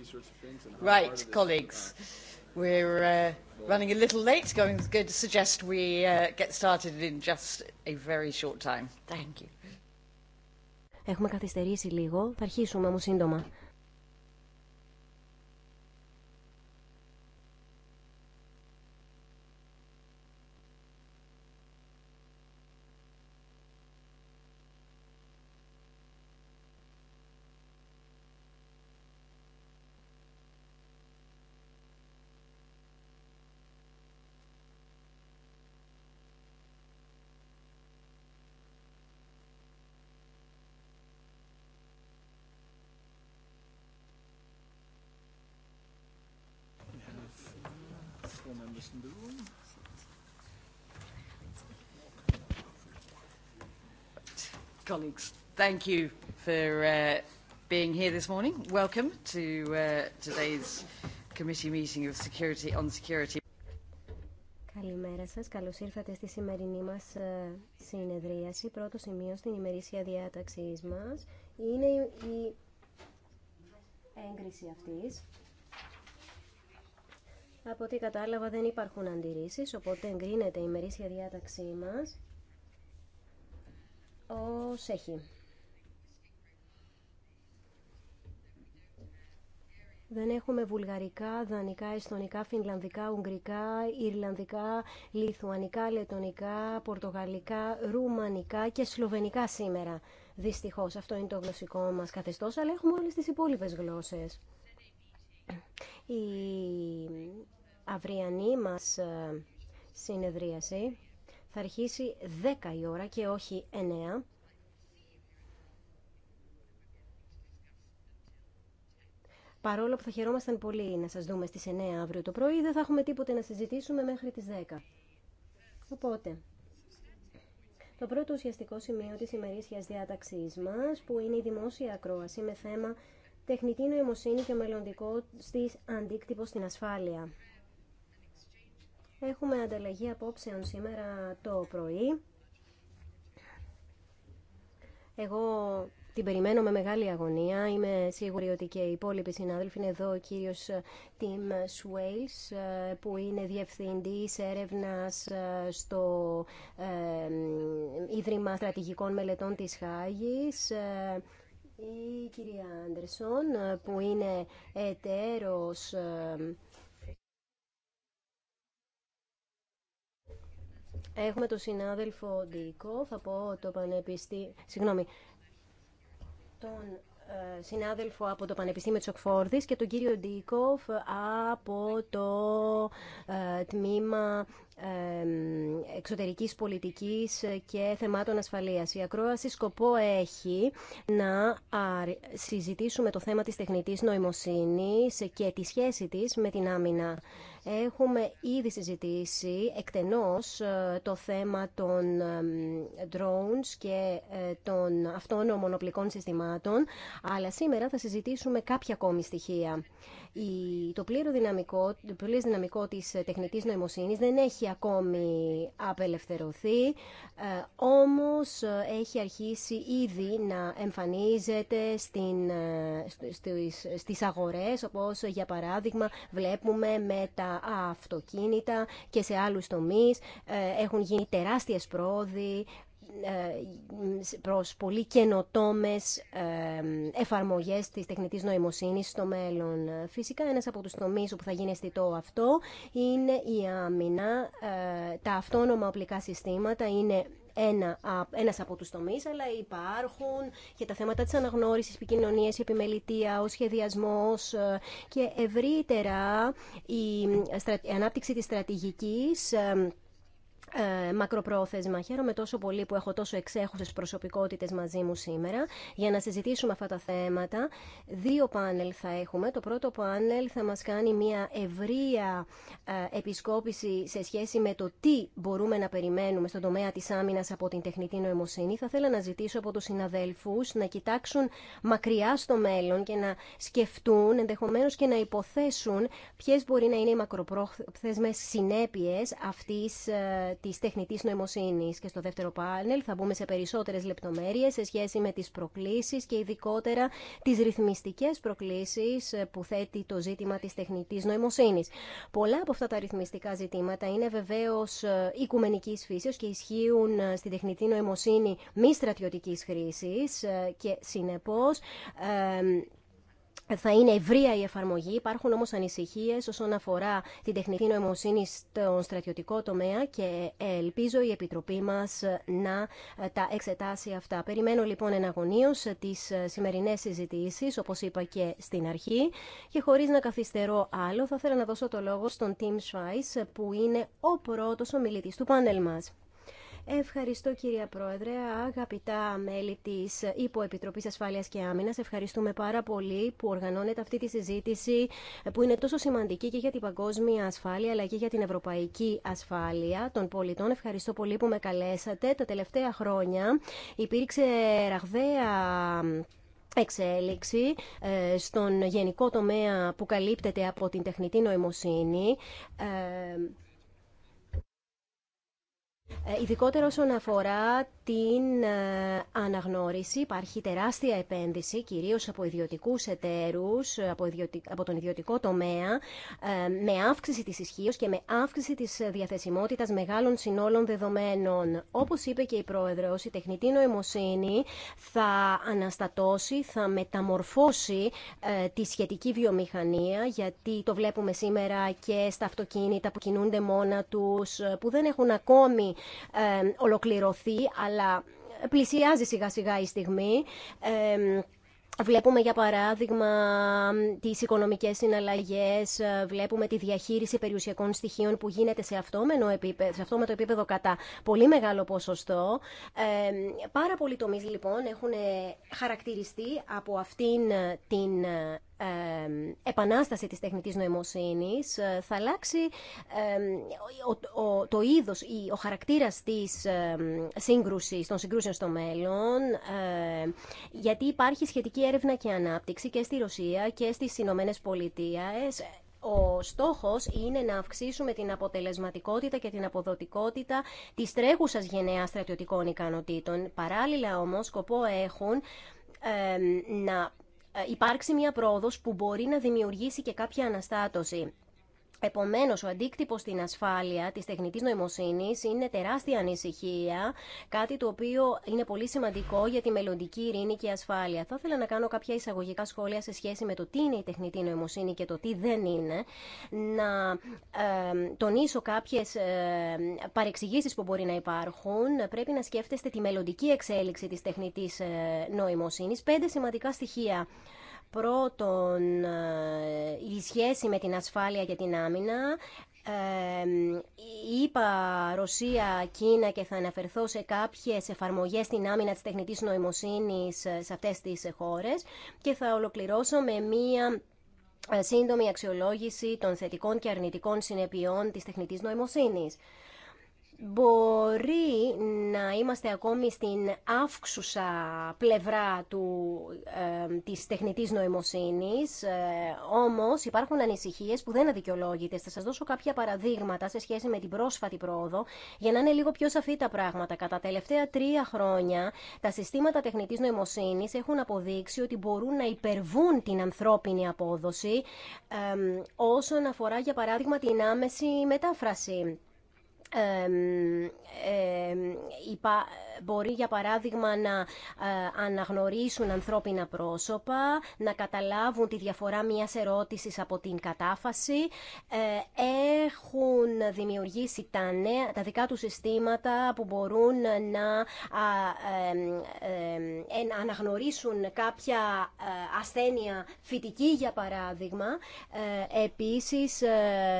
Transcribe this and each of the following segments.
these sorts of things. And right, colleagues. We're running a little late. Going, going to suggest we get started in just a very short time. Thank you. Έχουμε καθυστερήσει λίγο, θα αρχίσουμε όμως σύντομα. Colleagues, thank you for uh, being here this morning. Welcome to uh, today's committee meeting of security on security. Καλημέρα σας. Καλώς ήρθατε στη σημερινή μας ε, συνεδρίαση. Πρώτο σημείο στην ημερήσια διάταξή μας είναι η έγκριση αυτής. Από ό,τι κατάλαβα δεν υπάρχουν αντιρρήσεις, οπότε εγκρίνεται η ημερήσια διάταξή μας ο Δεν έχουμε βουλγαρικά, δανικά, εστονικά, φινλανδικά, ουγγρικά, ιρλανδικά, λιθουανικά, λετονικά, πορτογαλικά, ρουμανικά και σλοβενικά σήμερα. Δυστυχώς αυτό είναι το γλωσσικό μας καθεστώς, αλλά έχουμε όλες τις υπόλοιπες γλώσσες. Η αυριανή μας συνεδρίαση θα αρχίσει 10 η ώρα και όχι 9. Παρόλο που θα χαιρόμασταν πολύ να σας δούμε στις 9 αύριο το πρωί, δεν θα έχουμε τίποτε να συζητήσουμε μέχρι τις 10. Οπότε, το πρώτο ουσιαστικό σημείο της ημερήσιας διάταξής μας, που είναι η δημόσια ακρόαση με θέμα τεχνητή νοημοσύνη και μελλοντικό στις αντίκτυπο στην ασφάλεια. Έχουμε ανταλλαγή απόψεων σήμερα το πρωί. Εγώ την περιμένω με μεγάλη αγωνία. Είμαι σίγουρη ότι και οι υπόλοιποι συνάδελφοι είναι εδώ. Ο κύριος Τιμ Σουέιλς που είναι διευθυντής έρευνας στο Ίδρυμα Στρατηγικών Μελετών της Χάγης. Η κυρία Άντερσον που είναι εταίρος Έχουμε τον συνάδελφο Ντίκο, θα πω το πανεπιστήμιο, συγγνώμη, τον ε, συνάδελφο από το Πανεπιστήμιο τη Οκφόρδη και τον κύριο Ντίκοφ από το ε, τμήμα εξωτερικής πολιτικής και θεμάτων ασφαλείας. Η ακρόαση σκοπό έχει να συζητήσουμε το θέμα της τεχνητής νοημοσύνης και τη σχέση της με την άμυνα. Έχουμε ήδη συζητήσει εκτενώς ε, το θέμα των ε, drones και ε, των αυτόνομων οπλικών συστημάτων, αλλά σήμερα θα συζητήσουμε κάποια ακόμη στοιχεία. Το πλήρω, δυναμικό, το δυναμικό της τεχνητής νοημοσύνης δεν έχει ακόμη απελευθερωθεί, όμως έχει αρχίσει ήδη να εμφανίζεται στην, στις αγορές, όπως για παράδειγμα βλέπουμε με αυτοκίνητα και σε άλλους τομείς. Ε, έχουν γίνει τεράστιες πρόοδοι ε, προς πολύ καινοτόμες ε, εφαρμογές της τεχνητής νοημοσύνης στο μέλλον. Φυσικά ένας από τους τομείς όπου θα γίνει αισθητό αυτό είναι η άμυνα. Τα αυτόνομα οπλικά συστήματα είναι ένα, ένας από τους τομείς, αλλά υπάρχουν και τα θέματα της αναγνώρισης, επικοινωνίας, επιμελητία, ο σχεδιασμός ε, και ευρύτερα η, ε, η ανάπτυξη της στρατηγικής ε, ε, μακροπρόθεσμα. Χαίρομαι τόσο πολύ που έχω τόσο εξέχουσε προσωπικότητε μαζί μου σήμερα για να συζητήσουμε αυτά τα θέματα. Δύο πάνελ θα έχουμε. Το πρώτο πάνελ θα μα κάνει μια ευρεία ε, επισκόπηση σε σχέση με το τι μπορούμε να περιμένουμε στον τομέα τη Άμυνα από την τεχνητή νοημοσύνη. Θα ήθελα να ζητήσω από του συναδέλφους να κοιτάξουν μακριά στο μέλλον και να σκεφτούν ενδεχομένω και να υποθέσουν ποιε μπορεί να είναι οι μακροπρόθεσμε συνέπειε αυτή ε, της τεχνητής νοημοσύνης. Και στο δεύτερο πάνελ θα μπούμε σε περισσότερες λεπτομέρειες σε σχέση με τις προκλήσεις και ειδικότερα τις ρυθμιστικές προκλήσεις που θέτει το ζήτημα της τεχνητής νοημοσύνης. Πολλά από αυτά τα ρυθμιστικά ζητήματα είναι βεβαίως οικουμενικής φύσεως και ισχύουν στη τεχνητή νοημοσύνη μη στρατιωτικής χρήσης και συνεπώς θα είναι ευρεία η εφαρμογή. Υπάρχουν όμως ανησυχίε όσον αφορά την τεχνητή νοημοσύνη στον στρατιωτικό τομέα και ελπίζω η Επιτροπή μας να ε, τα εξετάσει αυτά. Περιμένω λοιπόν εναγωνίω τι ε, σημερινέ συζητήσει, όπως είπα και στην αρχή. Και χωρί να καθυστερώ άλλο, θα ήθελα να δώσω το λόγο στον Tim Schweiss, που είναι ο πρώτο ομιλητή του πάνελ μα. Ευχαριστώ κυρία Πρόεδρε, αγαπητά μέλη της Υποεπιτροπής Ασφάλειας και Άμυνας. Ευχαριστούμε πάρα πολύ που οργανώνεται αυτή τη συζήτηση που είναι τόσο σημαντική και για την παγκόσμια ασφάλεια αλλά και για την ευρωπαϊκή ασφάλεια των πολιτών. Ευχαριστώ πολύ που με καλέσατε. Τα τελευταία χρόνια υπήρξε ραγδαία εξέλιξη ε, στον γενικό τομέα που καλύπτεται από την τεχνητή νοημοσύνη. Ε, ε, ειδικότερα όσον αφορά την ε, αναγνώριση, υπάρχει τεράστια επένδυση, κυρίως από ιδιωτικούς εταίρους, από, τον ιδιωτικό τομέα, ε, με αύξηση της ισχύω και με αύξηση της διαθεσιμότητας μεγάλων συνόλων δεδομένων. Όπως είπε και η Πρόεδρος, η τεχνητή νοημοσύνη θα αναστατώσει, θα μεταμορφώσει τη σχετική βιομηχανία, γιατί το βλέπουμε σήμερα και στα αυτοκίνητα που κινούνται μόνα τους, που δεν έχουν ακόμη ολοκληρωθεί, αλλά πλησιάζει σιγά σιγά η στιγμή. Βλέπουμε για παράδειγμα τις οικονομικές συναλλαγές, ε, βλέπουμε τη διαχείριση περιουσιακών στοιχείων που γίνεται σε αυτό με το επίπεδο, σε αυτό με το επίπεδο κατά πολύ μεγάλο ποσοστό. πάρα πολλοί τομείς λοιπόν έχουν χαρακτηριστεί από αυτήν την επανάσταση της τεχνητής νοημοσύνης ε, θα αλλάξει το είδος ή ο χαρακτήρας της σύγκρουσης, των συγκρούσεων στο μέλλον γιατί υπάρχει σχετική έρευνα και ανάπτυξη και στη Ρωσία και στις Ηνωμένε Πολιτείες ο στόχος είναι να αυξήσουμε την αποτελεσματικότητα και την αποδοτικότητα της τρέχουσας γενεάς στρατιωτικών ικανοτήτων. Παράλληλα όμως σκοπό έχουν να ε, υπάρξει μια πρόοδος που μπορεί να δημιουργήσει και κάποια αναστάτωση. Επομένω, ο αντίκτυπο στην ασφάλεια τη τεχνητή νοημοσύνη είναι τεράστια ανησυχία, κάτι το οποίο είναι πολύ σημαντικό για τη μελλοντική ειρήνη και ασφάλεια. Θα ήθελα να κάνω κάποια εισαγωγικά σχόλια σε σχέση με το τι είναι η τεχνητή νοημοσύνη και το τι δεν είναι, να ε, τονίσω κάποιε ε, παρεξηγήσει που μπορεί να υπάρχουν. Πρέπει να σκέφτεστε τη μελλοντική εξέλιξη τη τεχνητή ε, νοημοσύνη. Πέντε σημαντικά στοιχεία Πρώτον, ε, η σχέση με την ασφάλεια και την άμυνα. Ε, είπα Ρωσία, Κίνα και θα αναφερθώ σε κάποιες εφαρμογές στην άμυνα της τεχνητής νοημοσύνης ε, σε αυτές τις χώρες και θα ολοκληρώσω με μία σύντομη αξιολόγηση των θετικών και αρνητικών συνεπειών της τεχνητής νοημοσύνης. Μπορεί να είμαστε ακόμη στην αύξουσα πλευρά του, ε, της τεχνητής νοημοσύνης, ε, όμως υπάρχουν ανησυχίες που δεν αδικαιολόγητε. Θα σας δώσω κάποια παραδείγματα σε σχέση με την πρόσφατη πρόοδο, για να είναι λίγο πιο σαφή τα πράγματα. Κατά τα τελευταία τρία χρόνια, τα συστήματα τεχνητής νοημοσύνης έχουν αποδείξει ότι μπορούν να υπερβούν την ανθρώπινη απόδοση, όσον αφορά, για παράδειγμα, την άμεση μετάφραση μπορεί για παράδειγμα να ε, αναγνωρίσουν ανθρώπινα πρόσωπα, να καταλάβουν τη διαφορά μιας ερώτησης από την κατάφαση. Ε, έχουν δημιουργήσει τα, νέα, τα δικά του συστήματα που μπορούν να αναγνωρίσουν κάποια ε, ασθένεια φυτική για παράδειγμα. Επίσης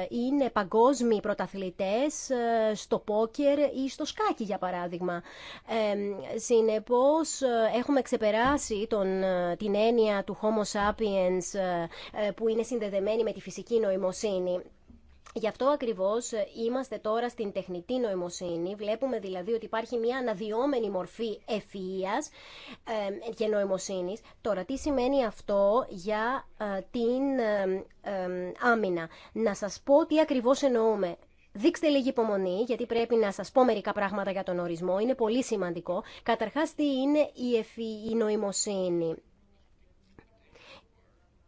είναι παγκόσμιοι πρωταθλητές στο πόκερ ή στο σκάκι για παράδειγμα. Ε, συνεπώς έχουμε ξεπεράσει τον, ε, την έννοια του Homo sapiens ε, ε, που είναι συνδεδεμένη με τη φυσική νοημοσύνη. Γι' αυτό ακριβώς είμαστε τώρα στην τεχνητή νοημοσύνη. Βλέπουμε δηλαδή ότι υπάρχει μια αναδυόμενη μορφή ευφυΐας και νοημοσύνης. Τώρα, τι σημαίνει αυτό για την άμυνα. Να σας πω τι ακριβώς εννοούμε. Δείξτε λίγη υπομονή, γιατί πρέπει να σας πω μερικά πράγματα για τον ορισμό. Είναι πολύ σημαντικό. Καταρχάς, τι είναι η, η νοημοσύνη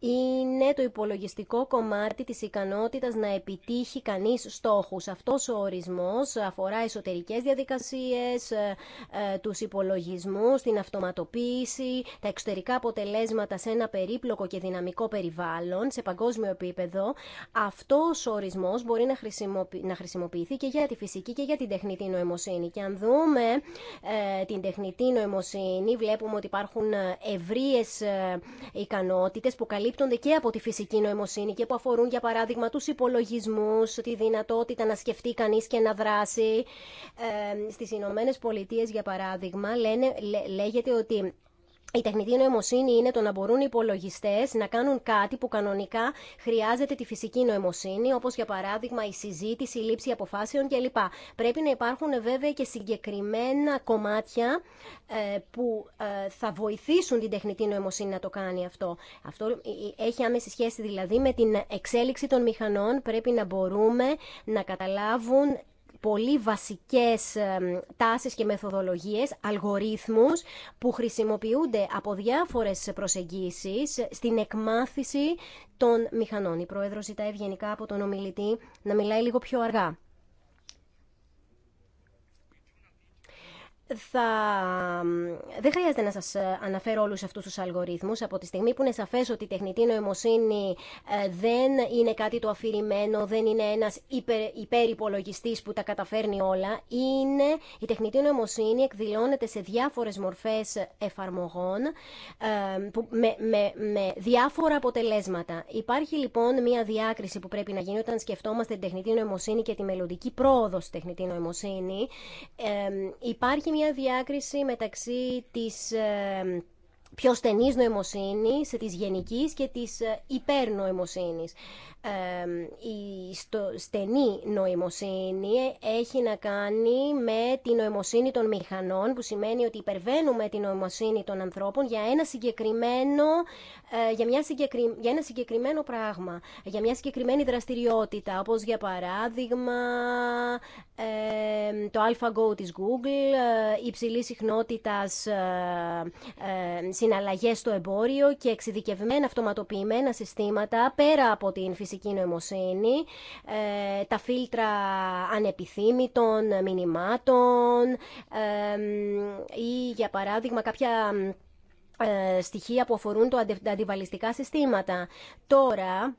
είναι το υπολογιστικό κομμάτι της ικανότητας να επιτύχει κανείς στόχους. Αυτός ο ορισμός αφορά εσωτερικές διαδικασίες, ε, ε, τους υπολογισμούς, την αυτοματοποίηση, τα εξωτερικά αποτελέσματα σε ένα περίπλοκο και δυναμικό περιβάλλον, σε παγκόσμιο επίπεδο. Αυτός ο ορισμός μπορεί να χρησιμοποιηθεί και για τη φυσική και για την τεχνητή νοημοσύνη. Και αν δούμε ε, την τεχνητή νοημοσύνη, βλέπουμε ότι υπάρχουν ικανότητες που καλύπτουν καλύπτονται και από τη φυσική νοημοσύνη και που αφορούν για παράδειγμα του υπολογισμούς, τη δυνατότητα να σκεφτεί κανείς και να δράσει. Ε, στις Ηνωμένε Πολιτείε, για παράδειγμα λένε, λέγεται ότι η τεχνητή νοημοσύνη είναι το να μπορούν οι υπολογιστέ να κάνουν κάτι που κανονικά χρειάζεται τη φυσική νοημοσύνη, όπω για παράδειγμα η συζήτηση, η λήψη αποφάσεων κλπ. Πρέπει να υπάρχουν βέβαια και συγκεκριμένα κομμάτια ε, που ε, θα βοηθήσουν την τεχνητή νοημοσύνη να το κάνει αυτό. Αυτό ε, έχει άμεση σχέση δηλαδή με την εξέλιξη των μηχανών. Πρέπει να μπορούμε να καταλάβουν πολύ βασικές τάσεις και μεθοδολογίες, αλγορίθμους που χρησιμοποιούνται από διάφορες προσεγγίσεις στην εκμάθηση των μηχανών. Η Πρόεδρος ζητά ευγενικά από τον ομιλητή να μιλάει λίγο πιο αργά. θα... δεν χρειάζεται να σας ε, αναφέρω όλους αυτούς τους αλγορίθμους. Από τη στιγμή που είναι σαφές ότι η τεχνητή νοημοσύνη ε, δεν είναι κάτι το αφηρημένο, δεν είναι ένας υπερ, υπερυπολογιστής που τα καταφέρνει όλα, είναι η τεχνητή νοημοσύνη εκδηλώνεται σε διάφορες μορφές εφαρμογών ε, με, με, με διάφορα αποτελέσματα. Υπάρχει λοιπόν μια διάκριση που πρέπει να γίνει όταν σκεφτόμαστε την τεχνητή νοημοσύνη και τη μελλοντική πρόοδο στη τεχνητή νοημοσύνη. υπάρχει μια διάκριση μεταξύ της ε, πιο στενής νοημοσύνη τη γενική και υπέρνοημοσύνη. Ε, η στενή νοημοσύνη έχει να κάνει με τη νοημοσύνη των μηχανών, που σημαίνει ότι υπερβαίνουμε τη νοημοσύνη των ανθρώπων για ένα συγκεκριμένο, ε, για, μια συγκεκρι... για ένα συγκεκριμένο πράγμα, για μια συγκεκριμένη δραστηριότητα, όπως για παράδειγμα το AlphaGo της Google, ε, υψηλή συχνότητας ε, συναλλαγές στο εμπόριο και εξειδικευμένα αυτοματοποιημένα συστήματα πέρα από την φυσική νοημοσύνη, ε, τα φίλτρα ανεπιθύμητων μηνυμάτων ή για παράδειγμα κάποια ε, στοιχεία που αφορούν το τα αντιβαλιστικά συστήματα. Τώρα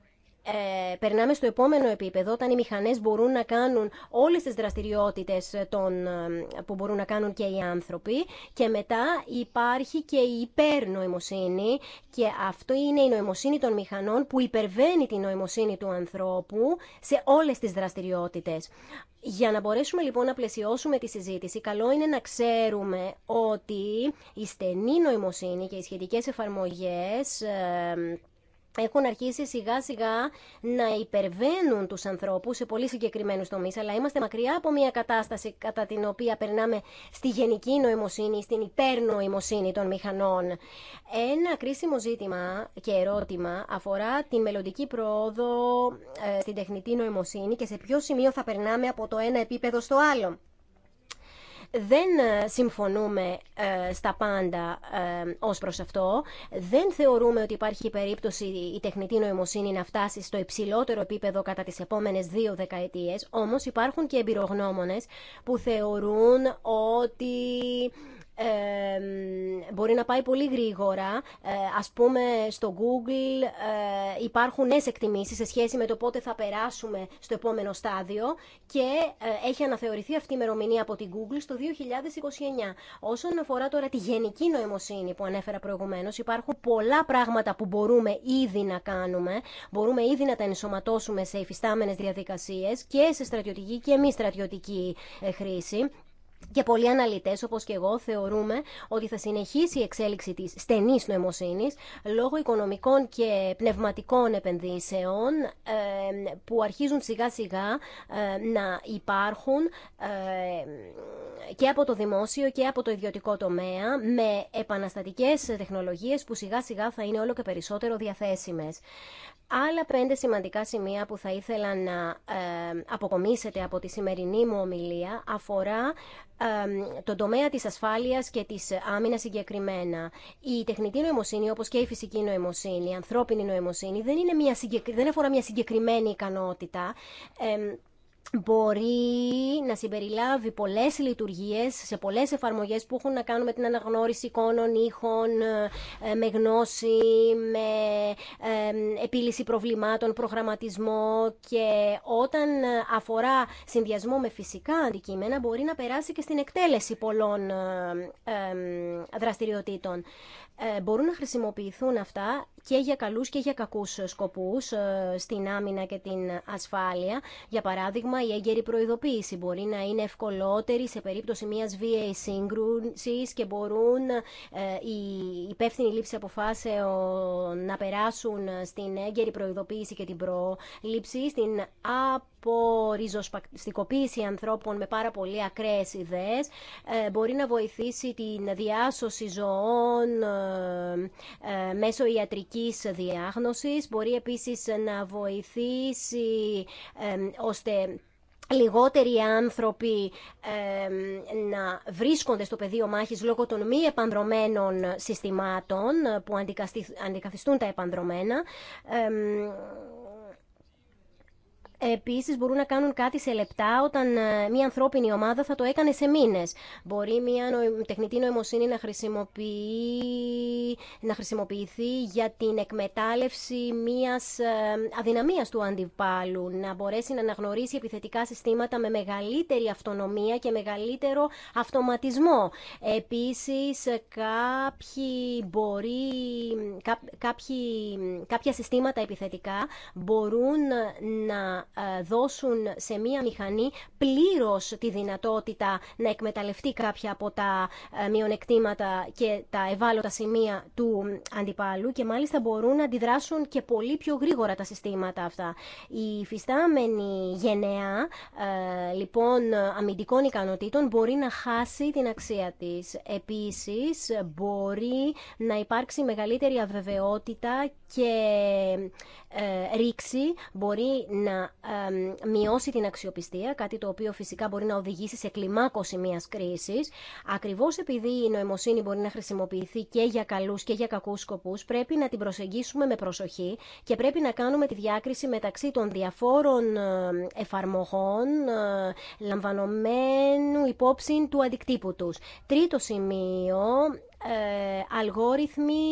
ε, περνάμε στο επόμενο επίπεδο όταν οι μηχανές μπορούν να κάνουν όλες τις δραστηριότητες ε, ε, που μπορούν να κάνουν και οι άνθρωποι και μετά υπάρχει και η υπερνοημοσύνη και αυτό είναι η νοημοσύνη των μηχανών που υπερβαίνει την νοημοσύνη του ανθρώπου σε όλες τις δραστηριότητες. Για να μπορέσουμε λοιπόν να πλαισιώσουμε τη συζήτηση, καλό είναι να ξέρουμε ότι η στενή νοημοσύνη και οι σχετικές εφαρμογές... Ε, έχουν αρχίσει σιγά σιγά να υπερβαίνουν τους ανθρώπους σε πολύ συγκεκριμένους τομείς, αλλά είμαστε μακριά από μια κατάσταση κατά την οποία περνάμε στη γενική νοημοσύνη, στην υπερνοημοσύνη των μηχανών. Ένα κρίσιμο ζήτημα και ερώτημα αφορά την μελλοντική πρόοδο ε, στην τεχνητή νοημοσύνη και σε ποιο σημείο θα περνάμε από το ένα επίπεδο στο άλλο δεν ε, συμφωνούμε ε, στα πάντα ε, ως προς αυτό. Δεν θεωρούμε ότι υπάρχει περίπτωση η τεχνητή νοημοσύνη να φτάσει στο υψηλότερο επίπεδο κατά τις επόμενες δύο δεκαετίες. Όμως υπάρχουν και εμπειρογνώμονες που θεωρούν ότι μπορεί να πάει πολύ γρήγορα. Ε, ας πούμε στο Google ε, υπάρχουν νέες εκτιμήσεις σε σχέση με το πότε θα περάσουμε στο επόμενο στάδιο και ε, έχει αναθεωρηθεί αυτή η ημερομηνία από την Google στο 2029. Όσον αφορά τώρα τη γενική νοημοσύνη που ανέφερα προηγουμένως, υπάρχουν πολλά πράγματα που μπορούμε ήδη να κάνουμε, μπορούμε ήδη να τα ενσωματώσουμε σε υφιστάμενες διαδικασίες και σε στρατιωτική και μη στρατιωτική χρήση. Και πολλοί αναλυτές, όπως και εγώ, θεωρούμε ότι θα συνεχίσει η εξέλιξη της στενής νοημοσύνης λόγω οικονομικών και πνευματικών επενδύσεων που αρχίζουν σιγά σιγά να υπάρχουν και από το δημόσιο και από το ιδιωτικό τομέα με επαναστατικές τεχνολογίες που σιγά σιγά θα είναι όλο και περισσότερο διαθέσιμες. Άλλα πέντε σημαντικά σημεία που θα ήθελα να αποκομίσετε από τη σημερινή μου ομιλία αφορά τον τομέα της ασφάλειας και της άμυνας συγκεκριμένα. Η τεχνητή νοημοσύνη, όπως και η φυσική νοημοσύνη, η ανθρώπινη νοημοσύνη, δεν, είναι μια συγκεκρι... δεν αφορά μια συγκεκριμένη ικανότητα. Ε, μπορεί να συμπεριλάβει πολλές λειτουργίες σε πολλές εφαρμογές που έχουν να κάνουν με την αναγνώριση εικόνων, ήχων, ε, με γνώση, με επίλυση προβλημάτων, προγραμματισμό και όταν αφορά συνδυασμό με φυσικά αντικείμενα μπορεί να περάσει και στην εκτέλεση πολλών ε, δραστηριοτήτων. Ε, μπορούν να χρησιμοποιηθούν αυτά και για καλούς και για κακούς σκοπούς ε, στην άμυνα και την ασφάλεια. Για παράδειγμα, η έγκαιρη προειδοποίηση μπορεί να είναι ευκολότερη σε περίπτωση μιας βίαιης σύγκρουσης και μπορούν ε, οι υπεύθυνοι λήψη αποφάσεων να περάσουν στην έγκαιρη προειδοποίηση και την πρόληψη, στην απορριζοσπαστικοποίηση ανθρώπων με πάρα πολύ ακραίες ιδέες, ε, μπορεί να βοηθήσει την διάσωση ζωών μέσω ιατρικής ιατρικής διάγνωσης. Μπορεί επίσης να βοηθήσει ώστε λιγότεροι άνθρωποι ε, να βρίσκονται στο πεδίο μάχης λόγω των μη επανδρομένων συστημάτων που αντικαθιστούν τα επανδρομένα. Επίση, μπορούν να κάνουν κάτι σε λεπτά όταν ε, μια ανθρώπινη ομάδα θα το έκανε σε μήνες. Μπορεί μια τεχνητή νοημοσύνη να, χρησιμοποιεί, να χρησιμοποιηθεί για την εκμετάλλευση μιας ε, αδυναμίας του αντιπάλου, να μπορέσει να αναγνωρίσει επιθετικά συστήματα με μεγαλύτερη αυτονομία και μεγαλύτερο αυτοματισμό. Επίση, κάποιοι μπορεί, κάποια συστήματα επιθετικά μπορούν να ε, δώσουν σε μία μηχανή πλήρως τη δυνατότητα να εκμεταλλευτεί κάποια από τα ε, μειονεκτήματα και τα ευάλωτα σημεία του αντιπάλου και μάλιστα μπορούν να αντιδράσουν και πολύ πιο γρήγορα τα συστήματα αυτά. Η φυστάμενη γενεά λοιπόν αμυντικών ικανοτήτων μπορεί να χάσει την αξία της. Επίσης μπορεί να υπάρξει μεγαλύτερη αβεβαιότητα και ε, ρήξη μπορεί να μειώσει την αξιοπιστία, κάτι το οποίο φυσικά μπορεί να οδηγήσει σε κλιμάκωση μιας κρίσης. Ακριβώς επειδή η νοημοσύνη μπορεί να χρησιμοποιηθεί και για καλούς και για κακούς σκοπούς, πρέπει να την προσεγγίσουμε με προσοχή και πρέπει να κάνουμε τη διάκριση μεταξύ των διαφόρων ε, εφαρμογών ε, λαμβανομένου υπόψη του αντικτύπου του. Τρίτο σημείο, ε, αλγόριθμοι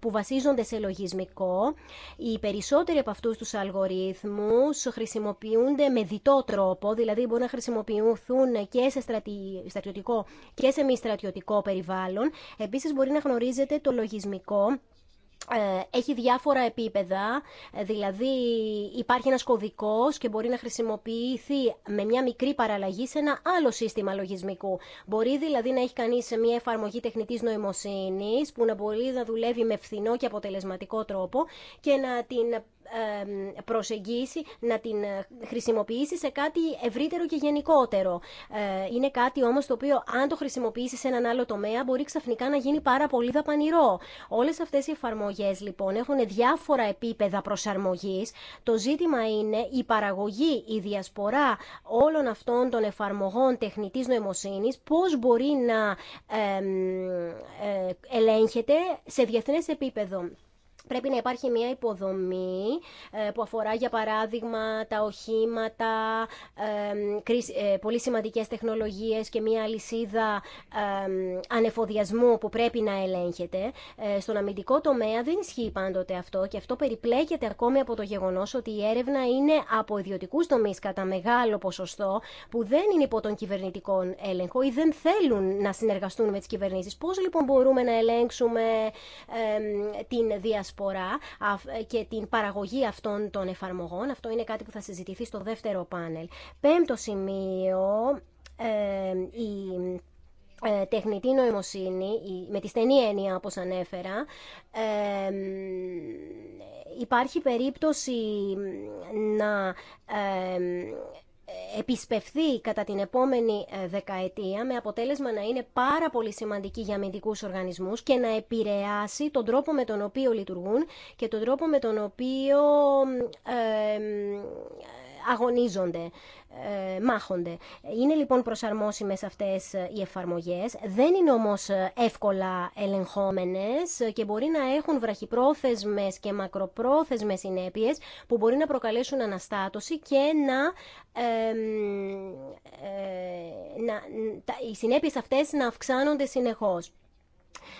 που βασίζονται σε λογισμικό. Οι περισσότεροι από αυτούς τους αλγορίθμους χρησιμοποιούνται με διτό τρόπο, δηλαδή μπορούν να χρησιμοποιηθούν και σε στρατιωτικό και σε μη στρατιωτικό περιβάλλον. Επίσης μπορεί να γνωρίζετε το λογισμικό ε, έχει διάφορα επίπεδα, ε, δηλαδή υπάρχει ένας κωδικός και μπορεί να χρησιμοποιηθεί με μια μικρή παραλλαγή σε ένα άλλο σύστημα λογισμικού. Μπορεί δηλαδή να έχει κανείς μια εφαρμογή τεχνητής νοημοσύνης που να μπορεί να δουλεύει με φθηνό και αποτελεσματικό τρόπο και να την ε, προσεγγίσει, να την χρησιμοποιήσει σε κάτι ευρύτερο και γενικότερο. Είναι κάτι όμως το οποίο αν το χρησιμοποιήσει σε έναν άλλο τομέα μπορεί ξαφνικά να γίνει πάρα πολύ δαπανηρό. Όλες αυτές οι εφαρμογές λοιπόν έχουν διάφορα επίπεδα προσαρμογής. Το ζήτημα είναι η παραγωγή, η διασπορά όλων αυτών των εφαρμογών τεχνητής νοημοσύνης, πώς μπορεί να ε, ελέγχεται σε διεθνές επίπεδο. Πρέπει να υπάρχει μια υποδομή ε, που αφορά για παράδειγμα τα οχήματα, ε, πολύ σημαντικές τεχνολογίες και μια αλυσίδα ανεφοδιασμού που πρέπει να ελέγχεται. Ε, στον αμυντικό τομέα δεν ισχύει πάντοτε αυτό και αυτό περιπλέκεται ακόμη από το γεγονός ότι η έρευνα είναι από ιδιωτικού τομείς κατά μεγάλο ποσοστό που δεν είναι υπό τον κυβερνητικό έλεγχο ή δεν θέλουν να συνεργαστούν με τις κυβερνήσεις. Πώς λοιπόν μπορούμε να ελέγξουμε την διασφάλιση και την παραγωγή αυτών των εφαρμογών. Αυτό είναι κάτι που θα συζητηθεί στο δεύτερο πάνελ. Πέμπτο σημείο, ε, η ε, τεχνητή νοημοσύνη, με τη στενή έννοια όπως ανέφερα, ε, υπάρχει περίπτωση να ε, επισπευθεί κατά την επόμενη ε, δεκαετία με αποτέλεσμα να είναι πάρα πολύ σημαντική για αμυντικούς οργανισμούς και να επηρεάσει τον τρόπο με τον οποίο λειτουργούν και τον τρόπο με τον οποίο ε, αγωνίζονται, ε, μάχονται. Είναι λοιπόν προσαρμόσιμες αυτές ε, οι εφαρμογές, δεν είναι όμως ε, εύκολα ελεγχόμενες και μπορεί να έχουν βραχυπρόθεσμες και μακροπρόθεσμες συνέπειες που μπορεί να προκαλέσουν αναστάτωση και να, οι συνέπειες αυτές να αυξάνονται συνεχώς.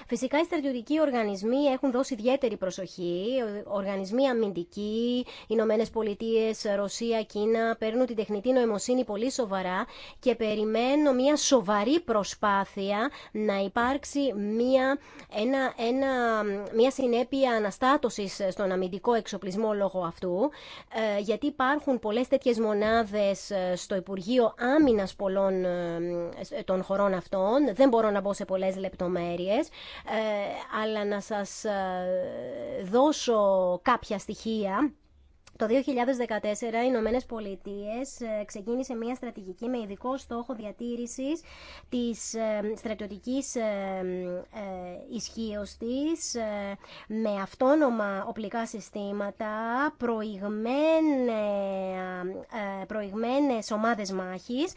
Φυσικά οι στρατιωτικοί οργανισμοί έχουν δώσει ιδιαίτερη προσοχή. Οργανισμοί αμυντικοί, Ηνωμένε Πολιτείε, Ρωσία, Κίνα παίρνουν την τεχνητή νοημοσύνη πολύ σοβαρά και περιμένω μια σοβαρή προσπάθεια να υπάρξει μια, ένα, μια συνέπεια αναστάτωση στον αμυντικό εξοπλισμό λόγω αυτού. Ε, γιατί υπάρχουν πολλέ τέτοιε μονάδε ε, στο Υπουργείο Άμυνα πολλών ε, των χωρών αυτών. Δεν μπορώ να μπω σε πολλέ λεπτομέρειε. Ε, αλλά να σας ε, δώσω κάποια στοιχεία το 2014 οι Ηνωμένε Πολιτείε ε, ξεκίνησε μια στρατηγική με ειδικό στόχο διατήρησης της ε, στρατιωτική ε, ισχύω τη με αυτόνομα οπλικά συστήματα, προηγμένε, ομάδε ομάδες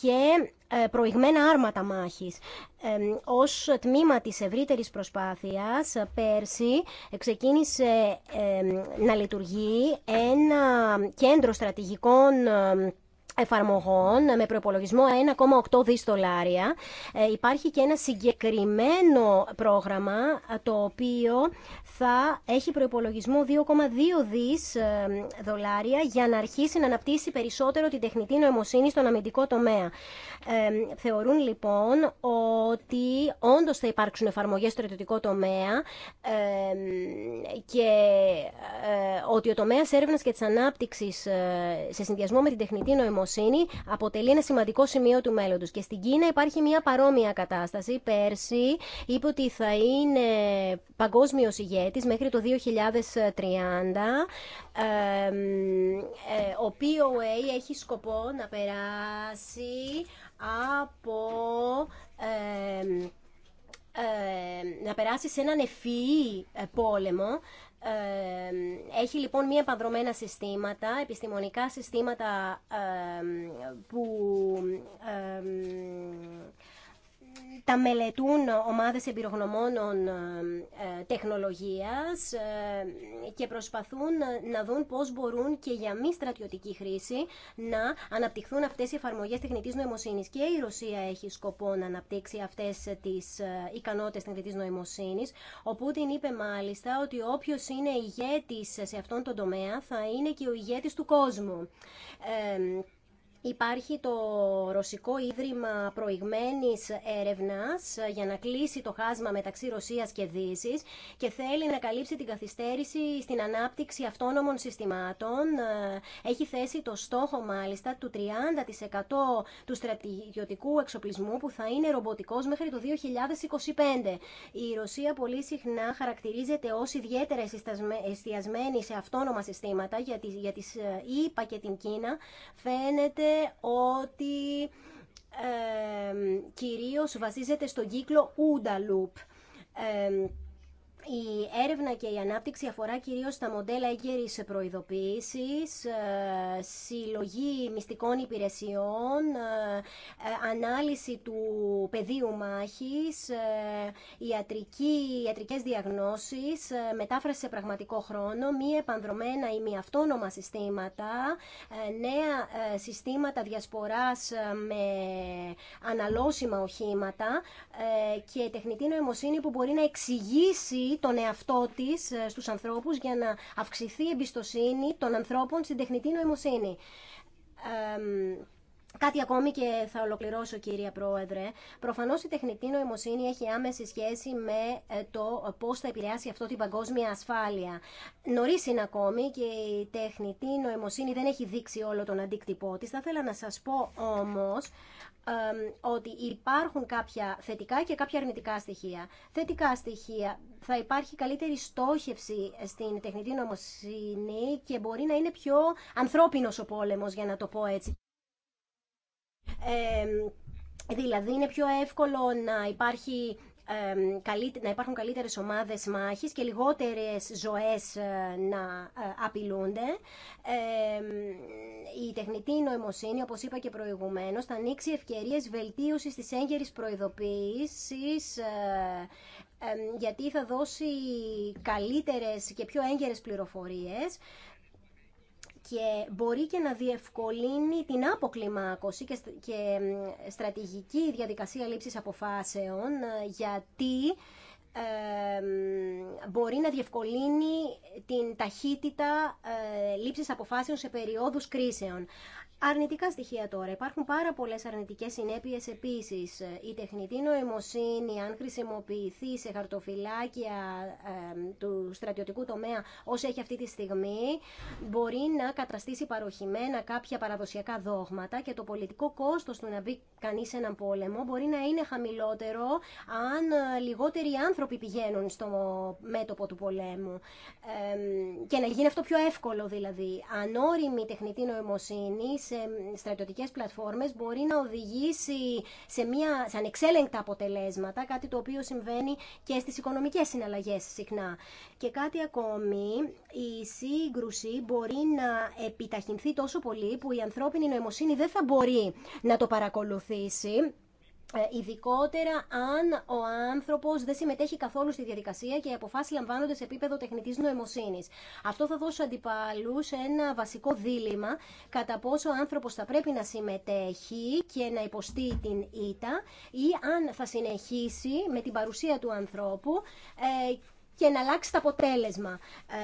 και προηγμένα άρματα μάχης. Ως τμήμα της ευρύτερης προσπάθειας, πέρσι ξεκίνησε να λειτουργεί ένα κέντρο στρατηγικών ε, εφαρμογών με προπολογισμό 1,8 δις δολάρια. Ε, υπάρχει και ένα συγκεκριμένο πρόγραμμα ε, το οποίο θα έχει προπολογισμό 2,2 δις ε, δολάρια για να αρχίσει να αναπτύσσει περισσότερο την τεχνητή νοημοσύνη στον αμυντικό τομέα. Ε, θεωρούν λοιπόν ότι όντως θα υπάρξουν εφαρμογές στο στρατιωτικό τομέα ε, και ε, ότι ο τομέας έρευνας και της ανάπτυξης σε συνδυασμό με την τεχνητή νοημοσύνη αποτελεί ένα σημαντικό σημείο του μέλλοντος. Και στην Κίνα υπάρχει μια παρόμοια κατάσταση. Πέρσι είπε ότι θα είναι παγκόσμιος ηγέτης μέχρι το 2030. Ε, ο POA έχει σκοπό να περάσει από ε, να περάσει σε έναν ευφυή ε, πόλεμο έχει λοιπόν μία παδρομένα συστήματα, επιστημονικά συστήματα που τα μελετούν ομάδες εμπειρογνωμόνων ε, ε, τεχνολογίας ε, και προσπαθούν να δουν πώς μπορούν και για μη στρατιωτική χρήση να αναπτυχθούν αυτές οι εφαρμογές τεχνητής νοημοσύνης. Και η Ρωσία έχει σκοπό να αναπτύξει αυτές τις ικανότητες τεχνητής νοημοσύνης. Ο Πούτιν είπε μάλιστα ότι όποιος είναι ηγέτης σε αυτόν τον τομέα θα είναι και ο ηγέτης του κόσμου. Υπάρχει το Ρωσικό Ίδρυμα Προηγμένης Έρευνας για να κλείσει το χάσμα μεταξύ Ρωσίας και Δύσης και θέλει να καλύψει την καθυστέρηση στην ανάπτυξη αυτόνομων συστημάτων. Έχει θέσει το στόχο μάλιστα του 30% του στρατηγιωτικού εξοπλισμού που θα είναι ρομποτικός μέχρι το 2025. Η Ρωσία πολύ συχνά χαρακτηρίζεται ως ιδιαίτερα εστιασμένη σε αυτόνομα συστήματα για τις ΗΠΑ ε, και την Κίνα. Φαίνεται ότι ε, κυρίως βασίζεται στον κύκλο OODA Loop. Ε, η έρευνα και η ανάπτυξη αφορά κυρίως τα μοντέλα εγκαίρης προειδοποίησης, ε, συλλογή μυστικών υπηρεσιών, ε, ε, ανάλυση του πεδίου μάχης, ιατρική, ιατρικές διαγνώσεις, μετάφραση σε πραγματικό χρόνο, μη επανδρομένα ή μη αυτόνομα συστήματα, νέα συστήματα διασποράς με αναλώσιμα οχήματα και τεχνητή νοημοσύνη που μπορεί να εξηγήσει τον εαυτό της ε, στους ανθρώπους για να αυξηθεί η εμπιστοσύνη των ανθρώπων στην τεχνητή νοημοσύνη. Κάτι ακόμη και θα ολοκληρώσω κυρία Πρόεδρε. Προφανώς η τεχνητή νοημοσύνη έχει άμεση σχέση με ε, το πώς θα επηρεάσει αυτό την παγκόσμια ασφάλεια. Νωρί είναι ακόμη και η τεχνητή νοημοσύνη δεν έχει δείξει όλο τον αντίκτυπό τη. Θα ήθελα να σα πω όμω ότι υπάρχουν κάποια θετικά και κάποια αρνητικά στοιχεία. Θετικά στοιχεία. Θα υπάρχει καλύτερη στόχευση στην τεχνητή νομοσύνη και μπορεί να είναι πιο ανθρώπινος ο πόλεμος, για να το πω έτσι. Ε, δηλαδή είναι πιο εύκολο να υπάρχει να υπάρχουν καλύτερες ομάδες μάχης και λιγότερες ζωές ε, να ε, απειλούνται. Η τεχνητή νοημοσύνη, όπως είπα και προηγουμένως, θα ανοίξει ευκαιρίες βελτίωσης της έγκαιρης προειδοποίησης ε, γιατί θα δώσει καλύτερες και πιο έγκαιρες πληροφορίες και μπορεί και να διευκολύνει την αποκλιμάκωση και στρατηγική διαδικασία λήψης αποφάσεων ε, γιατί ε, μπορεί να διευκολύνει την ταχύτητα ε, λήψης αποφάσεων σε περιόδους κρίσεων. Αρνητικά στοιχεία τώρα. Υπάρχουν πάρα πολλέ αρνητικέ συνέπειε επίση. Ε, η τεχνητή νοημοσύνη, αν χρησιμοποιηθεί σε χαρτοφυλάκια του στρατιωτικού τομέα όσο έχει αυτή τη στιγμή, μπορεί να καταστήσει παροχημένα κάποια παραδοσιακά δόγματα και το πολιτικό κόστο του να μπει κανεί σε έναν πόλεμο μπορεί να είναι χαμηλότερο αν ε, λιγότεροι άνθρωποι πηγαίνουν στο μέτωπο του πολέμου. Ε, και να γίνει αυτό πιο εύκολο δηλαδή. Ανώριμη τεχνητή νοημοσύνη στρατιωτικές πλατφόρμες μπορεί να οδηγήσει σε, μια, σε ανεξέλεγκτα αποτελέσματα, κάτι το οποίο συμβαίνει και στις οικονομικές συναλλαγές συχνά. Και κάτι ακόμη, η σύγκρουση μπορεί να επιταχυνθεί τόσο πολύ που η ανθρώπινη νοημοσύνη δεν θα μπορεί να το παρακολουθήσει ε, ειδικότερα αν ο άνθρωπος δεν συμμετέχει καθόλου στη διαδικασία και οι αποφάσεις λαμβάνονται σε επίπεδο τεχνητή νοημοσύνης. Αυτό θα δώσει αντιπαλούς ένα βασικό δίλημα κατά πόσο ο άνθρωπος θα πρέπει να συμμετέχει και να υποστεί την ήττα ή αν θα συνεχίσει με την παρουσία του ανθρώπου ε, και να αλλάξει το αποτέλεσμα.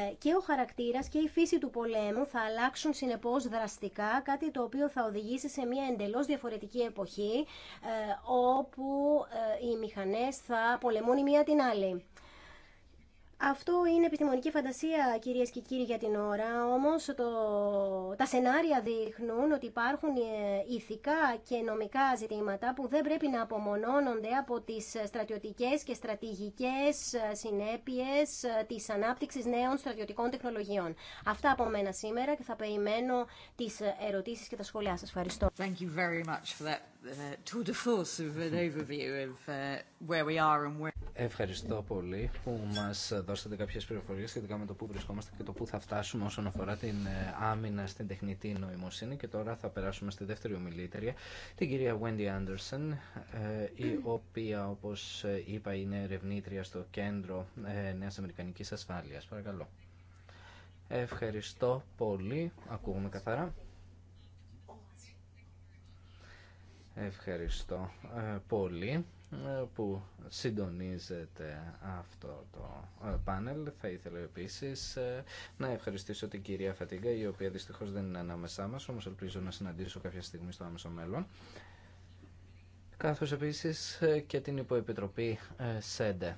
Ε, και ο χαρακτήρας και η φύση του πολέμου θα αλλάξουν συνεπώς δραστικά, κάτι το οποίο θα οδηγήσει σε μια εντελώς διαφορετική εποχή, ε, όπου ε, οι μηχανές θα πολεμούν η μία την άλλη. Αυτό είναι επιστημονική φαντασία κυρίες και κύριοι για την ώρα, όμως το... τα σενάρια δείχνουν ότι υπάρχουν ε, ηθικά και νομικά ζητήματα που δεν πρέπει να απομονώνονται από τις στρατιωτικές και στρατηγικές ε, συνέπειες ε, της ανάπτυξης νέων στρατιωτικών τεχνολογιών. Αυτά από μένα σήμερα και θα περιμένω τις ερωτήσει και τα σχόλιά Σα Ευχαριστώ. Thank you very much for that. Ευχαριστώ πολύ που μας δώσατε κάποιες πληροφορίες σχετικά με το πού βρισκόμαστε και το πού θα φτάσουμε όσον αφορά την ε, άμυνα στην τεχνητή νοημοσύνη και τώρα θα περάσουμε στη δεύτερη ομιλήτρια, την κυρία Wendy Anderson, ε, η οποία όπως ε, είπα είναι ερευνήτρια στο κέντρο Νέας Αμερικανικής Ασφάλειας. Παρακαλώ. Ευχαριστώ πολύ. Ακούγουμε καθαρά. Ευχαριστώ ε, πολύ ε, που συντονίζεται αυτό το ε, πάνελ. Θα ήθελα επίσης να ευχαριστήσω την κυρία Φατίγκα, η οποία δυστυχώς δεν είναι ανάμεσά μας, όμως ελπίζω να συναντήσω κάποια στιγμή στο άμεσο μέλλον. Καθώς επίσης και την Υποεπιτροπή ΣΕΝΤΕ.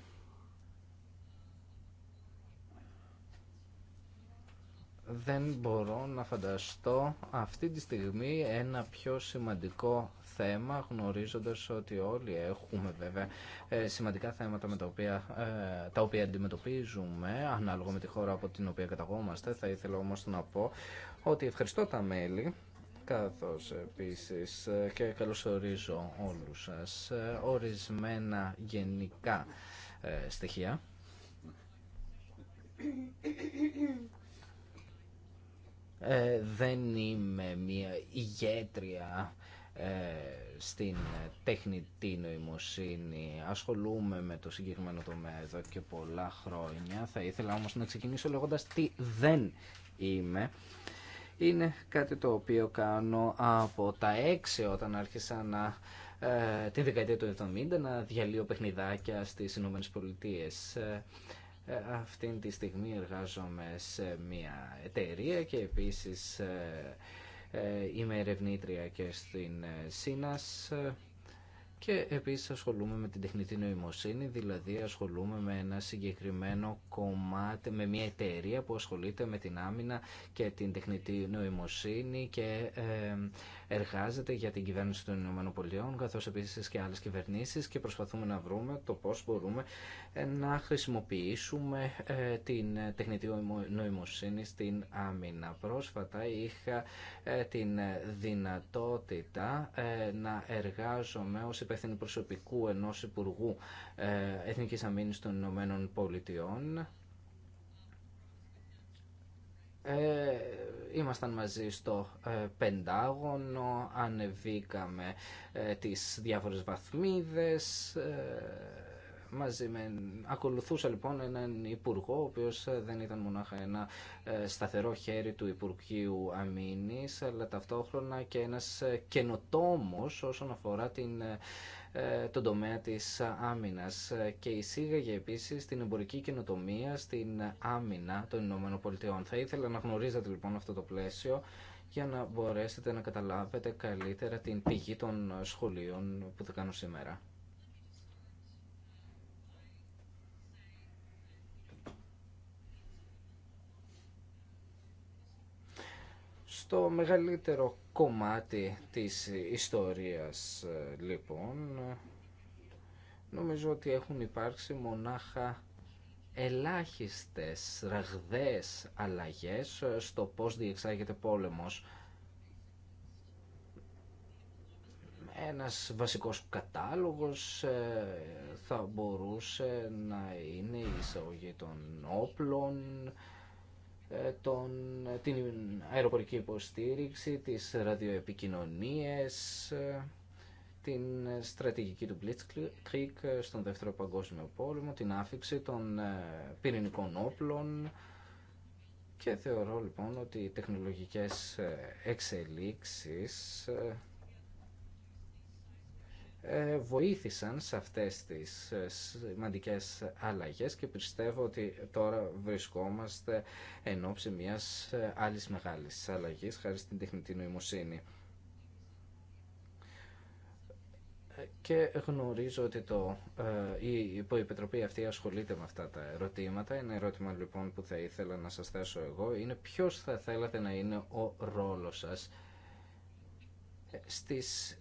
δεν μπορώ να φανταστώ αυτή τη στιγμή ένα πιο σημαντικό θέμα γνωρίζοντας ότι όλοι έχουμε βέβαια ε, σημαντικά θέματα με τα, οποία, ε, τα οποία αντιμετωπίζουμε ανάλογα με τη χώρα από την οποία καταγόμαστε. Θα ήθελα όμως να πω ότι ευχαριστώ τα μέλη καθώς επίσης ε, και καλωσορίζω όλους σας ορισμένα γενικά στοιχεία. Ε, δεν είμαι μια ηγέτρια ε, στην τεχνητή νοημοσύνη. Ασχολούμαι με το συγκεκριμένο τομέα εδώ και πολλά χρόνια. Θα ήθελα όμως να ξεκινήσω λέγοντας τι δεν είμαι. Είναι κάτι το οποίο κάνω από τα έξι όταν άρχισα να ε, την δεκαετία του 70 να διαλύω παιχνιδάκια στις Ηνωμένες Πολιτείες. Ε, Αυτή τη στιγμή εργάζομαι σε μια εταιρεία και επίσης ε, ε, είμαι ερευνήτρια και στην ΣΥΝΑΣ και επίσης ασχολούμαι με την τεχνητή νοημοσύνη, δηλαδή ασχολούμαι με ένα συγκεκριμένο κομμάτι, με μια εταιρεία που ασχολείται με την άμυνα και την τεχνητή νοημοσύνη και εργάζεται για την κυβέρνηση των Ηνωμένων Πολιτειών, καθώς επίσης και άλλες κυβερνήσει, και προσπαθούμε να βρούμε το πώς μπορούμε ε, να χρησιμοποιήσουμε ε, την τεχνητή νοημοσύνη στην άμυνα. Πρόσφατα είχα ε, την δυνατότητα να εργάζομαι ως υπεύθυνη προσωπικού ενό Υπουργού Εθνική Αμήνη των Ηνωμένων Πολιτειών ε, ήμασταν μαζί στο ε, Πεντάγωνο, ανεβήκαμε ε, τις διάφορες βαθμίδες, ε, μαζί με... Ακολουθούσα λοιπόν έναν υπουργό, ο οποίος ε, δεν ήταν μονάχα ένα σταθερό χέρι του Υπουργείου Αμήνης, αλλά ταυτόχρονα και ένας καινοτόμος όσον αφορά την ε, τον τομέα της άμυνας και εισήγαγε επίσης την εμπορική καινοτομία στην άμυνα των ΗΠΑ. Θα ήθελα να γνωρίζετε λοιπόν αυτό το πλαίσιο για να μπορέσετε να καταλάβετε καλύτερα την πηγή των σχολείων που θα κάνω σήμερα. Το μεγαλύτερο κομμάτι της ιστορίας ε, λοιπόν νομίζω ότι έχουν υπάρξει μονάχα ελάχιστες ραγδαίες αλλαγές ε, στο πώς διεξάγεται πόλεμος. Ένας βασικός κατάλογος ε, θα μπορούσε να είναι η εισαγωγή των όπλων, ε, τον, την αεροπορική υποστήριξη, τις ραδιοεπικοινωνίες, ε, την στρατηγική του Blitzkrieg στον Δεύτερο Παγκόσμιο Πόλεμο, την άφηξη των ε, πυρηνικών όπλων και θεωρώ λοιπόν ότι οι τεχνολογικές εξελίξεις ε, βοήθησαν σε αυτές τις ε, σημαντικές αλλαγές και πιστεύω ότι τώρα βρισκόμαστε εν ώψη μιας ε, άλλης μεγάλης αλλαγής χάρη στην τεχνητή νοημοσύνη. και γνωρίζω ότι το, η υποεπιτροπή αυτή ασχολείται με αυτά τα ερωτήματα. Ένα ερώτημα λοιπόν που θα ήθελα να σας θέσω εγώ είναι ποιος θα θέλατε να είναι ο ρόλος σας στις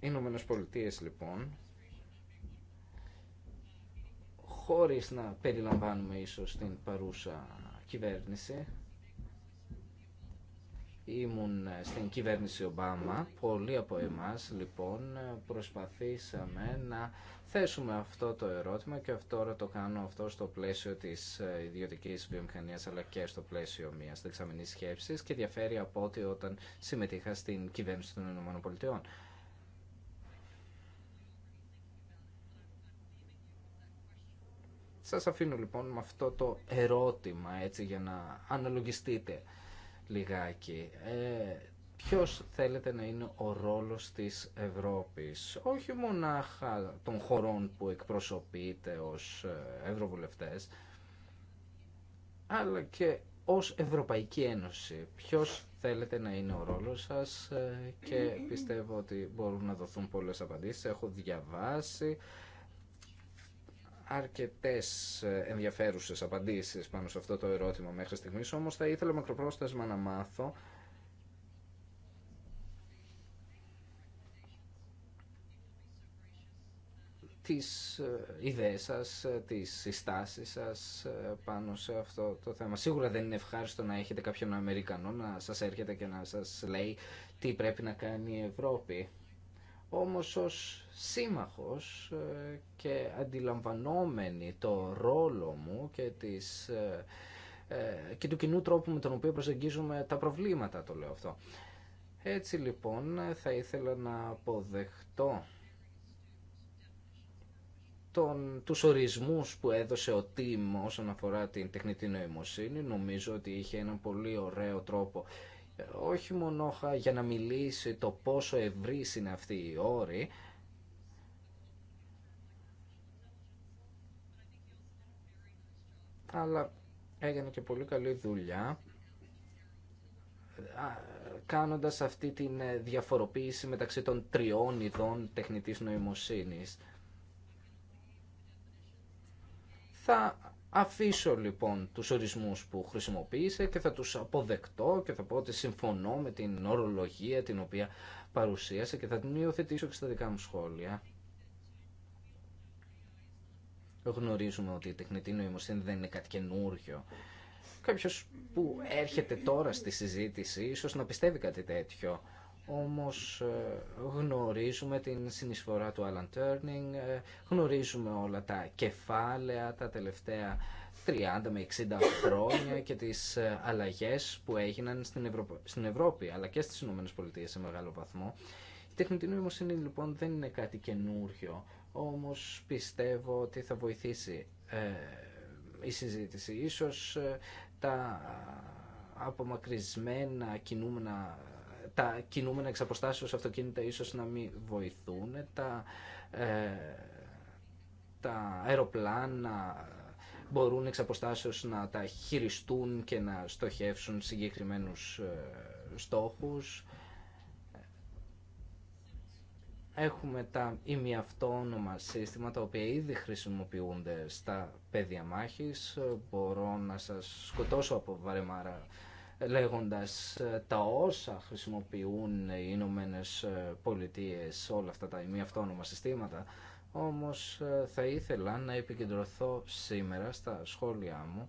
Ηνωμένες Πολιτείες λοιπόν, χωρίς να περιλαμβάνουμε ίσως την παρούσα κυβέρνηση, ήμουν στην κυβέρνηση Ομπάμα, πολλοί από εμάς λοιπόν προσπαθήσαμε να θέσουμε αυτό το ερώτημα και τώρα το κάνω αυτό στο πλαίσιο της ε, ιδιωτικής βιομηχανίας αλλά και στο πλαίσιο μιας δεξαμενής σκέψης και διαφέρει από ό,τι όταν συμμετείχα στην κυβέρνηση των ΗΠΑ. Σας αφήνω λοιπόν με αυτό το ερώτημα έτσι για να αναλογιστείτε λιγάκι. Ε, ποιος θέλετε να είναι ο ρόλος της Ευρώπης, όχι μονάχα των χωρών που εκπροσωπείτε ως ε, ευρωβουλευτές, αλλά και ως Ευρωπαϊκή Ένωση. Ποιος θέλετε να είναι ο ρόλος σας ε, και πιστεύω ότι μπορούν να δοθούν πολλές απαντήσεις. Έχω διαβάσει αρκετές ε, ενδιαφέρουσες απαντήσεις πάνω σε αυτό το ερώτημα μέχρι στιγμής, όμως θα ήθελα μακροπρόθεσμα να μάθω τις ε, ιδέες σας, ε, τις συστάσεις σας πάνω σε αυτό το θέμα. Σίγουρα δεν είναι ευχάριστο να έχετε κάποιον Αμερικανό να σας έρχεται και να σας λέει τι πρέπει να κάνει η Ευρώπη. Όμως ως σύμμαχος ε, και αντιλαμβανόμενοι το ρόλο μου και, τις, ε, ε, και του κοινού τρόπου με τον οποίο προσεγγίζουμε τα προβλήματα, το λέω αυτό. Έτσι λοιπόν θα ήθελα να αποδεχτώ τον, τους ορισμούς που έδωσε ο Τιμ όσον αφορά την τεχνητή νοημοσύνη. Νομίζω ότι είχε έναν πολύ ωραίο τρόπο όχι μόνο για να μιλήσει το πόσο ευρύ είναι αυτή η όρη αλλά έγινε και πολύ καλή δουλειά κάνοντας αυτή την ε, διαφοροποίηση μεταξύ των τριών ειδών τεχνητής νοημοσύνης. Θα αφήσω λοιπόν τους ορισμούς που χρησιμοποίησε και θα τους αποδεκτώ και θα πω ότι συμφωνώ με την ορολογία την οποία παρουσίασε και θα την υιοθετήσω και στα δικά μου σχόλια. Γνωρίζουμε ότι η τεχνητή νοημοσύνη δεν είναι κάτι καινούργιο. Κάποιος που έρχεται τώρα στη συζήτηση ίσως να πιστεύει κάτι τέτοιο όμως ε, γνωρίζουμε την συνεισφορά του Alan Turning, ε, γνωρίζουμε όλα τα κεφάλαια τα τελευταία 30 με 60 χρόνια και τις ε, αλλαγές που έγιναν στην, στην Ευρώπη αλλά και στις Ηνωμένες Πολιτείες σε μεγάλο βαθμό. Η τεχνητή νοημοσύνη λοιπόν δεν είναι κάτι καινούριο, όμως πιστεύω ότι θα βοηθήσει ε, η συζήτηση. Ίσως τα απομακρυσμένα κινούμενα τα κινούμενα εξ αποστάσεως αυτοκίνητα ίσως να μην βοηθούν, τα, ε, τα αεροπλάνα μπορούν εξ αποστάσεως να τα χειριστούν και να στοχεύσουν συγκεκριμένους ε, στόχους. Έχουμε τα ημιαυτόνομα σύστημα τα οποία ήδη χρησιμοποιούνται στα πεδία μάχης. Μπορώ να σας σκοτώσω από βαρεμάρα λέγοντας ε, τα όσα χρησιμοποιούν οι Ηνωμένε Πολιτείε όλα αυτά τα μη αυτόνομα συστήματα, όμως ε, θα ήθελα να επικεντρωθώ σήμερα στα σχόλιά μου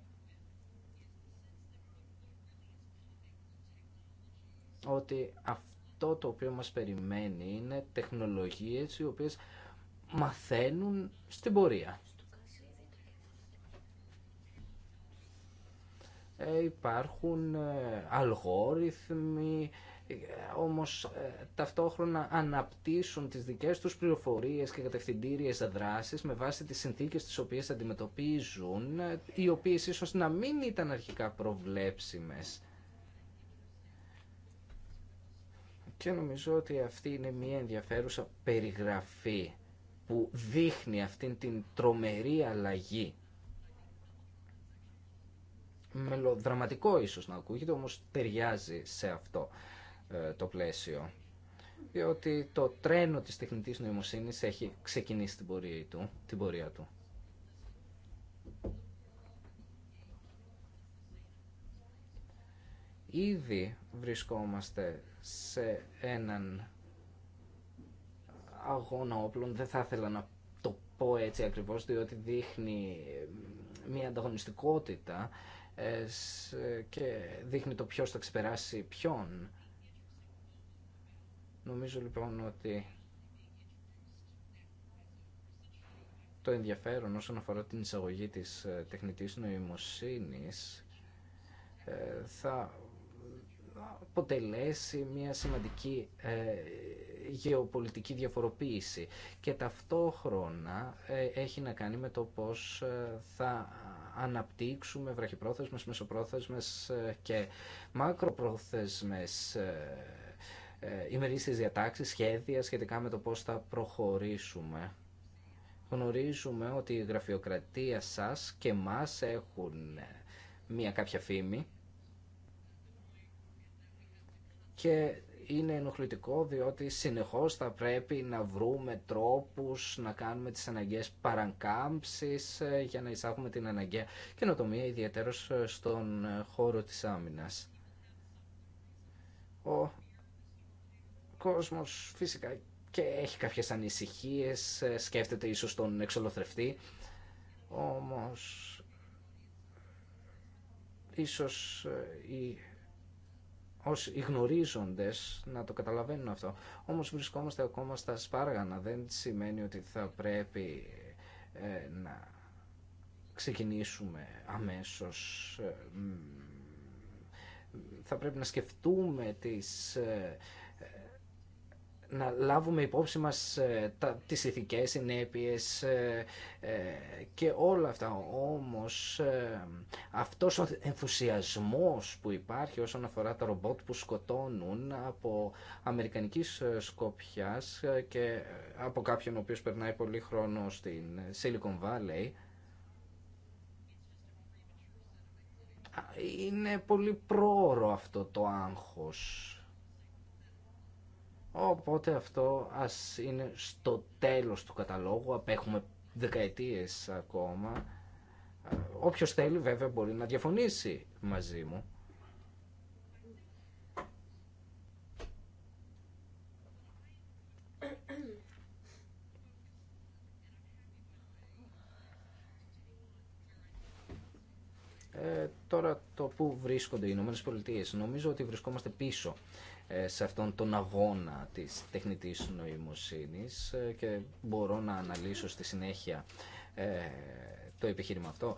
ότι αυτό το οποίο μας περιμένει είναι τεχνολογίες οι οποίες μαθαίνουν στην πορεία. Ε, υπάρχουν ε, αλγόριθμοι, ε, όμως ταυτόχρονα αναπτύσσουν τις δικές τους πληροφορίες και κατευθυντήριες δράσεις με βάση τις συνθήκες τις οποίες αντιμετωπίζουν, οι οποίες ίσως να μην ήταν αρχικά προβλέψιμες. Και νομίζω ότι αυτή είναι μια ενδιαφέρουσα περιγραφή που δείχνει αυτήν την τρομερή αλλαγή μελοδραματικό ίσως να ακούγεται, όμως ταιριάζει σε αυτό ε, το πλαίσιο. Διότι το τρένο της τεχνητής νοημοσύνης έχει ξεκινήσει την πορεία του. Την πορεία του. Ήδη βρισκόμαστε σε έναν αγώνα όπλων, δεν θα ήθελα να το πω έτσι ακριβώς, διότι δείχνει ε, μια ανταγωνιστικότητα ε, και δείχνει το ποιος θα ξεπεράσει ποιον. Νομίζω λοιπόν ότι το ενδιαφέρον όσον αφορά την εισαγωγή της ε, τεχνητής νοημοσύνης ε, θα αποτελέσει μια σημαντική γεωπολιτική διαφοροποίηση και ταυτόχρονα έχει να κάνει με το πώς θα αναπτύξουμε βραχυπρόθεσμες, μεσοπρόθεσμες ε, και μακροπρόθεσμες ε, ε, ημερήσεις διατάξεις, σχέδια σχετικά με το πώς θα προχωρήσουμε. Γνωρίζουμε ότι η γραφειοκρατία σας και μας έχουν μία κάποια φήμη και είναι ενοχλητικό διότι συνεχώς θα πρέπει να βρούμε τρόπους να κάνουμε τις αναγκαίες παρακάμψεις ε, για να εισάγουμε την αναγκαία καινοτομία ιδιαίτερο ε, στον ε, χώρο της άμυνας. Ο κόσμος φυσικά και έχει κάποιες ανησυχίες, σκέφτεται ίσως τον εξολοθρευτή, όμως ίσως η ως γνωρίζοντες να το καταλαβαίνουν αυτό. Όμως βρισκόμαστε ακόμα στα σπάργανα. Δεν σημαίνει ότι θα πρέπει ε, να ξεκινήσουμε αμέσως. Ε, θα πρέπει να σκεφτούμε τις ε, να λάβουμε υπόψη μας ε, τα, τις ηθικές συνέπειες ε, ε, και όλα αυτά. Όμως αυτός ο ενθουσιασμός που υπάρχει όσον αφορά τα ρομπότ που σκοτώνουν από αμερικανικής σκοπιάς και από κάποιον ο οποίος περνάει πολύ χρόνο στην Silicon Valley είναι πολύ πρόωρο αυτό το άγχος Οπότε αυτό ας είναι στο τέλος του καταλόγου, απέχουμε δεκαετίες ακόμα. Όποιος θέλει βέβαια μπορεί να διαφωνήσει μαζί μου. Ε, Τώρα το που βρίσκονται οι Ηνωμένες Πολιτείες. Νομίζω ότι βρισκόμαστε πίσω ε, σε αυτόν τον αγώνα της τεχνητής νοημοσύνης ε, και μπορώ να αναλύσω στη συνέχεια ε, το επιχείρημα αυτό.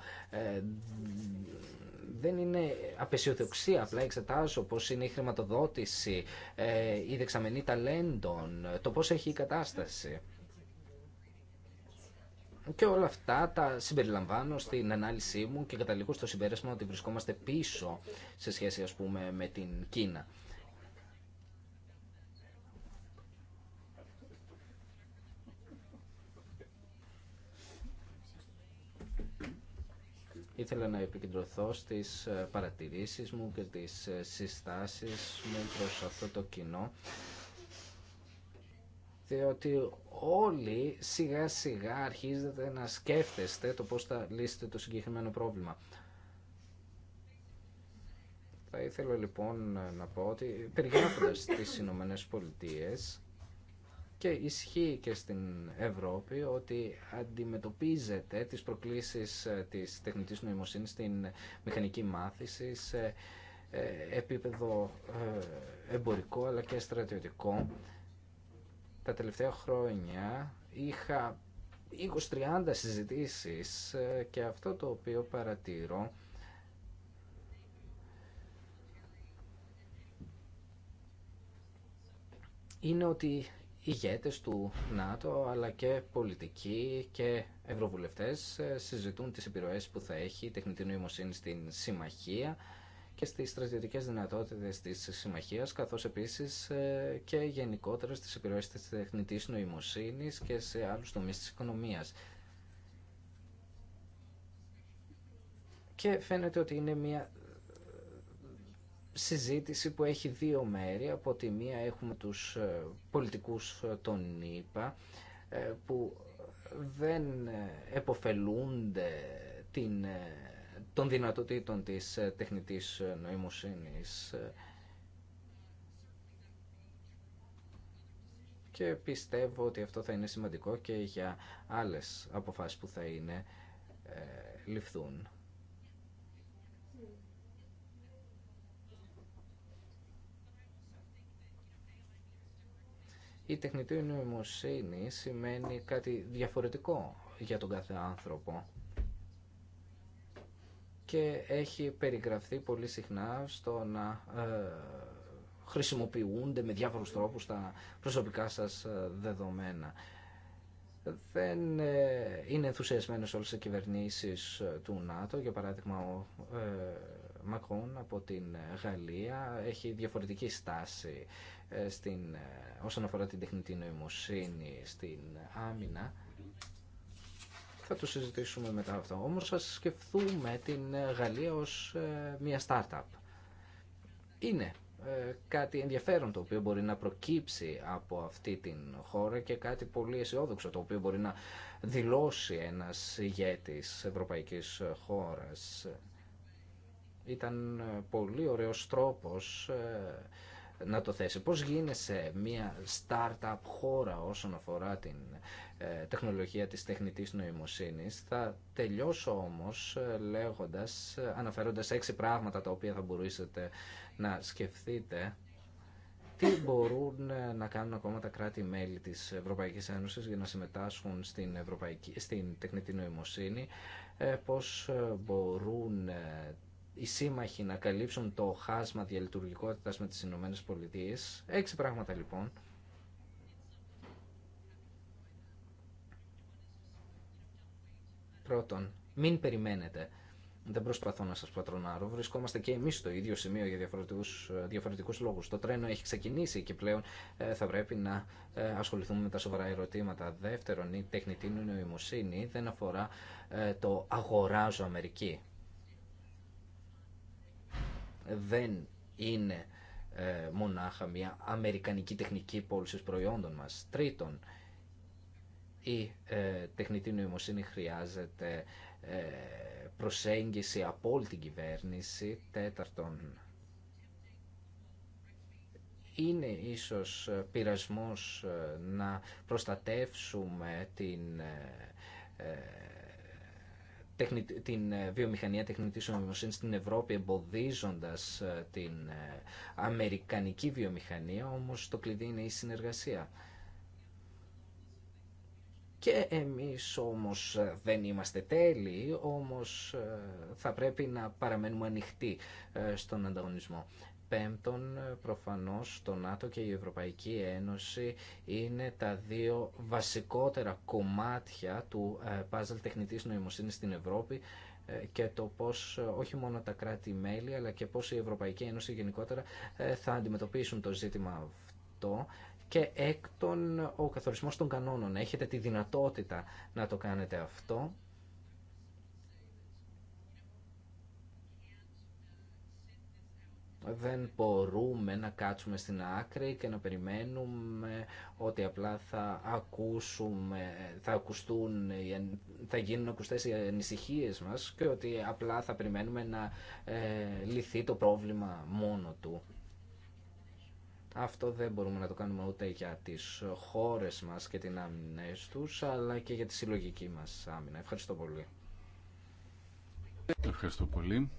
Δεν είναι απεσιοδοξία, απλά εξετάζω πώς είναι η χρηματοδότηση, η δεξαμενή ταλέντων, το πώς έχει η κατάσταση. Και όλα αυτά τα συμπεριλαμβάνω στην ανάλυση μου και καταλήγω στο συμπέρασμα ότι βρισκόμαστε πίσω σε σχέση ας πούμε με την Κίνα. Ήθελα να επικεντρωθώ στις ε, παρατηρήσεις μου και τις ε, συστάσεις μου προς αυτό το κοινό οτι όλοι σιγά σιγά αρχίζετε να σκέφτεστε το πώς θα λύσετε το συγκεκριμένο πρόβλημα. Θα ήθελα λοιπόν να πω ότι περιγράφοντας τις Ηνωμένε Πολιτείε και ισχύει και στην Ευρώπη ότι αντιμετωπίζετε τις προκλήσεις ε, της τεχνητής νοημοσύνης στην μηχανική μάθηση σε ε, επίπεδο ε, εμπορικό αλλά και στρατιωτικό τα τελευταία χρόνια είχα 20-30 συζητήσεις ε, και αυτό το οποίο παρατηρώ είναι ότι οι ηγέτες του ΝΑΤΟ αλλά και πολιτικοί και ευρωβουλευτές ε, συζητούν τις επιρροές που θα έχει η τεχνητή νοημοσύνη στην συμμαχία και στις στρατιωτικές δυνατότητες της συμμαχίας, καθώς επίσης ε, και γενικότερα στις επιρροές της τεχνητής νοημοσύνης και σε άλλους τομείς της οικονομίας. Και φαίνεται ότι είναι μια ε, συζήτηση που έχει δύο μέρη. Από τη μία έχουμε τους ε, πολιτικούς των ΗΠΑ που δεν εποφελούνται την των δυνατοτήτων της ε, τεχνητής ε, νοημοσύνης ε. και πιστεύω ότι αυτό θα είναι σημαντικό και για άλλες αποφάσεις που θα είναι ε, ληφθούν. Η τεχνητή νοημοσύνη σημαίνει κάτι διαφορετικό για τον κάθε άνθρωπο και έχει περιγραφεί πολύ συχνά στο να ε, χρησιμοποιούνται με διάφορους τρόπους τα προσωπικά σας ε, δεδομένα. Δεν ε, είναι ενθουσιασμένος όλες οι κυβερνήσεις του ΝΑΤΟ. Για παράδειγμα, ο Μακρόν από την Γαλλία έχει διαφορετική στάση στην, όσον αφορά την τεχνητή νοημοσύνη στην άμυνα θα το συζητήσουμε μετά αυτό. Όμως ας σκεφτούμε την ε, Γαλλία ως ε, μια startup. Είναι ε, κάτι ενδιαφέρον το οποίο μπορεί να προκύψει από αυτή την χώρα και κάτι πολύ αισιόδοξο το οποίο μπορεί να δηλώσει ένας ηγέτης ευρωπαϊκής χώρας. Ήταν πολύ ωραίος τρόπος να το θέσει. Πώς γίνεσαι μια startup χώρα όσον αφορά την ε, τεχνολογία της τεχνητής νοημοσύνης. Θα τελειώσω όμως ε, λέγοντας, ε, αναφέροντας έξι πράγματα τα οποία θα μπορούσατε να σκεφτείτε τι μπορούν να κάνουν ακόμα τα κράτη-μέλη της Ευρωπαϊκής Ένωσης για να συμμετάσχουν στην, Ευρωπαϊκή, στην τεχνητή νοημοσύνη, πώς μπορούν οι σύμμαχοι να καλύψουν το χάσμα διαλειτουργικότητας με τις Ηνωμένε Πολιτείε. Έξι πράγματα λοιπόν. Πρώτον, μην περιμένετε. Δεν προσπαθώ να σας πατρονάρω. Βρισκόμαστε και εμείς στο ίδιο σημείο για διαφορετικούς, διαφορετικούς λόγους. Το τρένο έχει ξεκινήσει και πλέον ε, θα πρέπει να ε, ασχοληθούμε με τα σοβαρά ερωτήματα. Δεύτερον, η τεχνητή νοημοσύνη δεν αφορά ε, το αγοράζω Αμερική δεν είναι ε, μονάχα μια αμερικανική τεχνική πώληση προϊόντων μας. Τρίτον, η ε, τεχνητή νοημοσύνη χρειάζεται ε, προσέγγιση από όλη την κυβέρνηση. Τέταρτον, είναι ίσως πειρασμός να προστατεύσουμε την την ε, βιομηχανία τεχνητής νοημοσύνης στην Ευρώπη εμποδίζοντας ε, την ε, αμερικανική βιομηχανία, όμως το κλειδί είναι η συνεργασία. Και εμείς όμως δεν είμαστε τέλειοι, όμως θα πρέπει να παραμένουμε ανοιχτοί στον ανταγωνισμό. Πέμπτον, προφανώς το ΝΑΤΟ και η Ευρωπαϊκή Ένωση είναι τα δύο βασικότερα κομμάτια του παζλ ε, τεχνητής νοημοσύνης στην Ευρώπη ε, και το πώς ε, όχι μόνο τα κράτη-μέλη αλλά και πώς η Ευρωπαϊκή Ένωση γενικότερα θα αντιμετωπίσουν το ζήτημα αυτό και έκτον ο καθορισμός των κανόνων. Έχετε τη δυνατότητα να το κάνετε αυτό δεν μπορούμε να κάτσουμε στην άκρη και να περιμένουμε ότι απλά θα ακούσουμε, θα ακουστούν, θα γίνουν ακουστές οι ανησυχίε μας και ότι απλά θα περιμένουμε να ε, λυθεί το πρόβλημα μόνο του. Αυτό δεν μπορούμε να το κάνουμε ούτε για τις χώρες μας και την άμυνα τους, αλλά και για τη συλλογική μας άμυνα. Ευχαριστώ πολύ. Ευχαριστώ πολύ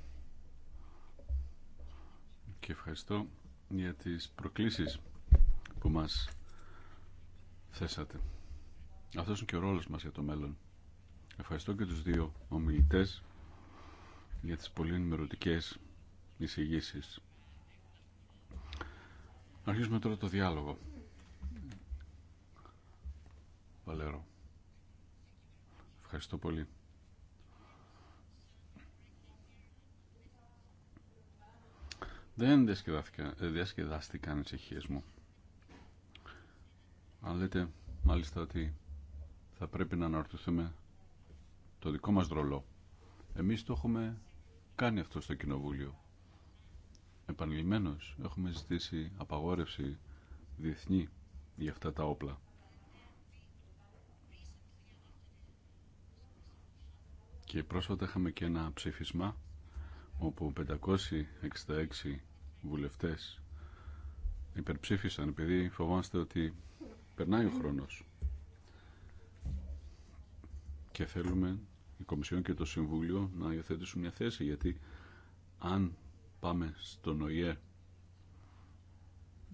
και ευχαριστώ για τις προκλήσεις που μας θέσατε. Αυτός είναι και ο ρόλος μας για το μέλλον. Ευχαριστώ και τους δύο ομιλητές για τις πολύ ενημερωτικέ εισηγήσει. Αρχίζουμε τώρα το διάλογο. Βαλέρο. Ευχαριστώ πολύ. δεν ε, διασκεδάστηκαν οι ψυχίες μου. Αν λέτε μάλιστα ότι θα πρέπει να αναρτηθούμε το δικό μας ρόλο. Εμείς το έχουμε κάνει αυτό στο Κοινοβούλιο. Επανειλημμένως έχουμε ζητήσει απαγόρευση διεθνή για αυτά τα όπλα. Και πρόσφατα είχαμε και ένα ψήφισμα όπου 566 βουλευτές υπερψήφισαν επειδή φοβάστε ότι περνάει ο χρόνος και θέλουμε η Κομισιόν και το Συμβούλιο να υιοθετήσουν μια θέση γιατί αν πάμε στον ΟΗΕ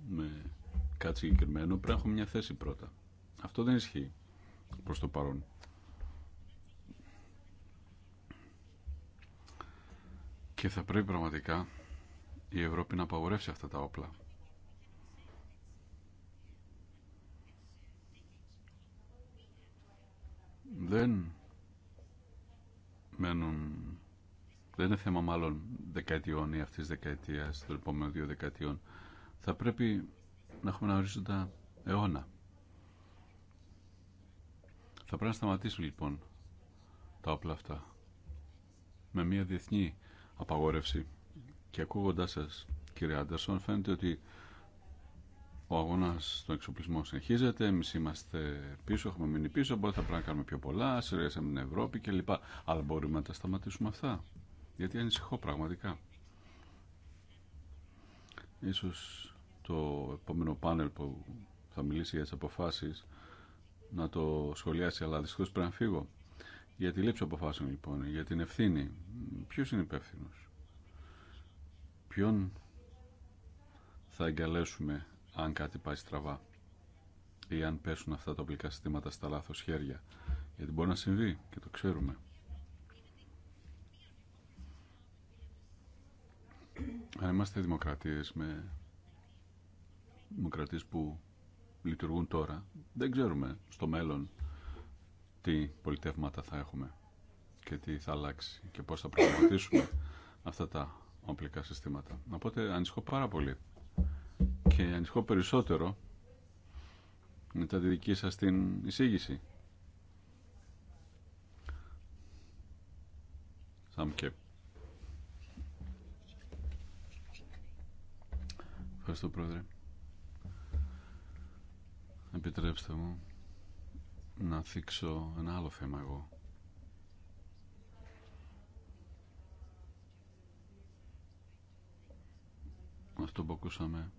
με κάτι συγκεκριμένο πρέπει να έχουμε μια θέση πρώτα. Αυτό δεν ισχύει προς το παρόν. Και θα πρέπει πραγματικά η Ευρώπη να απαγορεύσει αυτά τα όπλα. Δεν μένουν δεν είναι θέμα μάλλον δεκαετιών ή αυτής δεκαετίας, των επόμενων δύο δεκαετιών. Θα πρέπει να έχουμε ένα τα αιώνα. Θα πρέπει να σταματήσουν λοιπόν τα όπλα αυτά με μια διεθνή απαγόρευση. Και ακούγοντά σα, κύριε Άντερσον, φαίνεται ότι ο αγώνα στον εξοπλισμό συνεχίζεται. Εμεί είμαστε πίσω, έχουμε μείνει πίσω. μπορεί θα πρέπει να κάνουμε πιο πολλά. Συνεργασία την Ευρώπη κλπ. Αλλά μπορούμε να τα σταματήσουμε αυτά. Γιατί ανησυχώ πραγματικά. Ίσως το επόμενο πάνελ που θα μιλήσει για τι αποφάσει να το σχολιάσει, αλλά δυστυχώ πρέπει να φύγω. Για τη λήψη αποφάσεων λοιπόν, για την ευθύνη. Ποιο είναι υπεύθυνο. Ποιον θα εγκαλέσουμε αν κάτι πάει στραβά ή αν πέσουν αυτά τα οπλικά συστήματα στα λάθος χέρια. Γιατί μπορεί να συμβεί και το ξέρουμε. Αν είμαστε δημοκρατίες με δημοκρατίες που λειτουργούν τώρα, δεν ξέρουμε στο μέλλον τι πολιτεύματα θα έχουμε και τι θα αλλάξει και πώς θα προσπαθήσουμε αυτά τα οπλικά συστήματα. Οπότε ανησυχώ πάρα πολύ και ανησυχώ περισσότερο μετά τη δική σας την εισήγηση. Σαμκέ. Ευχαριστώ πρόεδρε. Επιτρέψτε μου να θίξω ένα άλλο θέμα εγώ. αυτό που ακούσαμε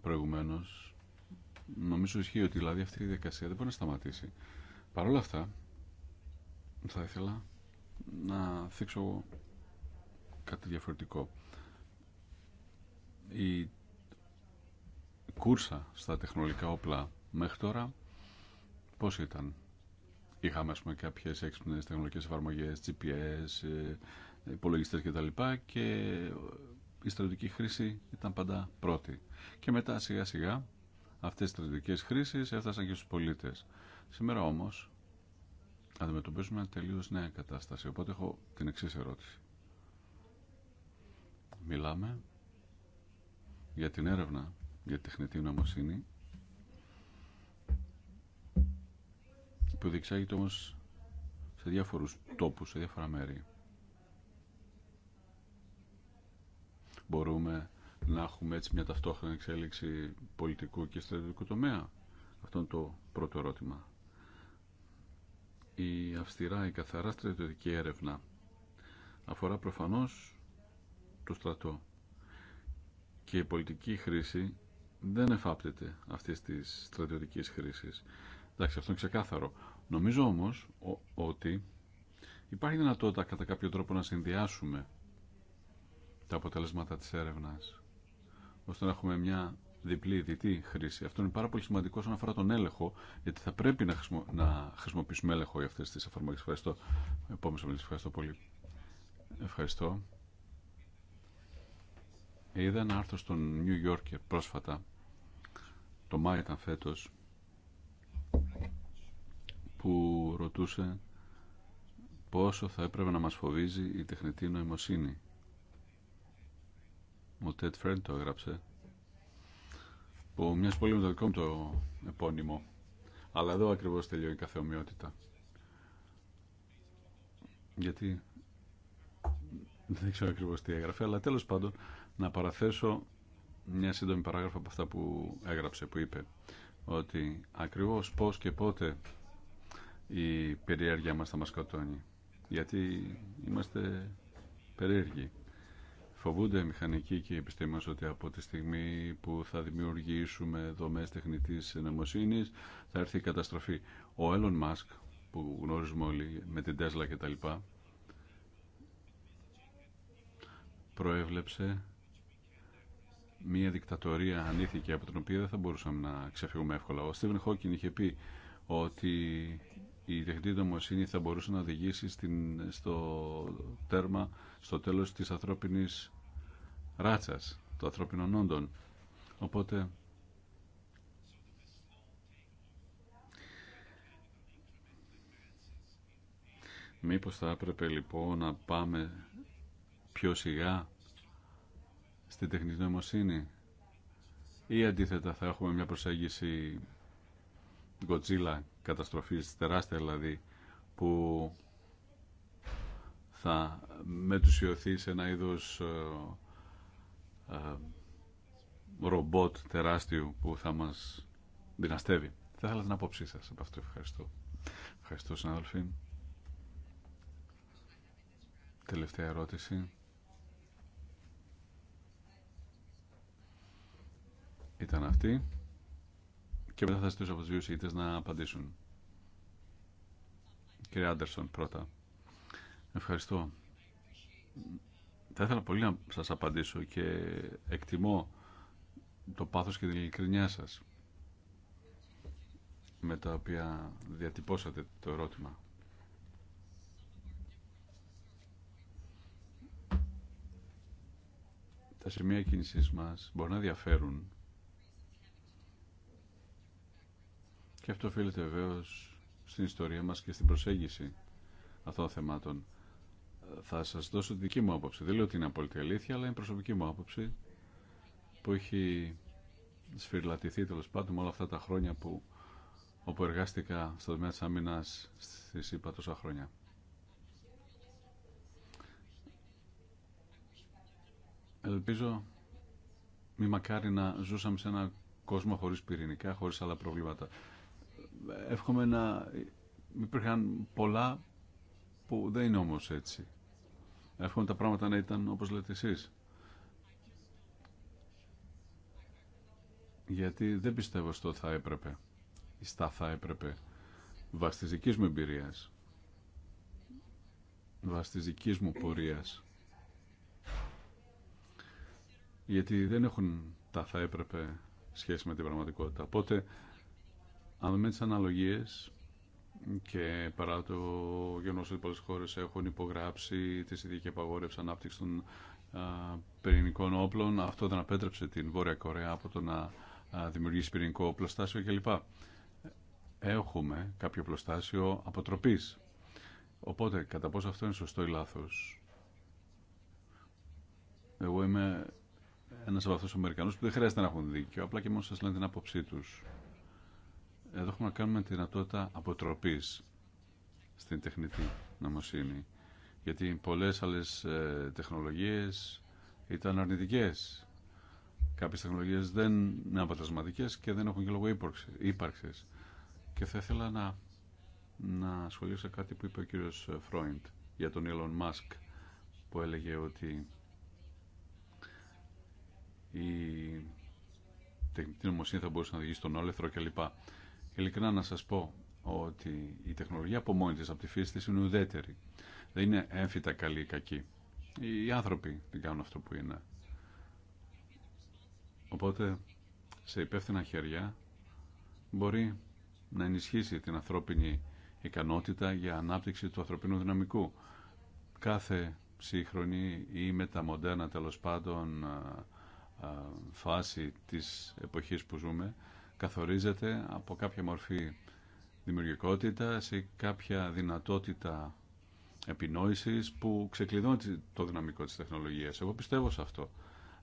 προηγουμένως νομίζω ισχύει ότι δηλαδή αυτή η διαδικασία δεν μπορεί να σταματήσει. Παρ' όλα αυτά θα ήθελα να θίξω κάτι διαφορετικό. Η κούρσα στα τεχνολογικά όπλα μέχρι τώρα πώς ήταν. Είχαμε ας πούμε κάποιες έξυπνες τεχνολογικές εφαρμογές, GPS, ε, υπολογιστές κτλ. Και, και η στρατιωτική χρήση ήταν πάντα πρώτη. Και μετά σιγά σιγά αυτές οι στρατιωτικές χρήσεις έφτασαν και στους πολίτες. Σήμερα όμως αντιμετωπίζουμε μια τελείως νέα κατάσταση. Οπότε έχω την εξής ερώτηση. Μιλάμε για την έρευνα για τεχνητή νοημοσύνη που διεξάγεται όμως σε διάφορους τόπους, σε διάφορα μέρη. μπορούμε να έχουμε έτσι μια ταυτόχρονη εξέλιξη πολιτικού και στρατιωτικού τομέα. Αυτό είναι το πρώτο ερώτημα. Η αυστηρά, η καθαρά στρατιωτική έρευνα αφορά προφανώς το στρατό και η πολιτική χρήση δεν εφάπτεται αυτή τη στρατιωτική χρήση. Εντάξει, αυτό είναι ξεκάθαρο. Νομίζω όμως ότι υπάρχει δυνατότητα κατά κάποιο τρόπο να συνδυάσουμε τα αποτελέσματα της έρευνας ώστε να έχουμε μια διπλή διτή χρήση. Αυτό είναι πάρα πολύ σημαντικό όσον αφορά τον έλεγχο, γιατί θα πρέπει να, χρησιμοποιήσουμε έλεγχο για αυτές τις εφαρμογές. Ευχαριστώ. Επόμενος ομιλής, ευχαριστώ πολύ. Είδα ένα άρθρο στον New Yorker πρόσφατα, το Μάιο ήταν φέτος, που ρωτούσε πόσο θα έπρεπε να μας φοβίζει η τεχνητή νοημοσύνη. Ο Ted Friend το έγραψε που μοιάζει πολύ με το δικό μου το επώνυμο. Αλλά εδώ ακριβώς τελειώνει η καθεομοιότητα. Γιατί δεν ξέρω ακριβώς τι έγραφε, αλλά τέλος πάντων να παραθέσω μια σύντομη παράγραφα από αυτά που έγραψε, που είπε ότι ακριβώς πώς και πότε η περιέργεια μας θα μας σκοτώνει. Γιατί είμαστε περίεργοι. Φοβούνται οι μηχανικοί και οι επιστήμονε ότι από τη στιγμή που θα δημιουργήσουμε δομές τεχνητής νοημοσύνης θα έρθει η καταστροφή. Ο Έλον Μάσκ που γνωρίζουμε όλοι με την Τέσλα κτλ. προέβλεψε μια δικτατορία ανήθικη από την οποία δεν θα μπορούσαμε να ξεφύγουμε εύκολα. Ο Στίβεν Χόκκιν είχε πει ότι η τεχνητή νομοσύνη θα μπορούσε να οδηγήσει στην, στο τέρμα, στο τέλος της ανθρώπινης ράτσας, των ανθρωπινών όντων. Οπότε μήπως θα έπρεπε λοιπόν να πάμε πιο σιγά στην τεχνητή νοημοσύνη ή αντίθετα θα έχουμε μια προσέγγιση Godzilla καταστροφής τεράστια δηλαδή που θα μετουσιωθεί σε ένα είδος ε, ρομπότ τεράστιου που θα μας δυναστεύει. Θα ήθελα την άποψή σας από αυτό. Ευχαριστώ. Ευχαριστώ συνάδελφοι. Τελευταία ερώτηση. Ήταν αυτή. Και μετά θα ζητήσω από τους δύο να απαντήσουν. Κύριε Άντερσον πρώτα. Ευχαριστώ. Θα ήθελα πολύ να σας απαντήσω και εκτιμώ το πάθος και την ειλικρινιά σας με τα οποία διατυπώσατε το ερώτημα. Τα σημεία κινησή μας μπορεί να διαφέρουν και αυτό οφείλεται βεβαίω στην ιστορία μας και στην προσέγγιση αυτών των θεμάτων θα σας δώσω τη δική μου άποψη. Δεν λέω ότι είναι απόλυτη αλήθεια, αλλά είναι προσωπική μου άποψη που έχει σφυρλατηθεί τέλο πάντων όλα αυτά τα χρόνια που όπου εργάστηκα στο τομέα της άμυνας στη ΣΥΠΑ τόσα χρόνια. Ελπίζω μη μακάρι να ζούσαμε σε ένα κόσμο χωρίς πυρηνικά, χωρίς άλλα προβλήματα. Εύχομαι να υπήρχαν πολλά που δεν είναι όμως έτσι. Εύχομαι τα πράγματα να ήταν όπως λέτε εσείς. Γιατί δεν πιστεύω στο θα έπρεπε ή στα θα έπρεπε βάσει δική μου εμπειρία, βάσει μου πορεία. Γιατί δεν έχουν τα θα έπρεπε σχέση με την πραγματικότητα. Οπότε, αν δούμε τι αναλογίες, και παρά το γεγονό ότι πολλέ χώρε έχουν υπογράψει τη συνθήκη απαγόρευση ανάπτυξη των πυρηνικών όπλων, αυτό δεν απέτρεψε την Βόρεια Κορέα από το να δημιουργήσει πυρηνικό οπλοστάσιο κλπ. Έχουμε κάποιο οπλοστάσιο αποτροπή. Οπότε, κατά πόσο αυτό είναι σωστό ή λάθο, Εγώ είμαι ένα από αυτούς Αμερικανού που δεν χρειάζεται να έχουν δίκιο, απλά και μόνο σα λένε την άποψή του. Εδώ έχουμε να κάνουμε τη δυνατότητα αποτροπής στην τεχνητή νομοσύνη. Γιατί πολλές άλλες ε, τεχνολογίες ήταν αρνητικές. Κάποιες τεχνολογίες δεν είναι αποτελεσματικέ και δεν έχουν και λόγο ύπαρξη. Και θα ήθελα να, να κάτι που είπε ο κύριος Φρόιντ για τον Elon Musk που έλεγε ότι η τεχνητή νομοσύνη θα μπορούσε να οδηγήσει στον όλεθρο κλπ ειλικρινά να σας πω ότι η τεχνολογία από μόνη της, από τη φύση της, είναι ουδέτερη. Δεν είναι έμφυτα καλή ή κακή. Οι άνθρωποι την κάνουν αυτό που είναι. Οπότε, σε υπεύθυνα χέρια μπορεί να ενισχύσει την ανθρώπινη ικανότητα για ανάπτυξη του ανθρωπίνου δυναμικού. Κάθε σύγχρονη ή μεταμοντέρνα τέλο πάντων φάση της εποχής που ζούμε καθορίζεται από κάποια μορφή δημιουργικότητας ή κάποια δυνατότητα επινόησης που ξεκλειδώνει το δυναμικό της τεχνολογίας. Εγώ πιστεύω σε αυτό.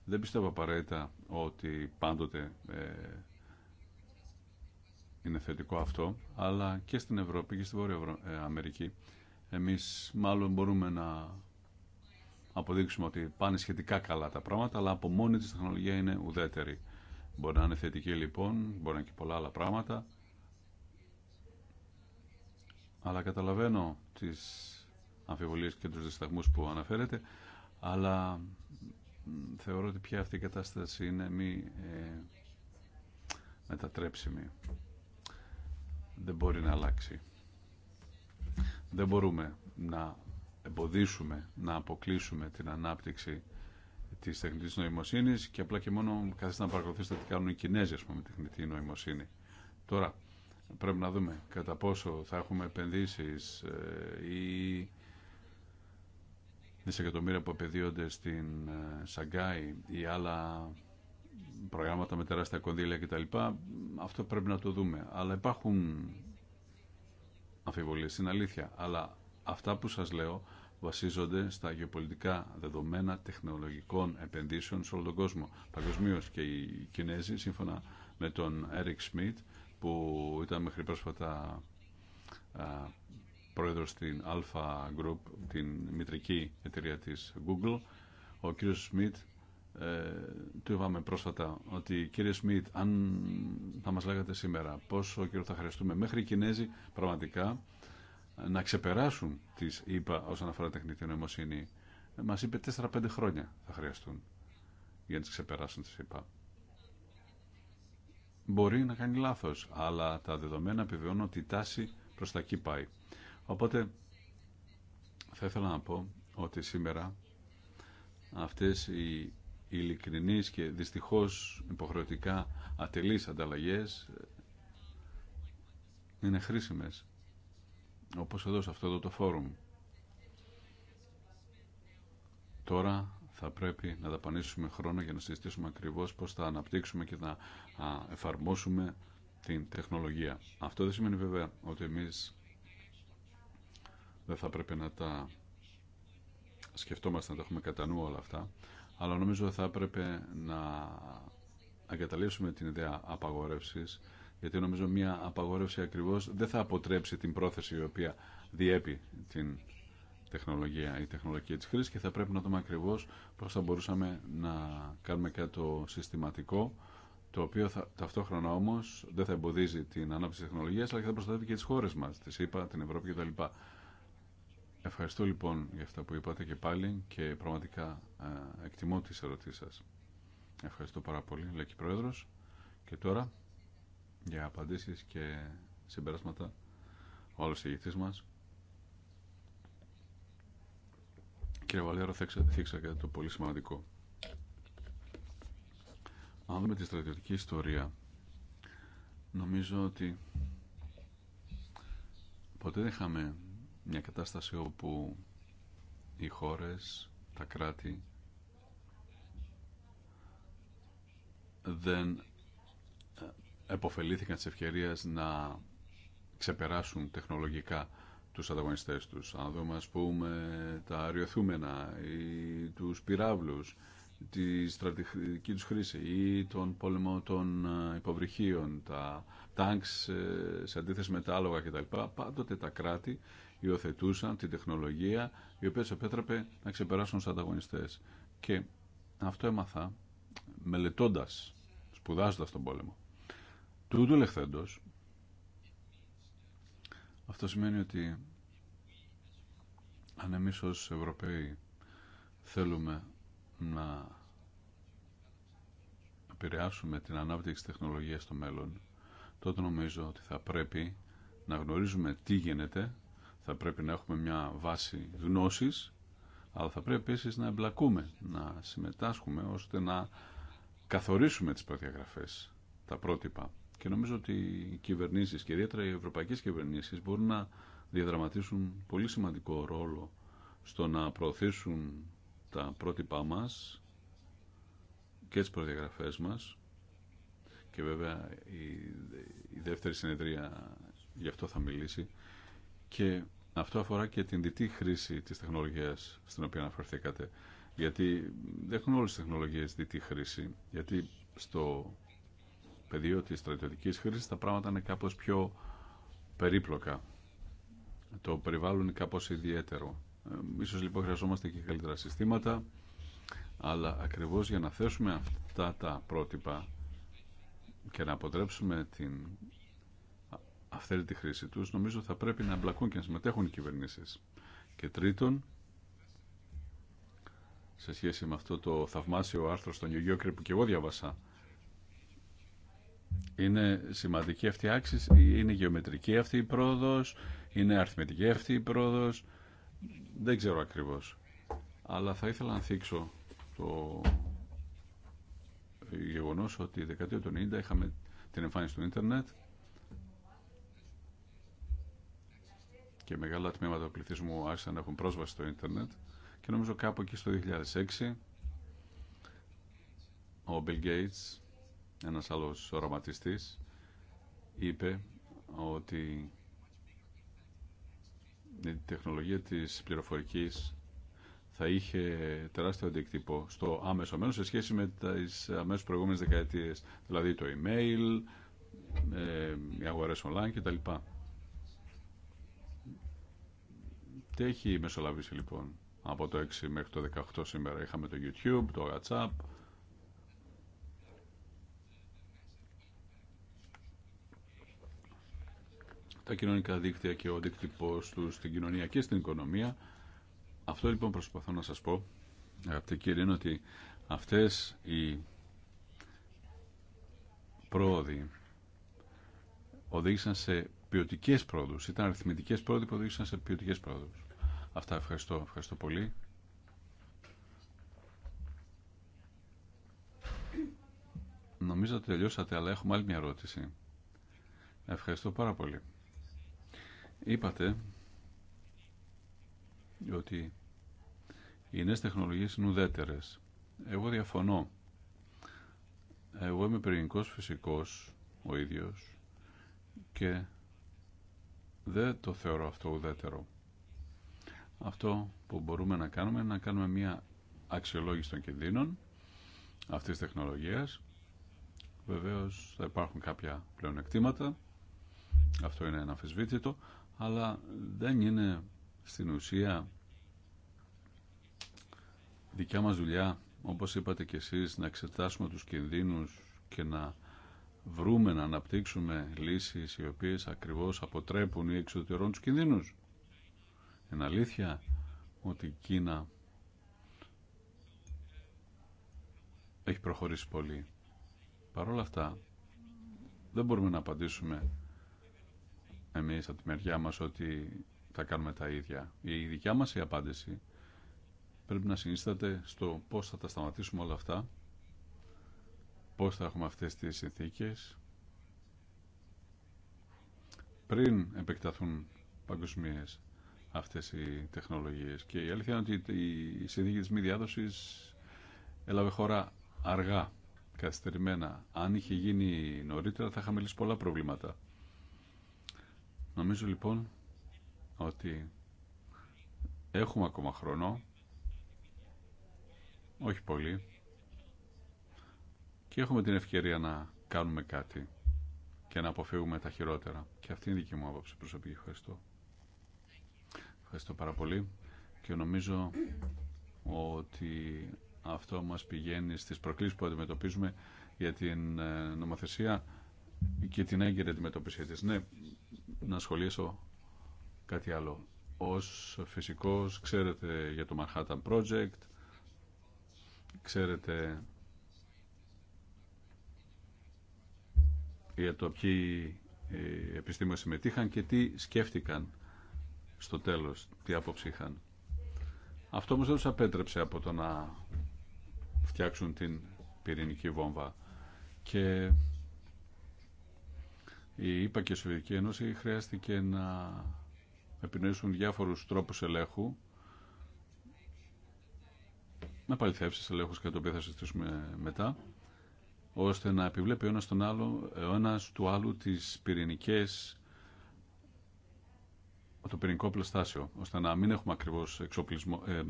Δεν πιστεύω απαραίτητα ότι πάντοτε ε, είναι θετικό αυτό, αλλά και στην Ευρώπη και στη Βόρεια ε, Αμερική εμείς μάλλον μπορούμε να αποδείξουμε ότι πάνε σχετικά καλά τα πράγματα, αλλά από μόνη της τεχνολογία είναι ουδέτερη. Μπορεί να είναι θετική λοιπόν, μπορεί να είναι και πολλά άλλα πράγματα. Αλλά καταλαβαίνω τις αμφιβολίες και τους δισταγμούς που αναφέρετε, αλλά θεωρώ ότι πια αυτή η κατάσταση είναι μη ε, μετατρέψιμη. Δεν μπορεί να αλλάξει. Δεν μπορούμε να εμποδίσουμε, να αποκλείσουμε την ανάπτυξη τη τεχνητή νοημοσύνη και απλά και μόνο καθίστε να παρακολουθήσετε τι κάνουν οι Κινέζοι, α πούμε, με τεχνητή νοημοσύνη. Τώρα, πρέπει να δούμε κατά πόσο θα έχουμε επενδύσει ε, ή δισεκατομμύρια που επενδύονται στην ε, Σαγκάη ή άλλα προγράμματα με τεράστια κονδύλια κτλ. Αυτό πρέπει να το δούμε. Αλλά υπάρχουν αμφιβολίες, είναι αλήθεια. Αλλά αυτά που σας λέω βασίζονται στα γεωπολιτικά δεδομένα τεχνολογικών επενδύσεων σε όλο τον κόσμο. Παγκοσμίω και οι Κινέζοι, σύμφωνα με τον Eric Σμιτ, που ήταν μέχρι πρόσφατα πρόεδρος στην Alpha Group, την μητρική εταιρεία της Google, ο κύριος Σμιτ ε, του είπαμε πρόσφατα ότι κύριε Σμιτ, αν θα μας λέγατε σήμερα πόσο καιρό θα χρειαστούμε μέχρι οι Κινέζοι πραγματικά να ξεπεράσουν τις ΗΠΑ όσον αφορά τεχνητή νοημοσύνη. Μας είπε 4-5 χρόνια θα χρειαστούν για να τι ξεπεράσουν τις ΗΠΑ Μπορεί να κάνει λάθος, αλλά τα δεδομένα επιβεβαιώνουν ότι η τάση προ τα εκεί πάει. Οπότε θα ήθελα να πω ότι σήμερα αυτές οι ειλικρινείς και δυστυχώς υποχρεωτικά ατελείς ανταλλαγές είναι χρήσιμες όπως εδώ σε αυτό το φόρουμ. Τώρα θα πρέπει να δαπανίσουμε χρόνο για να συζητήσουμε ακριβώς πώς θα αναπτύξουμε και να εφαρμόσουμε την τεχνολογία. Αυτό δεν σημαίνει βέβαια ότι εμείς δεν θα πρέπει να τα σκεφτόμαστε να τα έχουμε κατά νου όλα αυτά, αλλά νομίζω θα πρέπει να εγκαταλείψουμε την ιδέα απαγορεύσης γιατί νομίζω μια απαγόρευση ακριβώς δεν θα αποτρέψει την πρόθεση η οποία διέπει την τεχνολογία, η τεχνολογία της χρήσης και θα πρέπει να δούμε ακριβώς πώς θα μπορούσαμε να κάνουμε κάτι το συστηματικό το οποίο θα, ταυτόχρονα όμως δεν θα εμποδίζει την ανάπτυξη της τεχνολογίας αλλά και θα προστατεύει και τις χώρες μας, τις ΗΠΑ, την Ευρώπη κτλ. Ευχαριστώ λοιπόν για αυτά που είπατε και πάλι και πραγματικά ε, εκτιμώ τις ερωτήσεις σας. Ευχαριστώ πάρα πολύ, λέει και Πρόεδρος. Και τώρα για απαντήσεις και συμπεράσματα ο άλλος ηγητής μας. Κύριε θα θα και το πολύ σημαντικό. Αν δούμε τη στρατιωτική ιστορία, νομίζω ότι ποτέ δεν είχαμε μια κατάσταση όπου οι χώρες, τα κράτη δεν εποφελήθηκαν της ευκαιρία να ξεπεράσουν τεχνολογικά τους ανταγωνιστές τους. Αν δούμε, ας πούμε, τα αριοθούμενα ή τους πυράβλους, τη στρατηγική τους χρήση ή τον πόλεμο των ε, υποβρυχίων, τα τάγκς ε, σε αντίθεση με τα άλογα κτλ. Πάντοτε τα κράτη υιοθετούσαν την τεχνολογία η οποία σε επέτρεπε να ξεπεράσουν τους ανταγωνιστές. Και αυτό έμαθα μελετώντας, σπουδάζοντας τον πόλεμο. Τούτου λεχθέντος, αυτό σημαίνει ότι αν εμείς ως Ευρωπαίοι θέλουμε να επηρεάσουμε την ανάπτυξη τεχνολογίας στο μέλλον, τότε νομίζω ότι θα πρέπει να γνωρίζουμε τι γίνεται, θα πρέπει να έχουμε μια βάση γνώσης, αλλά θα πρέπει επίσης να εμπλακούμε, να συμμετάσχουμε, ώστε να καθορίσουμε τις προδιαγραφές, τα πρότυπα. Και νομίζω ότι οι κυβερνήσει και ιδιαίτερα οι ευρωπαϊκέ κυβερνήσεις μπορούν να διαδραματίσουν πολύ σημαντικό ρόλο στο να προωθήσουν τα πρότυπά μα και τις προδιαγραφέ μα και βέβαια η, δεύτερη συνεδρία γι' αυτό θα μιλήσει και αυτό αφορά και την διτή χρήση της τεχνολογίας στην οποία αναφερθήκατε γιατί δεν έχουν όλες τις τεχνολογίες διτή χρήση γιατί στο πεδίο της στρατιωτικής χρήσης τα πράγματα είναι κάπως πιο περίπλοκα. Το περιβάλλον είναι κάπως ιδιαίτερο. Ε, ίσως λοιπόν χρειαζόμαστε και καλύτερα συστήματα, αλλά ακριβώς για να θέσουμε αυτά τα πρότυπα και να αποτρέψουμε την αυθαίρετη χρήση τους, νομίζω θα πρέπει να εμπλακούν και να συμμετέχουν οι κυβερνήσεις. Και τρίτον, σε σχέση με αυτό το θαυμάσιο άρθρο στον New που και εγώ διάβασα είναι σημαντική αυτή η άξιση, είναι γεωμετρική αυτή η πρόοδος, είναι αριθμητική αυτή η πρόοδος, δεν ξέρω ακριβώς. Αλλά θα ήθελα να θίξω το γεγονός ότι η δεκαετία του 90 είχαμε την εμφάνιση του ίντερνετ και μεγάλα τμήματα του πληθυσμού άρχισαν να έχουν πρόσβαση στο ίντερνετ και νομίζω κάπου εκεί στο 2006 ο Bill Gates ένας άλλος οραματιστής είπε ότι η τεχνολογία της πληροφορικής θα είχε τεράστιο αντίκτυπο στο άμεσο μέλλον σε σχέση με τις αμέσως προηγούμενες δεκαετίες, δηλαδή το email, ε, οι αγορές online κτλ. Τι έχει μεσολαβήσει λοιπόν από το 6 μέχρι το 18 σήμερα. Είχαμε το YouTube, το WhatsApp, τα κοινωνικά δίκτυα και ο αντίκτυπό του στην κοινωνία και στην οικονομία. Αυτό λοιπόν προσπαθώ να σας πω, αγαπητοί κύριοι, είναι ότι αυτές οι πρόοδοι οδήγησαν σε ποιοτικέ πρόοδου. Ήταν αριθμητικέ πρόοδοι που οδήγησαν σε ποιοτικέ πρόοδου. Αυτά ευχαριστώ. Ευχαριστώ πολύ. Νομίζω ότι τελειώσατε, αλλά έχουμε άλλη μια ερώτηση. Ευχαριστώ πάρα πολύ. Είπατε ότι οι νέες τεχνολογίες είναι ουδέτερες. Εγώ διαφωνώ. Εγώ είμαι πυρηνικός φυσικός ο ίδιος και δεν το θεωρώ αυτό ουδέτερο. Αυτό που μπορούμε να κάνουμε είναι να κάνουμε μια αξιολόγηση των κινδύνων αυτής της τεχνολογίας. Βεβαίως θα υπάρχουν κάποια πλεονεκτήματα. Αυτό είναι αναφεσβήτητο αλλά δεν είναι στην ουσία δικιά μας δουλειά, όπως είπατε και εσείς, να εξετάσουμε τους κινδύνους και να βρούμε να αναπτύξουμε λύσεις οι οποίες ακριβώς αποτρέπουν ή εξωτερών τους κινδύνους. Είναι αλήθεια ότι η Κίνα έχει προχωρήσει πολύ. Παρ' όλα αυτά, δεν μπορούμε να απαντήσουμε εμείς από τη μεριά μας ότι θα κάνουμε τα ίδια. Η δικιά μας η απάντηση πρέπει να συνίσταται στο πώς θα τα σταματήσουμε όλα αυτά, πώς θα έχουμε αυτές τις συνθήκες, πριν επεκταθούν παγκοσμίε αυτές οι τεχνολογίες. Και η αλήθεια είναι ότι η συνθήκη της μη διάδοσης έλαβε χώρα αργά, καθυστερημένα. Αν είχε γίνει νωρίτερα θα είχαμε λύσει πολλά προβλήματα. Νομίζω λοιπόν ότι έχουμε ακόμα χρόνο, όχι πολύ, και έχουμε την ευκαιρία να κάνουμε κάτι και να αποφύγουμε τα χειρότερα. Και αυτή είναι η δική μου άποψη προσωπική. Ευχαριστώ. Ευχαριστώ πάρα πολύ και νομίζω ότι αυτό μας πηγαίνει στις προκλήσεις που αντιμετωπίζουμε για την ε, νομοθεσία και την έγκαιρη αντιμετώπιση της. Ναι, να σχολιάσω κάτι άλλο. Ως φυσικός ξέρετε για το Manhattan Project, ξέρετε για το ποιοι ε, επιστήμονες συμμετείχαν και τι σκέφτηκαν στο τέλος, τι άποψη είχαν. Αυτό όμως δεν τους απέτρεψε από το να φτιάξουν την πυρηνική βόμβα. Και η ΕΠΑ και η Σοβιετική Ένωση χρειάστηκε να επινοήσουν διάφορους τρόπους ελέγχου να παληθεύσεις ελέγχους και το οποίο θα συζητήσουμε μετά ώστε να επιβλέπει ο ένας, τον άλλο, ο ένας του άλλου τις πυρηνικές το πυρηνικό πλαστάσιο ώστε να μην έχουμε ακριβώς εξοπλισμό, ε,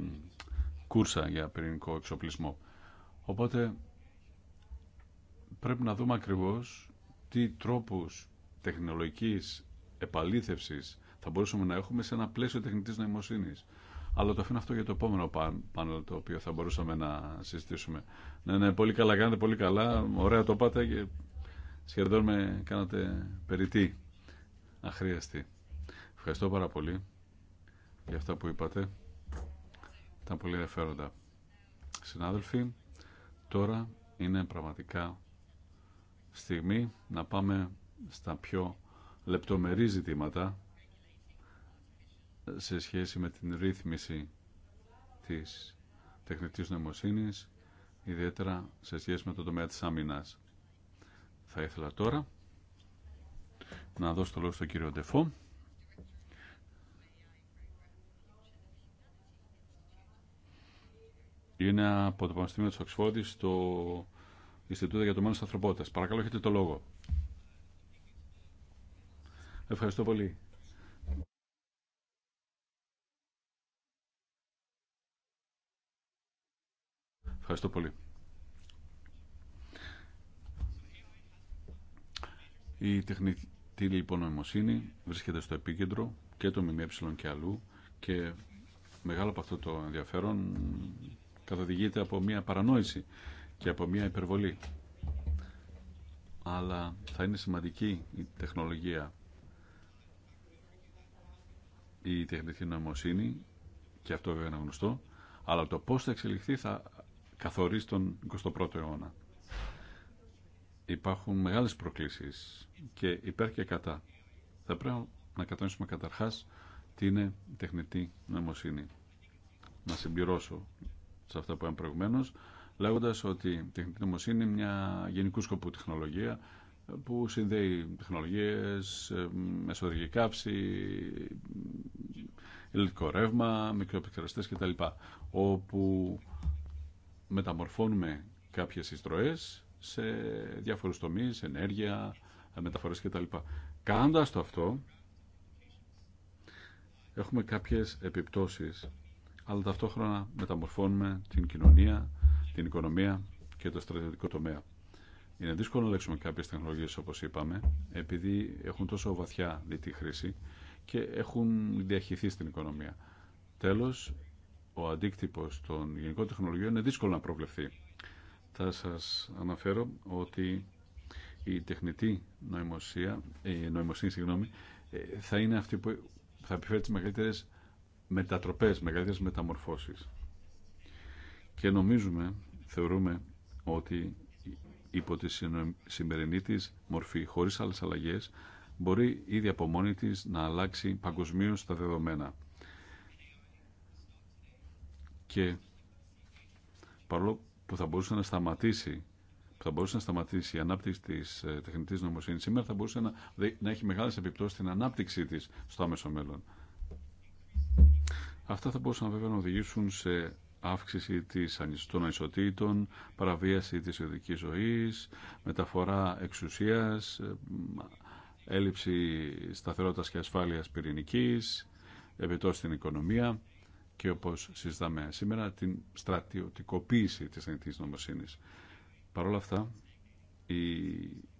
κούρσα για πυρηνικό εξοπλισμό οπότε πρέπει να δούμε ακριβώς τι τρόπους τεχνολογικής επαλήθευσης θα μπορούσαμε να έχουμε σε ένα πλαίσιο τεχνητής νοημοσύνης. Αλλά το αφήνω αυτό για το επόμενο πάνελ το οποίο θα μπορούσαμε να συζητήσουμε. Ναι, ναι, πολύ καλά κάνετε, πολύ καλά. Ωραία το πάτε και σχεδόν με κάνατε περιττή. Αχρίαστη. Ευχαριστώ πάρα πολύ για αυτά που είπατε. Ήταν πολύ ενδιαφέροντα. Συνάδελφοι, τώρα είναι πραγματικά στιγμή να πάμε στα πιο λεπτομερή ζητήματα σε σχέση με την ρύθμιση της τεχνητής νοημοσύνης, ιδιαίτερα σε σχέση με το τομέα της άμυνας. Θα ήθελα τώρα να δώσω το λόγο στον κύριο Ντεφό. Είναι από το Πανεπιστήμιο της Οξφόρδης στο Ινστιτούτο για το Μέλλον της Ανθρωπότητας. Παρακαλώ, έχετε το λόγο. Ευχαριστώ πολύ. Ευχαριστώ πολύ. Η τεχνητή λοιπόν νοημοσύνη βρίσκεται στο επίκεντρο και το ΜΜΕ και αλλού και μεγάλο από αυτό το ενδιαφέρον καθοδηγείται από μια παρανόηση και από μια υπερβολή. Αλλά θα είναι σημαντική η τεχνολογία η τεχνητή νοημοσύνη και αυτό βέβαια είναι γνωστό, αλλά το πώς θα εξελιχθεί θα καθορίσει τον 21ο αιώνα. Υπάρχουν μεγάλες προκλήσεις και υπέρ και κατά. Θα πρέπει να κατανοήσουμε καταρχάς τι είναι τεχνητή νοημοσύνη. Να συμπληρώσω σε αυτά που είπαμε προηγουμένω, λέγοντας ότι η τεχνητή νοημοσύνη είναι μια γενικού σκοπού τεχνολογία που συνδέει τεχνολογίες, ε, μεσοδική κάψη, ηλεκτρικό ρεύμα, μικροεπικραστές κτλ. Όπου μεταμορφώνουμε κάποιες ιστροές σε διάφορους τομείς, ενέργεια, μεταφορές κτλ. Κάνοντας το αυτό, έχουμε κάποιες επιπτώσεις, αλλά ταυτόχρονα μεταμορφώνουμε την κοινωνία, την οικονομία και το στρατιωτικό τομέα. Είναι δύσκολο να λέξουμε κάποιες τεχνολογίες όπως είπαμε επειδή έχουν τόσο βαθιά τη χρήση και έχουν διαχυθεί στην οικονομία. Τέλος, ο αντίκτυπος των γενικών τεχνολογιών είναι δύσκολο να προβλεφθεί. Θα σα αναφέρω ότι η τεχνητή νοημοσία, ε, η νοημοσύνη συγγνώμη, ε, θα είναι αυτή που θα επιφέρει τι μεγαλύτερε μετατροπέ, μεγαλύτερε μεταμορφώσει. Και νομίζουμε, θεωρούμε ότι υπό τη σημερινή τη μορφή, χωρί άλλε αλλαγέ, μπορεί ήδη από μόνη τη να αλλάξει παγκοσμίω τα δεδομένα. Και παρόλο που θα μπορούσε να σταματήσει θα μπορούσε να σταματήσει η ανάπτυξη τη ε, τεχνητή νομοσύνη σήμερα, θα μπορούσε να, να έχει μεγάλε επιπτώσει στην ανάπτυξή τη στο άμεσο μέλλον. Αυτά θα μπορούσαν βέβαια να οδηγήσουν σε αύξηση της των ανισοτήτων, παραβίαση της ιδιωτικής ζωής, μεταφορά εξουσίας, ε, έλλειψη σταθερότητας και ασφάλειας πυρηνικής, επιτός στην οικονομία και όπως συζητάμε σήμερα την στρατιωτικοποίηση της θεμητής νομοσύνης. Παρ' όλα αυτά, η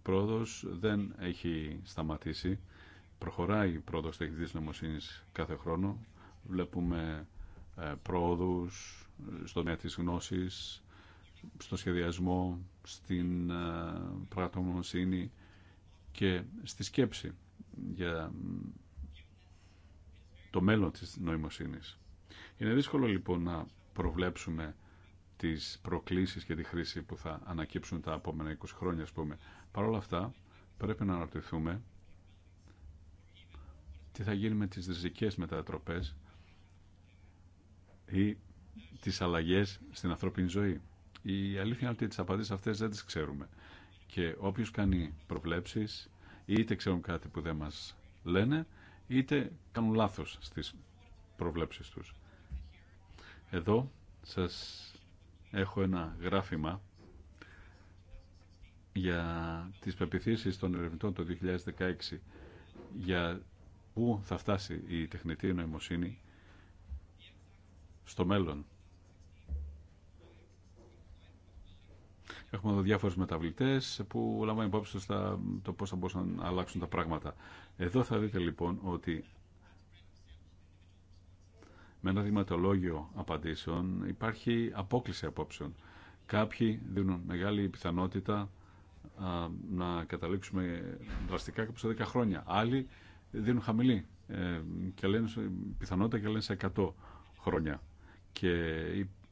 πρόοδος δεν έχει σταματήσει. Προχωράει η πρόοδος της νομοσύνης κάθε χρόνο. Βλέπουμε ε, στο τομέα της γνώσης, στο σχεδιασμό, στην ε, πραγματογνωσύνη και στη σκέψη για το μέλλον της νοημοσύνης. Είναι δύσκολο λοιπόν να προβλέψουμε τις προκλήσεις και τη χρήση που θα ανακύψουν τα επόμενα 20 χρόνια, ας πούμε. Παρ' όλα αυτά, πρέπει να αναρωτηθούμε τι θα γίνει με τις ριζικές μετατροπές ή τις αλλαγές στην ανθρώπινη ζωή. Η αλήθεια είναι ότι τις απαντήσεις αυτές δεν τις ξέρουμε. Και όποιος κάνει προβλέψεις, είτε ξέρουν κάτι που δεν μας λένε, είτε κάνουν λάθος στις προβλέψεις τους. Εδώ σας έχω ένα γράφημα για τις πεπιθήσεις των ερευνητών το 2016 για πού θα φτάσει η τεχνητή νοημοσύνη στο μέλλον. Έχουμε εδώ διάφορους μεταβλητές που λάμβανε υπόψη το πώς θα μπορούσαν να αλλάξουν τα πράγματα. Εδώ θα δείτε λοιπόν ότι με ένα δηματολόγιο απαντήσεων υπάρχει απόκληση απόψεων. Κάποιοι δίνουν μεγάλη πιθανότητα να καταλήξουμε δραστικά σε 10 χρόνια. Άλλοι δίνουν χαμηλή ε, και λένε, πιθανότητα και λένε σε 100 χρόνια και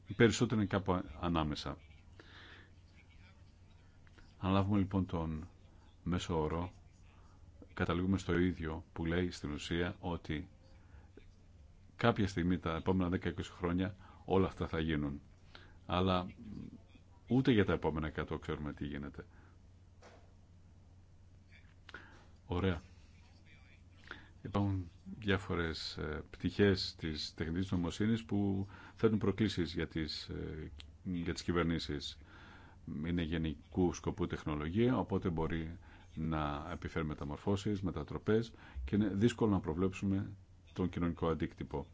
οι περισσότεροι είναι κάπου ανάμεσα. Αν λάβουμε λοιπόν τον μέσο όρο, καταλήγουμε στο ίδιο που λέει στην ουσία ότι κάποια στιγμή τα επόμενα 10-20 χρόνια όλα αυτά θα γίνουν. Αλλά ούτε για τα επόμενα 100 ξέρουμε τι γίνεται. Ωραία. Υπάρχουν διάφορες ε, πτυχές της τεχνητής νομοσύνης που θέτουν προκλήσεις για τις, ε, για τις κυβερνήσεις. Είναι γενικού σκοπού τεχνολογία, οπότε μπορεί να επιφέρει μεταμορφώσεις, μετατροπές και είναι δύσκολο να προβλέψουμε τον κοινωνικό αντίκτυπο.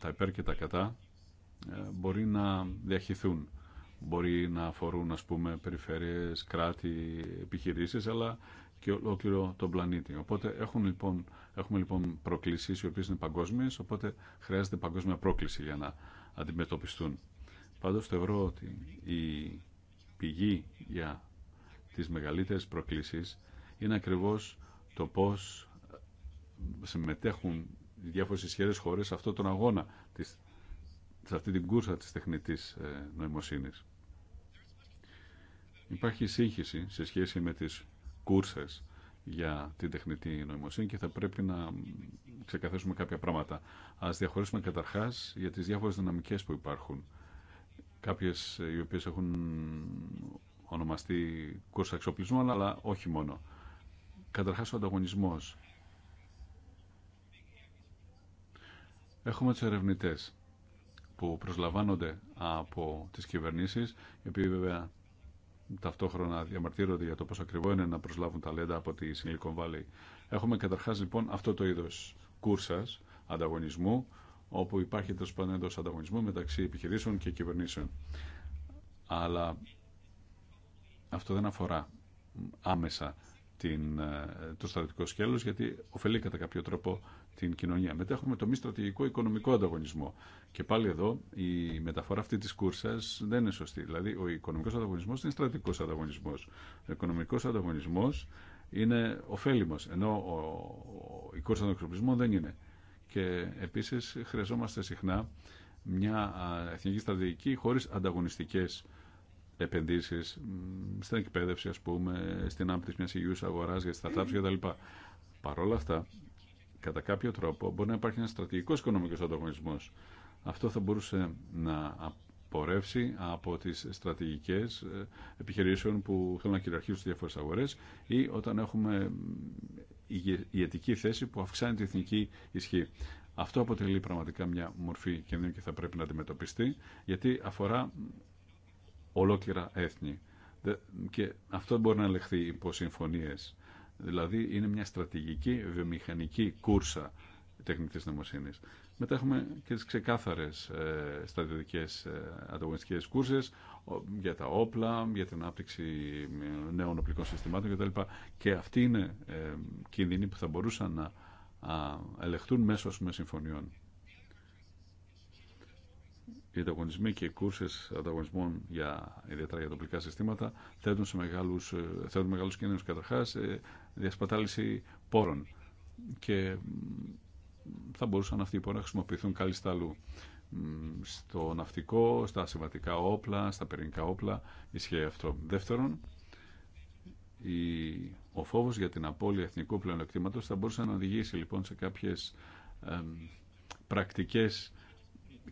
Τα υπέρ και τα κατά ε, μπορεί να διαχυθούν. Μπορεί να αφορούν, ας πούμε, περιφέρειες, κράτη, επιχειρήσεις, αλλά και ολόκληρο τον πλανήτη. Οπότε έχουν, λοιπόν, έχουμε λοιπόν προκλήσεις οι οποίες είναι παγκόσμιες, οπότε χρειάζεται παγκόσμια πρόκληση για να αντιμετωπιστούν. Πάντως θεωρώ ότι η πηγή για τις μεγαλύτερες προκλήσεις είναι ακριβώς το πώς συμμετέχουν οι διάφορες ισχυρές χώρες σε αυτόν τον αγώνα, της, σε αυτή την κούρσα της τεχνητής ε, νοημοσύνης. Υπάρχει σύγχυση σε σχέση με τις κούρσες για την τεχνητή νοημοσύνη και θα πρέπει να ξεκαθαρίσουμε κάποια πράγματα. Ας διαχωρίσουμε καταρχάς για τις διάφορες δυναμικές που υπάρχουν. Κάποιες οι οποίες έχουν ονομαστεί κούρσα εξοπλισμού, αλλά όχι μόνο. Καταρχάς ο ανταγωνισμός. Έχουμε τους ερευνητές που προσλαμβάνονται από τις κυβερνήσεις, οι βέβαια ταυτόχρονα διαμαρτύρονται για το πόσο ακριβό είναι να προσλάβουν ταλέντα από τη Silicon Valley. Έχουμε καταρχάς λοιπόν αυτό το είδος κούρσας ανταγωνισμού, όπου υπάρχει τέλο πάντων ανταγωνισμού μεταξύ επιχειρήσεων και κυβερνήσεων. Αλλά αυτό δεν αφορά άμεσα την, ε, το στρατιωτικό σκέλος, γιατί ωφελεί κατά κάποιο τρόπο την κοινωνία. Μετά έχουμε το μη στρατηγικό οικονομικό ανταγωνισμό. Και πάλι εδώ η μεταφορά αυτή τη κούρσα δεν είναι σωστή. Δηλαδή ο οικονομικό ανταγωνισμό είναι στρατηγικό ανταγωνισμό. Ο οικονομικό ανταγωνισμό είναι ωφέλιμο, ενώ ο, η κούρσα ανταγωνισμού δεν είναι. Και επίση χρειαζόμαστε συχνά μια εθνική στρατηγική χωρί ανταγωνιστικέ επενδύσει στην εκπαίδευση, α πούμε, στην άμπτυξη μια υγιού αγορά για startups κτλ. Παρ' όλα αυτά, κατά κάποιο τρόπο μπορεί να υπάρχει ένα στρατηγικό οικονομικό ανταγωνισμό. Αυτό θα μπορούσε να απορρεύσει από τι στρατηγικέ ε, επιχειρήσεων που θέλουν να κυριαρχήσουν στις διάφορε αγορέ ή όταν έχουμε ε, ηγετική θέση που αυξάνει την εθνική ισχύ. Αυτό αποτελεί πραγματικά μια μορφή κινδύνου και θα πρέπει να αντιμετωπιστεί γιατί αφορά ολόκληρα έθνη. Και αυτό μπορεί να ελεγχθεί υπό συμφωνίες Δηλαδή είναι μια στρατηγική βιομηχανική κούρσα τεχνητής νομοσύνης. Μετά έχουμε και τις ξεκάθαρες ε, στρατιωτικές ε, ανταγωνιστικές κούρσες για τα όπλα, για την ανάπτυξη ε, νέων οπλικών συστημάτων κτλ. Και αυτοί είναι ε, κίνδυνοι που θα μπορούσαν να α, ελεχτούν μέσω πούμε, συμφωνιών. Οι ανταγωνισμοί και οι κούρσες ανταγωνισμών για, ιδιαίτερα για τοπικά συστήματα θέτουν, σε μεγάλους, ε, θέτουν κίνδυνους διασπατάληση πόρων και θα μπορούσαν αυτοί οι πόροι να χρησιμοποιηθούν κάλλιστα αλλού. Στο ναυτικό, στα συμβατικά όπλα, στα πυρηνικά όπλα, ισχύει αυτό. Δεύτερον, ο φόβος για την απώλεια εθνικού πλεονεκτήματος θα μπορούσε να οδηγήσει λοιπόν σε κάποιες πρακτικέ πρακτικές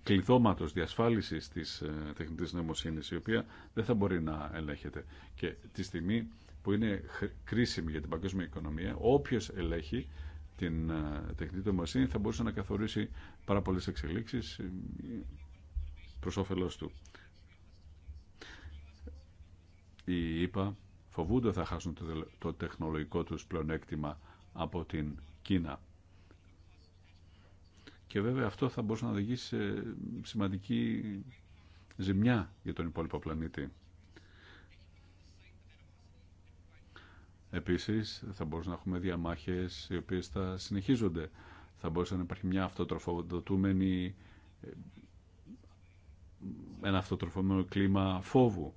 κλειδώματος διασφάλισης της ε, τεχνητής η οποία δεν θα μπορεί να ελέγχεται. Και τη στιγμή που είναι κρίσιμη για την παγκόσμια οικονομία, όποιο ελέγχει την ε, τεχνητή νοημοσύνη θα μπορούσε να καθορίσει πάρα πολλέ εξελίξεις ε, προ όφελός του. Οι ΕΠΑ φοβούνται θα χάσουν το τεχνολογικό τους πλεονέκτημα από την Κίνα. Και βέβαια αυτό θα μπορούσε να οδηγήσει σε ε, σημαντική ζημιά για τον υπόλοιπο πλανήτη. Επίσης θα μπορούσαν να έχουμε διαμάχες οι οποίες θα συνεχίζονται. Θα μπορούσε να υπάρχει μια αυτοτροφοδοτούμενη ε, ένα αυτοτροφωμένο κλίμα φόβου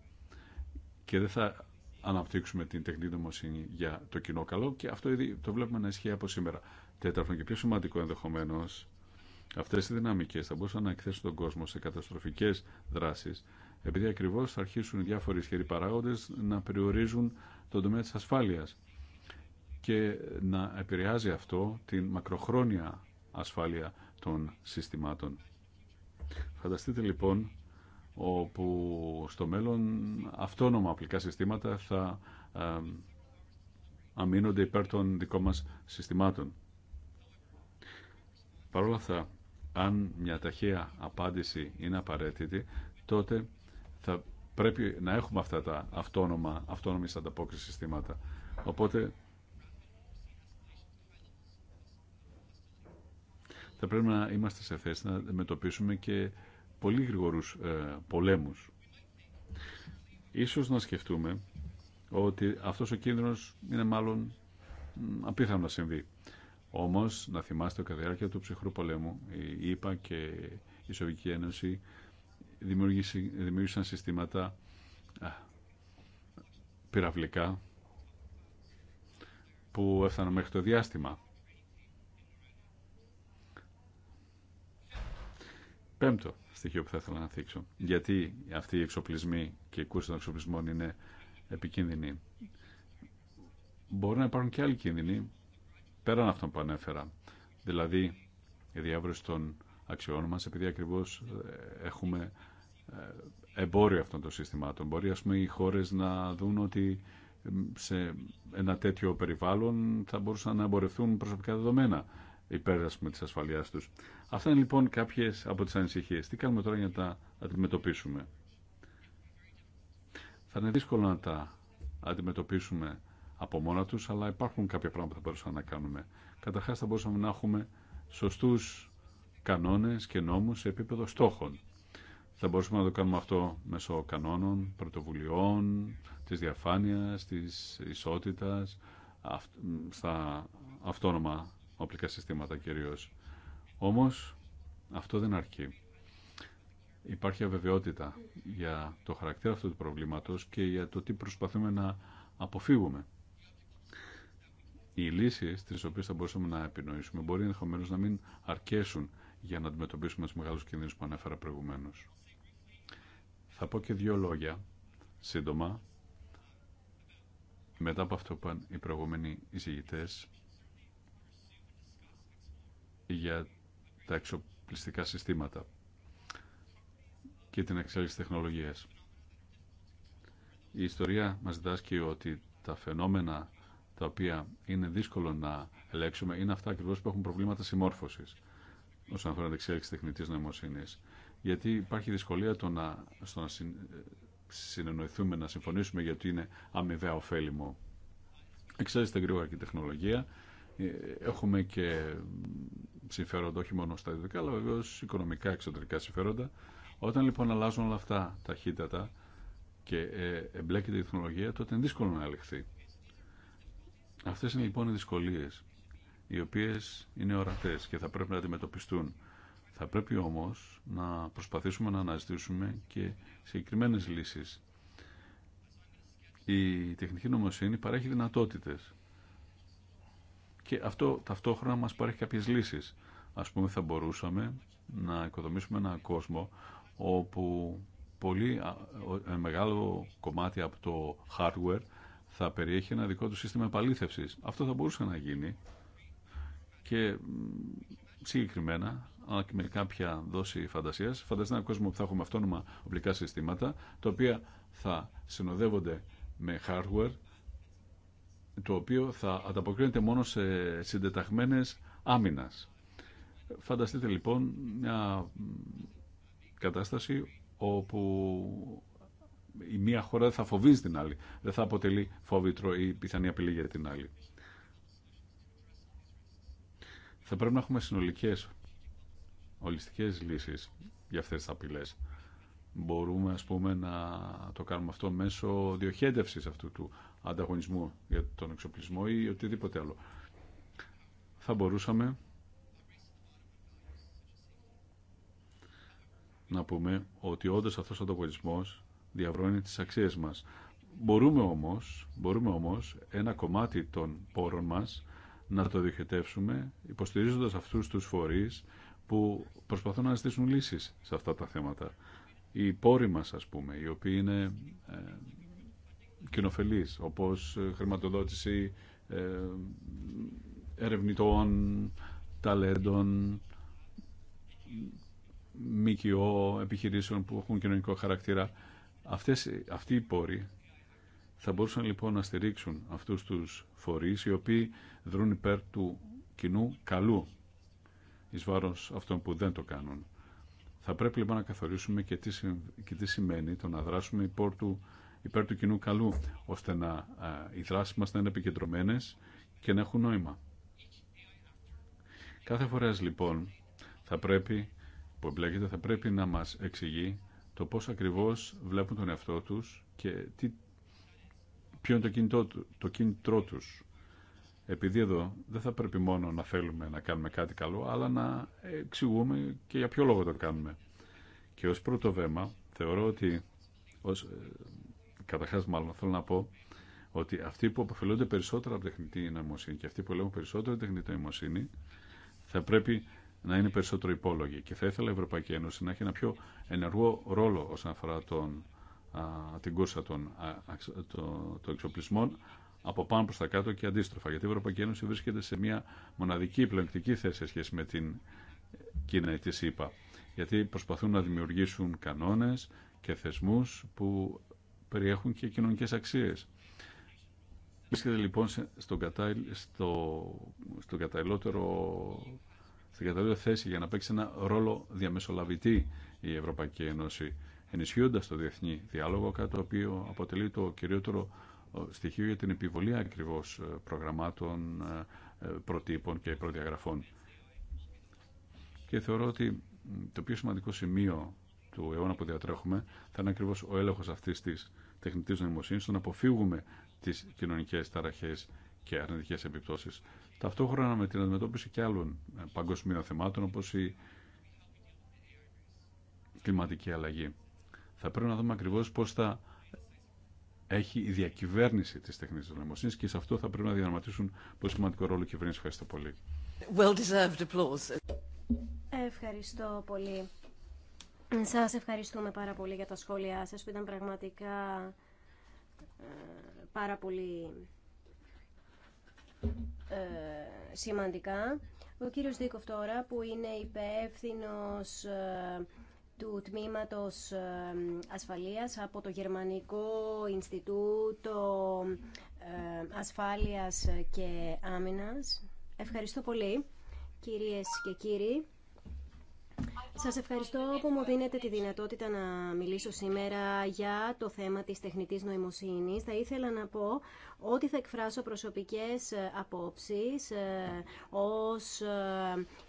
και δεν θα αναπτύξουμε την τεχνητή νομοσύνη για το κοινό καλό και αυτό ήδη το βλέπουμε να ισχύει από σήμερα. Τέταρτον και πιο σημαντικό ενδεχομένω, αυτέ οι δυναμικέ θα μπορούσαν να εκθέσουν τον κόσμο σε καταστροφικέ δράσει, επειδή ακριβώ θα αρχίσουν οι διάφοροι ισχυροί παράγοντε να περιορίζουν στον τομέα της ασφάλειας και να επηρεάζει αυτό την μακροχρόνια ασφάλεια των συστημάτων. Φανταστείτε λοιπόν όπου στο μέλλον αυτόνομα απλικά συστήματα θα αμήνονται υπέρ των δικών μας συστημάτων. Παρ' αυτά, αν μια ταχαία απάντηση είναι απαραίτητη, τότε θα πρέπει να έχουμε αυτά τα αυτόνομα, αυτόνομης ανταπόκριση συστήματα. Οπότε θα πρέπει να είμαστε σε θέση να αντιμετωπίσουμε και πολύ γρηγορούς ε, πολέμους. Ίσως να σκεφτούμε ότι αυτός ο κίνδυνος είναι μάλλον απίθανο να συμβεί. Όμως, να θυμάστε, κατά τη διάρκεια του ψυχρού πολέμου, η ΙΠΑ και η Σοβική Ένωση δημιούργησαν συστήματα πυραυλικά που έφταναν μέχρι το διάστημα. Πέμπτο στοιχείο που θα ήθελα να θίξω. Γιατί αυτοί οι εξοπλισμοί και οι κούρσει των εξοπλισμών είναι επικίνδυνοι. Μπορεί να υπάρχουν και άλλοι κίνδυνοι πέραν αυτών που ανέφερα. Δηλαδή η διάβρωση των αξιών μας επειδή ακριβώς ε, έχουμε ε, εμπόριο αυτών των συστημάτων. Μπορεί ας πούμε οι χώρες να δουν ότι σε ένα τέτοιο περιβάλλον θα μπορούσαν να εμπορευτούν προσωπικά δεδομένα υπέρ ας πούμε, της ασφαλείας τους. Αυτά είναι λοιπόν κάποιες από τις ανησυχίες. Τι κάνουμε τώρα για να τα αντιμετωπίσουμε. Θα είναι δύσκολο να τα αντιμετωπίσουμε από μόνα τους, αλλά υπάρχουν κάποια πράγματα που θα μπορούσαμε να κάνουμε. Καταρχάς θα μπορούσαμε να έχουμε σωστούς κανόνες και νόμους σε επίπεδο στόχων. Θα μπορούσαμε να το κάνουμε αυτό μέσω κανόνων, πρωτοβουλειών, της διαφάνειας, της ισότητας, στα αυτόνομα οπλικά συστήματα κυρίως. Όμως αυτό δεν αρκεί. Υπάρχει αβεβαιότητα για το χαρακτήρα αυτού του προβλήματος και για το τι προσπαθούμε να αποφύγουμε. Οι λύσεις τις οποίες θα μπορούσαμε να επινοήσουμε μπορεί ενδεχομένω να μην αρκέσουν για να αντιμετωπίσουμε τους μεγάλους κινδύνους που ανέφερα προηγουμένως. Θα πω και δύο λόγια, σύντομα, μετά από αυτό που είπαν οι προηγούμενοι εισηγητές για τα εξοπλιστικά συστήματα και την εξέλιξη τεχνολογίας. Η ιστορία μας διδάσκει ότι τα φαινόμενα τα οποία είναι δύσκολο να ελέγξουμε είναι αυτά ακριβώς που έχουν προβλήματα συμμόρφωσης όσον αφορά την εξέλιξη τεχνητής νοημοσύνης γιατί υπάρχει δυσκολία το να, στο να συνεννοηθούμε, να συμφωνήσουμε γιατί είναι αμοιβαία ωφέλιμο. Εξάζεται γρήγορα και η τεχνολογία. Ε, έχουμε και συμφέροντα όχι μόνο στα ειδικά, αλλά βεβαίω οικονομικά εξωτερικά συμφέροντα. Όταν λοιπόν αλλάζουν όλα αυτά ταχύτατα και ε, εμπλέκεται η τεχνολογία, τότε είναι δύσκολο να ελεγχθεί. Αυτές είναι λοιπόν οι δυσκολίες, οι οποίες είναι ορατές και θα πρέπει να αντιμετωπιστούν. Θα πρέπει όμως να προσπαθήσουμε να αναζητήσουμε και συγκεκριμένε λύσεις. Η τεχνική νομοσύνη παρέχει δυνατότητες και αυτό ταυτόχρονα μας παρέχει κάποιες λύσεις. Ας πούμε θα μπορούσαμε να οικοδομήσουμε έναν κόσμο όπου πολύ μεγάλο κομμάτι από το hardware θα περιέχει ένα δικό του σύστημα επαλήθευσης. Αυτό θα μπορούσε να γίνει και συγκεκριμένα, αλλά και με κάποια δόση φαντασία, φανταστείτε έναν κόσμο που θα έχουμε αυτόνομα οπλικά συστήματα, τα οποία θα συνοδεύονται με hardware, το οποίο θα ανταποκρίνεται μόνο σε συντεταγμένες άμυνα. Φανταστείτε λοιπόν μια κατάσταση όπου η μία χώρα δεν θα φοβίζει την άλλη, δεν θα αποτελεί φόβητρο ή πιθανή απειλή για την άλλη. Θα πρέπει να έχουμε συνολικές, ολιστικές λύσεις για αυτές τις απειλές. Μπορούμε, ας πούμε, να το κάνουμε αυτό μέσω διοχέτευσης αυτού του ανταγωνισμού για τον εξοπλισμό ή οτιδήποτε άλλο. Θα μπορούσαμε να πούμε ότι όντω αυτός ο ανταγωνισμός διαβρώνει τις αξίες μας. Μπορούμε όμως, μπορούμε όμως ένα κομμάτι των πόρων μας να το διοχετεύσουμε υποστηρίζοντας αυτούς τους φορείς που προσπαθούν να ζητήσουν λύσεις σε αυτά τα θέματα. Οι πόροι μας, ας πούμε, οι οποίοι είναι ε, κοινοφελείς, όπως ε, χρηματοδότηση ε, ερευνητών, ταλέντων, ΜΚΟ, επιχειρήσεων που έχουν κοινωνικό χαρακτήρα. Αυτές, αυτοί οι πόροι θα μπορούσαν λοιπόν να στηρίξουν αυτούς τους φορείς οι οποίοι δρούν υπέρ του κοινού καλού εις βάρος αυτών που δεν το κάνουν. Θα πρέπει λοιπόν να καθορίσουμε και τι, τι σημαίνει το να δράσουμε υπέρ του, υπέρ του κοινού καλού, ώστε να, α, οι δράσεις μας να είναι επικεντρωμένες και να έχουν νόημα. Κάθε φοράς λοιπόν θα πρέπει, που εμπλέκεται, θα πρέπει να μας εξηγεί το πώς ακριβώς βλέπουν τον εαυτό τους και τι ποιο είναι το, κινητό, το κίνητρό του. Επειδή εδώ δεν θα πρέπει μόνο να θέλουμε να κάνουμε κάτι καλό, αλλά να εξηγούμε και για ποιο λόγο το κάνουμε. Και ως πρώτο βέμα, θεωρώ ότι, ως, ε, καταρχάς μάλλον θέλω να πω, ότι αυτοί που αποφελούνται περισσότερα από τεχνητή νοημοσύνη και αυτοί που λέγουν περισσότερο τεχνητή νοημοσύνη θα πρέπει να είναι περισσότερο υπόλογοι. Και θα ήθελα η Ευρωπαϊκή Ένωση να έχει ένα πιο ενεργό ρόλο όσον αφορά τον την κούρσα των, το εξοπλισμών από πάνω προς τα κάτω και αντίστροφα. Γιατί η Ευρωπαϊκή Ένωση βρίσκεται σε μια μοναδική πλεονεκτική θέση σε σχέση με την Κίνα ή τη ΣΥΠΑ. Γιατί προσπαθούν να δημιουργήσουν κανόνες και θεσμούς που περιέχουν και κοινωνικές αξίες. Βρίσκεται λοιπόν στον κατα... στο... στο καταλληλότερο στην καταλληλότερη θέση για να παίξει ένα ρόλο διαμεσολαβητή η Ευρωπαϊκή Ένωση ενισχύοντα το διεθνή διάλογο, κάτι το οποίο αποτελεί το κυριότερο ε, στοιχείο για την επιβολή ακριβώ ε, προγραμμάτων, ε, προτύπων και προδιαγραφών. Και θεωρώ ότι το πιο σημαντικό σημείο του αιώνα που διατρέχουμε θα είναι ακριβώ ο έλεγχο αυτή τη τεχνητή νοημοσύνη, στο να αποφύγουμε τι κοινωνικέ ταραχέ και αρνητικέ επιπτώσει, Ταυτόχρονα με την αντιμετώπιση και άλλων παγκοσμίων θεμάτων όπως η κλιματική αλλαγή θα πρέπει να δούμε ακριβώς πώς θα έχει η διακυβέρνηση τη τεχνητή νοημοσύνη και σε αυτό θα πρέπει να διαδραματίσουν πολύ σημαντικό ρόλο οι κυβερνήσει. Ευχαριστώ πολύ. Well deserved applause. Ευχαριστώ πολύ. Σας ευχαριστούμε πάρα πολύ για τα σχόλιά σας που ήταν πραγματικά ε, πάρα πολύ ε, σημαντικά. Ο κύριος Δίκοφ τώρα που είναι υπεύθυνος ε, του Τμήματος Ασφαλείας από το Γερμανικό Ινστιτούτο Ασφάλειας και Άμυνας. Ευχαριστώ πολύ, κυρίες και κύριοι. Σας ευχαριστώ που μου δίνετε τη δυνατότητα να μιλήσω σήμερα για το θέμα της τεχνητής νοημοσύνης. Θα ήθελα να πω ότι θα εκφράσω προσωπικές ε, απόψεις ε, ως ε,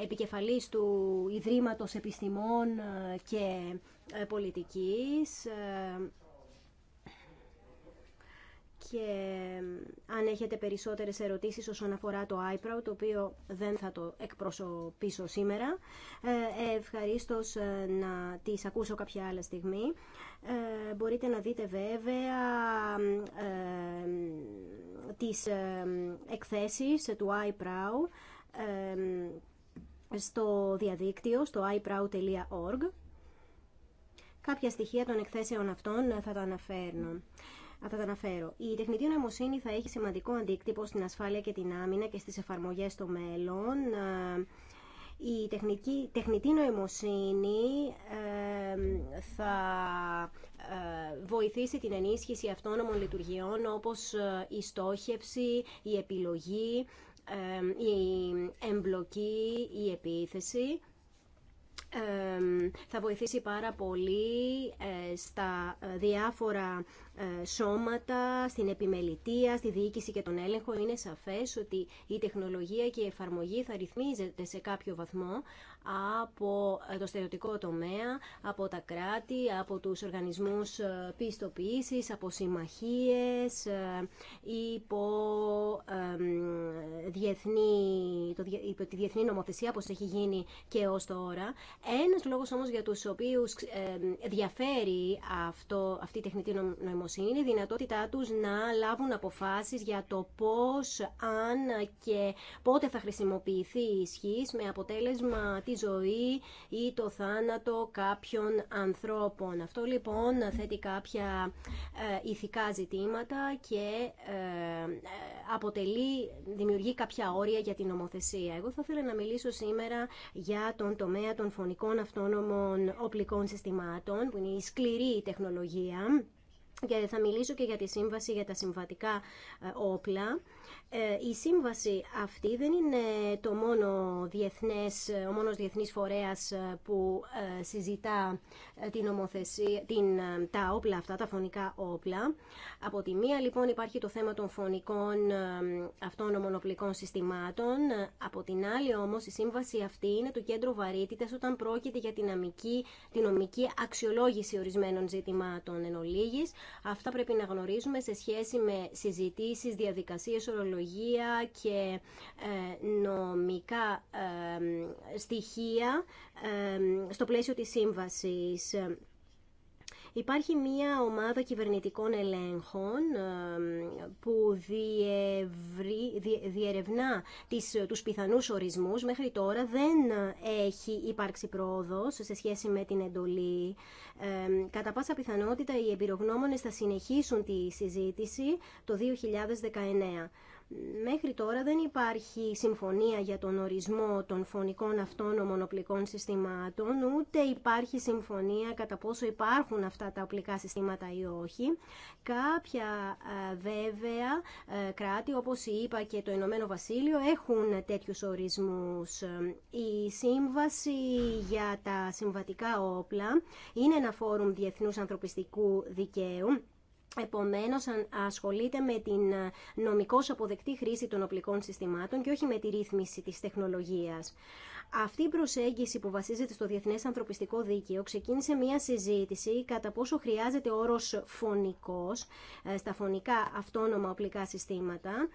επικεφαλής του Ιδρύματος Επιστημών και Πολιτικής και αν έχετε περισσότερες ερωτήσεις όσον αφορά το iPro, το οποίο δεν θα το εκπροσωπήσω σήμερα, ε, ευχαρίστω ε, να τις ακούσω κάποια άλλη στιγμή. Ε, μπορείτε να δείτε βέβαια τις εκθέσεις του iPro στο διαδίκτυο, στο iPro.org. Κάποια στοιχεία των εκθέσεων αυτών θα τα αναφέρνω αυτά τα αναφέρω. Η τεχνητή νοημοσύνη θα έχει σημαντικό αντίκτυπο στην ασφάλεια και την άμυνα και στις εφαρμογές στο μέλλον. Ε, η τεχνική, τεχνητή νοημοσύνη ε, θα βοηθήσει την ενίσχυση αυτόνομων λειτουργιών όπως ε, η στόχευση, η επιλογή, η εμπλοκή, η επίθεση θα βοηθήσει πάρα πολύ ε, στα ε, διάφορα ε, σώματα, στην επιμελητεία, στη διοίκηση και τον έλεγχο. Είναι σαφές ότι η τεχνολογία και η εφαρμογή θα ρυθμίζεται σε κάποιο βαθμό, από ε, το στερεωτικό τομέα, από τα κράτη, από τους οργανισμούς ε, πιστοποίησης, από συμμαχίες, ε, υπό, διεθνή, το, υπό τη διεθνή νομοθεσία, όπως έχει γίνει και ως τώρα. Ένας λόγος όμως για τους οποίους διαφέρει αυτό, αυτή η τεχνητή νοημοσύνη είναι η δυνατότητά τους να λάβουν αποφάσεις για το πώς, αν και πότε θα χρησιμοποιηθεί η ισχύς με αποτέλεσμα ζωή ή το θάνατο κάποιων ανθρώπων. Αυτό λοιπόν θέτει κάποια ε, ηθικά ζητήματα και ε, ε, αποτελεί, δημιουργεί κάποια όρια για την νομοθεσία. Εγώ θα ήθελα να μιλήσω σήμερα για τον τομέα των φωνικών αυτόνομων οπλικών συστημάτων, που είναι η σκληρή τεχνολογία και θα μιλήσω και για τη σύμβαση για τα συμβατικά όπλα ε, η σύμβαση αυτή δεν είναι το μόνο διεθνές, ο μόνος διεθνής φορέας ε, που ε, συζητά την ομοθεσία, την, τα όπλα αυτά, τα φωνικά όπλα. Από τη μία λοιπόν υπάρχει το θέμα των φωνικών αυτών ομονοπλικών συστημάτων. Από την άλλη όμως η σύμβαση αυτή είναι το κέντρο βαρύτητας όταν πρόκειται για την αμική, την νομική αξιολόγηση ορισμένων ζητημάτων εν ολίγης. Αυτά πρέπει να γνωρίζουμε σε σχέση με συζητήσεις, διαδικασίες, ορολογίες και ε, νομικά στοιχεία στο πλαίσιο της σύμβασης. Υπάρχει μία ομάδα κυβερνητικών ελέγχων που διερευνά τις, τους πιθανούς ορισμούς. Μέχρι τώρα δεν έχει υπάρξει πρόοδος σε σχέση με την εντολή. Κατά πάσα πιθανότητα οι εμπειρογνώμονες θα συνεχίσουν τη συζήτηση το 2019. Μέχρι τώρα δεν υπάρχει συμφωνία για τον ορισμό των φωνικών αυτών ομονοπλικών συστημάτων, ούτε υπάρχει συμφωνία κατά πόσο υπάρχουν αυτά τα οπλικά συστήματα ή όχι. Κάποια βέβαια κράτη, όπως είπα και το Ηνωμένο Βασίλειο, έχουν τέτοιους ορισμούς. Η Σύμβαση για τα Συμβατικά Όπλα είναι ένα φόρουμ διεθνούς ανθρωπιστικού δικαίου, Επομένως, ασχολείται με την ε, νομικώς αποδεκτή χρήση των οπλικών συστημάτων και όχι με τη ρύθμιση της τεχνολογίας. Αυτή η προσέγγιση που βασίζεται στο διεθνέ Ανθρωπιστικό Δίκαιο ξεκίνησε μια συζήτηση κατά πόσο χρειάζεται ο όρος φωνικός ε, στα φωνικά αυτόνομα οπλικά συστήματα.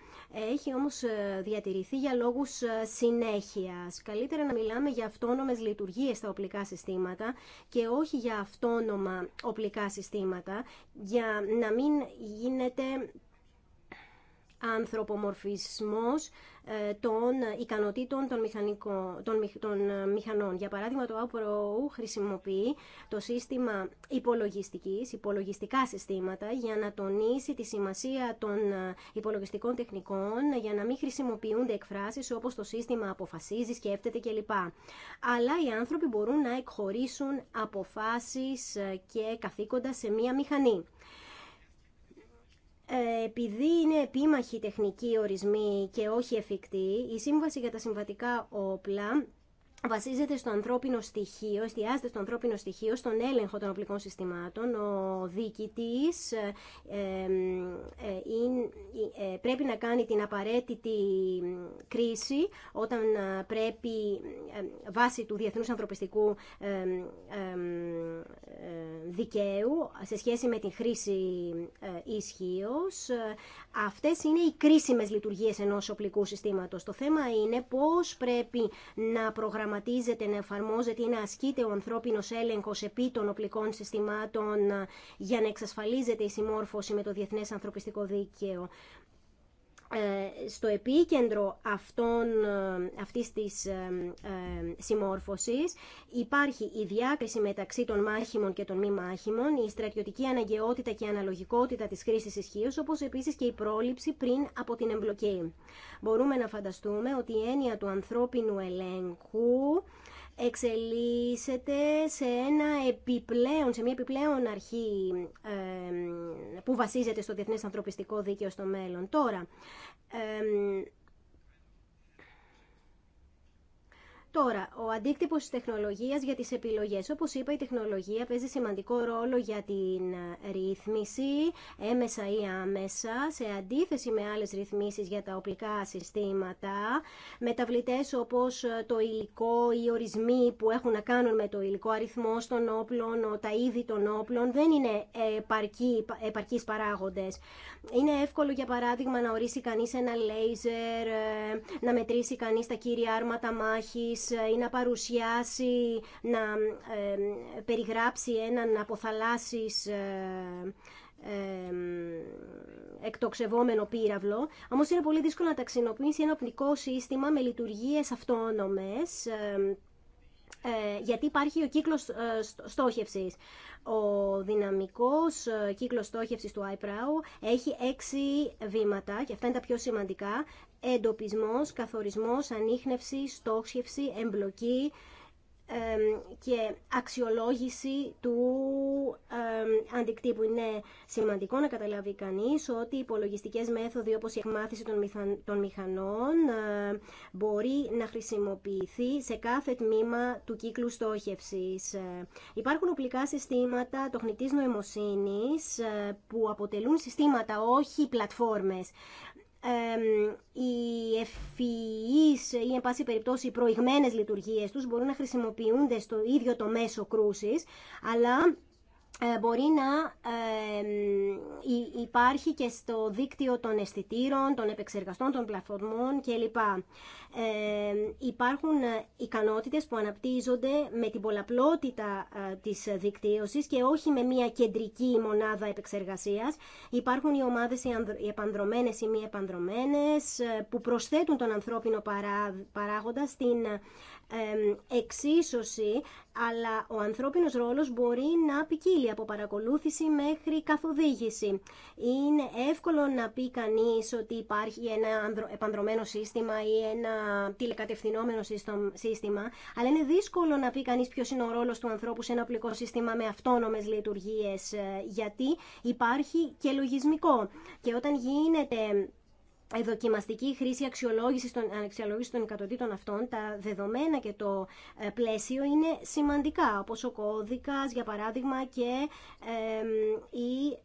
Έχει όμως ε, διατηρηθεί για λόγους ε, συνέχειας. Καλύτερα να μιλάμε για αυτόνομε λειτουργίες στα οπλικά συστήματα και όχι για αυτόνομα οπλικά συστήματα για να μην γίνεται ανθρωπομορφισμός ε, των ικανοτήτων των, μηχανικών, των, ε, μηχανών. Για παράδειγμα, το Apple χρησιμοποιεί το σύστημα υπολογιστικής, υπολογιστικά συστήματα, για να τονίσει τη σημασία των ε, υπολογιστικών τεχνικών, για να μην χρησιμοποιούνται εκφράσεις όπως το σύστημα αποφασίζει, σκέφτεται κλπ. Αλλά οι άνθρωποι μπορούν να εκχωρήσουν αποφάσεις και καθήκοντα σε μία μηχανή. Ε, επειδή είναι επίμαχη τεχνική ορισμή και όχι εφικτή, η Σύμβαση για τα Συμβατικά Όπλα βασίζεται στο ανθρώπινο στοιχείο, εστιάζεται στο ανθρώπινο στοιχείο, στον έλεγχο των οπλικών συστημάτων. Ο διοικητής ε, ε, ε, ε πρέπει να κάνει την απαραίτητη κρίση όταν πρέπει βάσει του διεθνούς ανθρωπιστικού δικαίου σε σχέση με την χρήση ισχύω. Αυτές είναι οι κρίσιμες λειτουργίες ενός οπλικού συστήματος. Το θέμα είναι πώς πρέπει να προγραμματίσουμε να εφαρμόζεται ή να ασκείται ο ανθρώπινο έλεγχο επί των οπλικών συστημάτων ε, για να εξασφαλίζεται η συμμόρφωση με το διεθνέ Ανθρωπιστικό Δίκαιο. Ε, στο επίκεντρο αυτών, ε, αυτής της ε, συμμόρφωσης υπάρχει η διάκριση μεταξύ των μάχημων και των μη μάχημων, η στρατιωτική αναγκαιότητα και αναλογικότητα της χρήσης ισχύω, όπως επίσης και η πρόληψη πριν από την εμπλοκή. Μπορούμε να φανταστούμε ότι η έννοια του ανθρώπινου ελέγχου εξελίσσεται σε, ένα επιπλέον, σε μια επιπλέον αρχή που βασίζεται στο διεθνές ανθρωπιστικό δίκαιο στο μέλλον. Τώρα, Τώρα, ο αντίκτυπο τη τεχνολογία για τι επιλογέ. Όπω είπα, η τεχνολογία παίζει σημαντικό ρόλο για την ε, ρύθμιση, έμεσα ή άμεσα, σε αντίθεση με άλλε ρυθμίσει για τα οπλικά συστήματα. Μεταβλητέ όπω ε, το υλικό, οι ορισμοί που έχουν να κάνουν με το υλικό, αριθμό των όπλων, τα είδη των όπλων δεν είναι επαρκεί παράγοντε. Είναι εύκολο, για παράδειγμα, να ορίσει κανεί ένα λέιζερ, ε, να μετρήσει κανεί τα κύρια άρματα μάχη, της ε, ή να παρουσιάσει, να περιγράψει έναν από θαλάσσις ε, εκτοξευόμενο πύραυλο, όμω είναι πολύ δύσκολο να ταξινοποιήσει ένα πνικό σύστημα με λειτουργίες αυτόνομες, ε, γιατί υπάρχει ο κύκλος στόχευσης. Ο δυναμικός κύκλος στόχευσης του iProw έχει έξι βήματα και αυτά είναι τα πιο σημαντικά εντοπισμός, καθορισμός, ανείχνευση, στόχευση, εμπλοκή και αξιολόγηση του αντικτύπου. Είναι σημαντικό να καταλάβει κανείς ότι οι υπολογιστικές μέθοδοι όπως η εκμάθηση των μηχανών μπορεί να χρησιμοποιηθεί σε κάθε τμήμα του κύκλου στόχευσης. Υπάρχουν οπλικά συστήματα τεχνητής νοημοσύνης ε, που αποτελούν συστήματα, όχι πλατφόρμες οι ευφυείς ή εν πάση περιπτώσει οι προηγμένες λειτουργίες τους μπορούν να χρησιμοποιούνται στο ίδιο το μέσο κρούσης αλλά ε, μπορεί να ε, υπάρχει και στο δίκτυο των αισθητήρων, των επεξεργαστών, των πλατφορμών κλπ. Ε, υπάρχουν ικανότητες που αναπτύσσονται με την πολλαπλότητα της δικτύωσης και όχι με μια κεντρική μονάδα επεξεργασίας. Υπάρχουν οι ομάδες οι επανδρομένες ή μη επανδρομένες που προσθέτουν τον ανθρώπινο παράγοντα στην εξίσωση, αλλά ο ανθρώπινος ρόλος μπορεί να ποικίλει από παρακολούθηση μέχρι καθοδήγηση. Είναι εύκολο να πει κανείς ότι υπάρχει ένα επανδρομένο σύστημα ή ένα τηλεκατευθυνόμενο σύστημα, αλλά είναι δύσκολο να πει κανείς ποιος είναι ο ρόλος του ανθρώπου σε ένα πλικό σύστημα με αυτόνομες λειτουργίες, ε, γιατί υπάρχει και λογισμικό. Και όταν γίνεται η δοκιμαστική χρήση αξιολόγηση των, αξιολόγηση των εκατοτήτων αυτών, τα δεδομένα και το ε, πλαίσιο είναι σημαντικά, όπως ο κώδικας, για παράδειγμα, και η,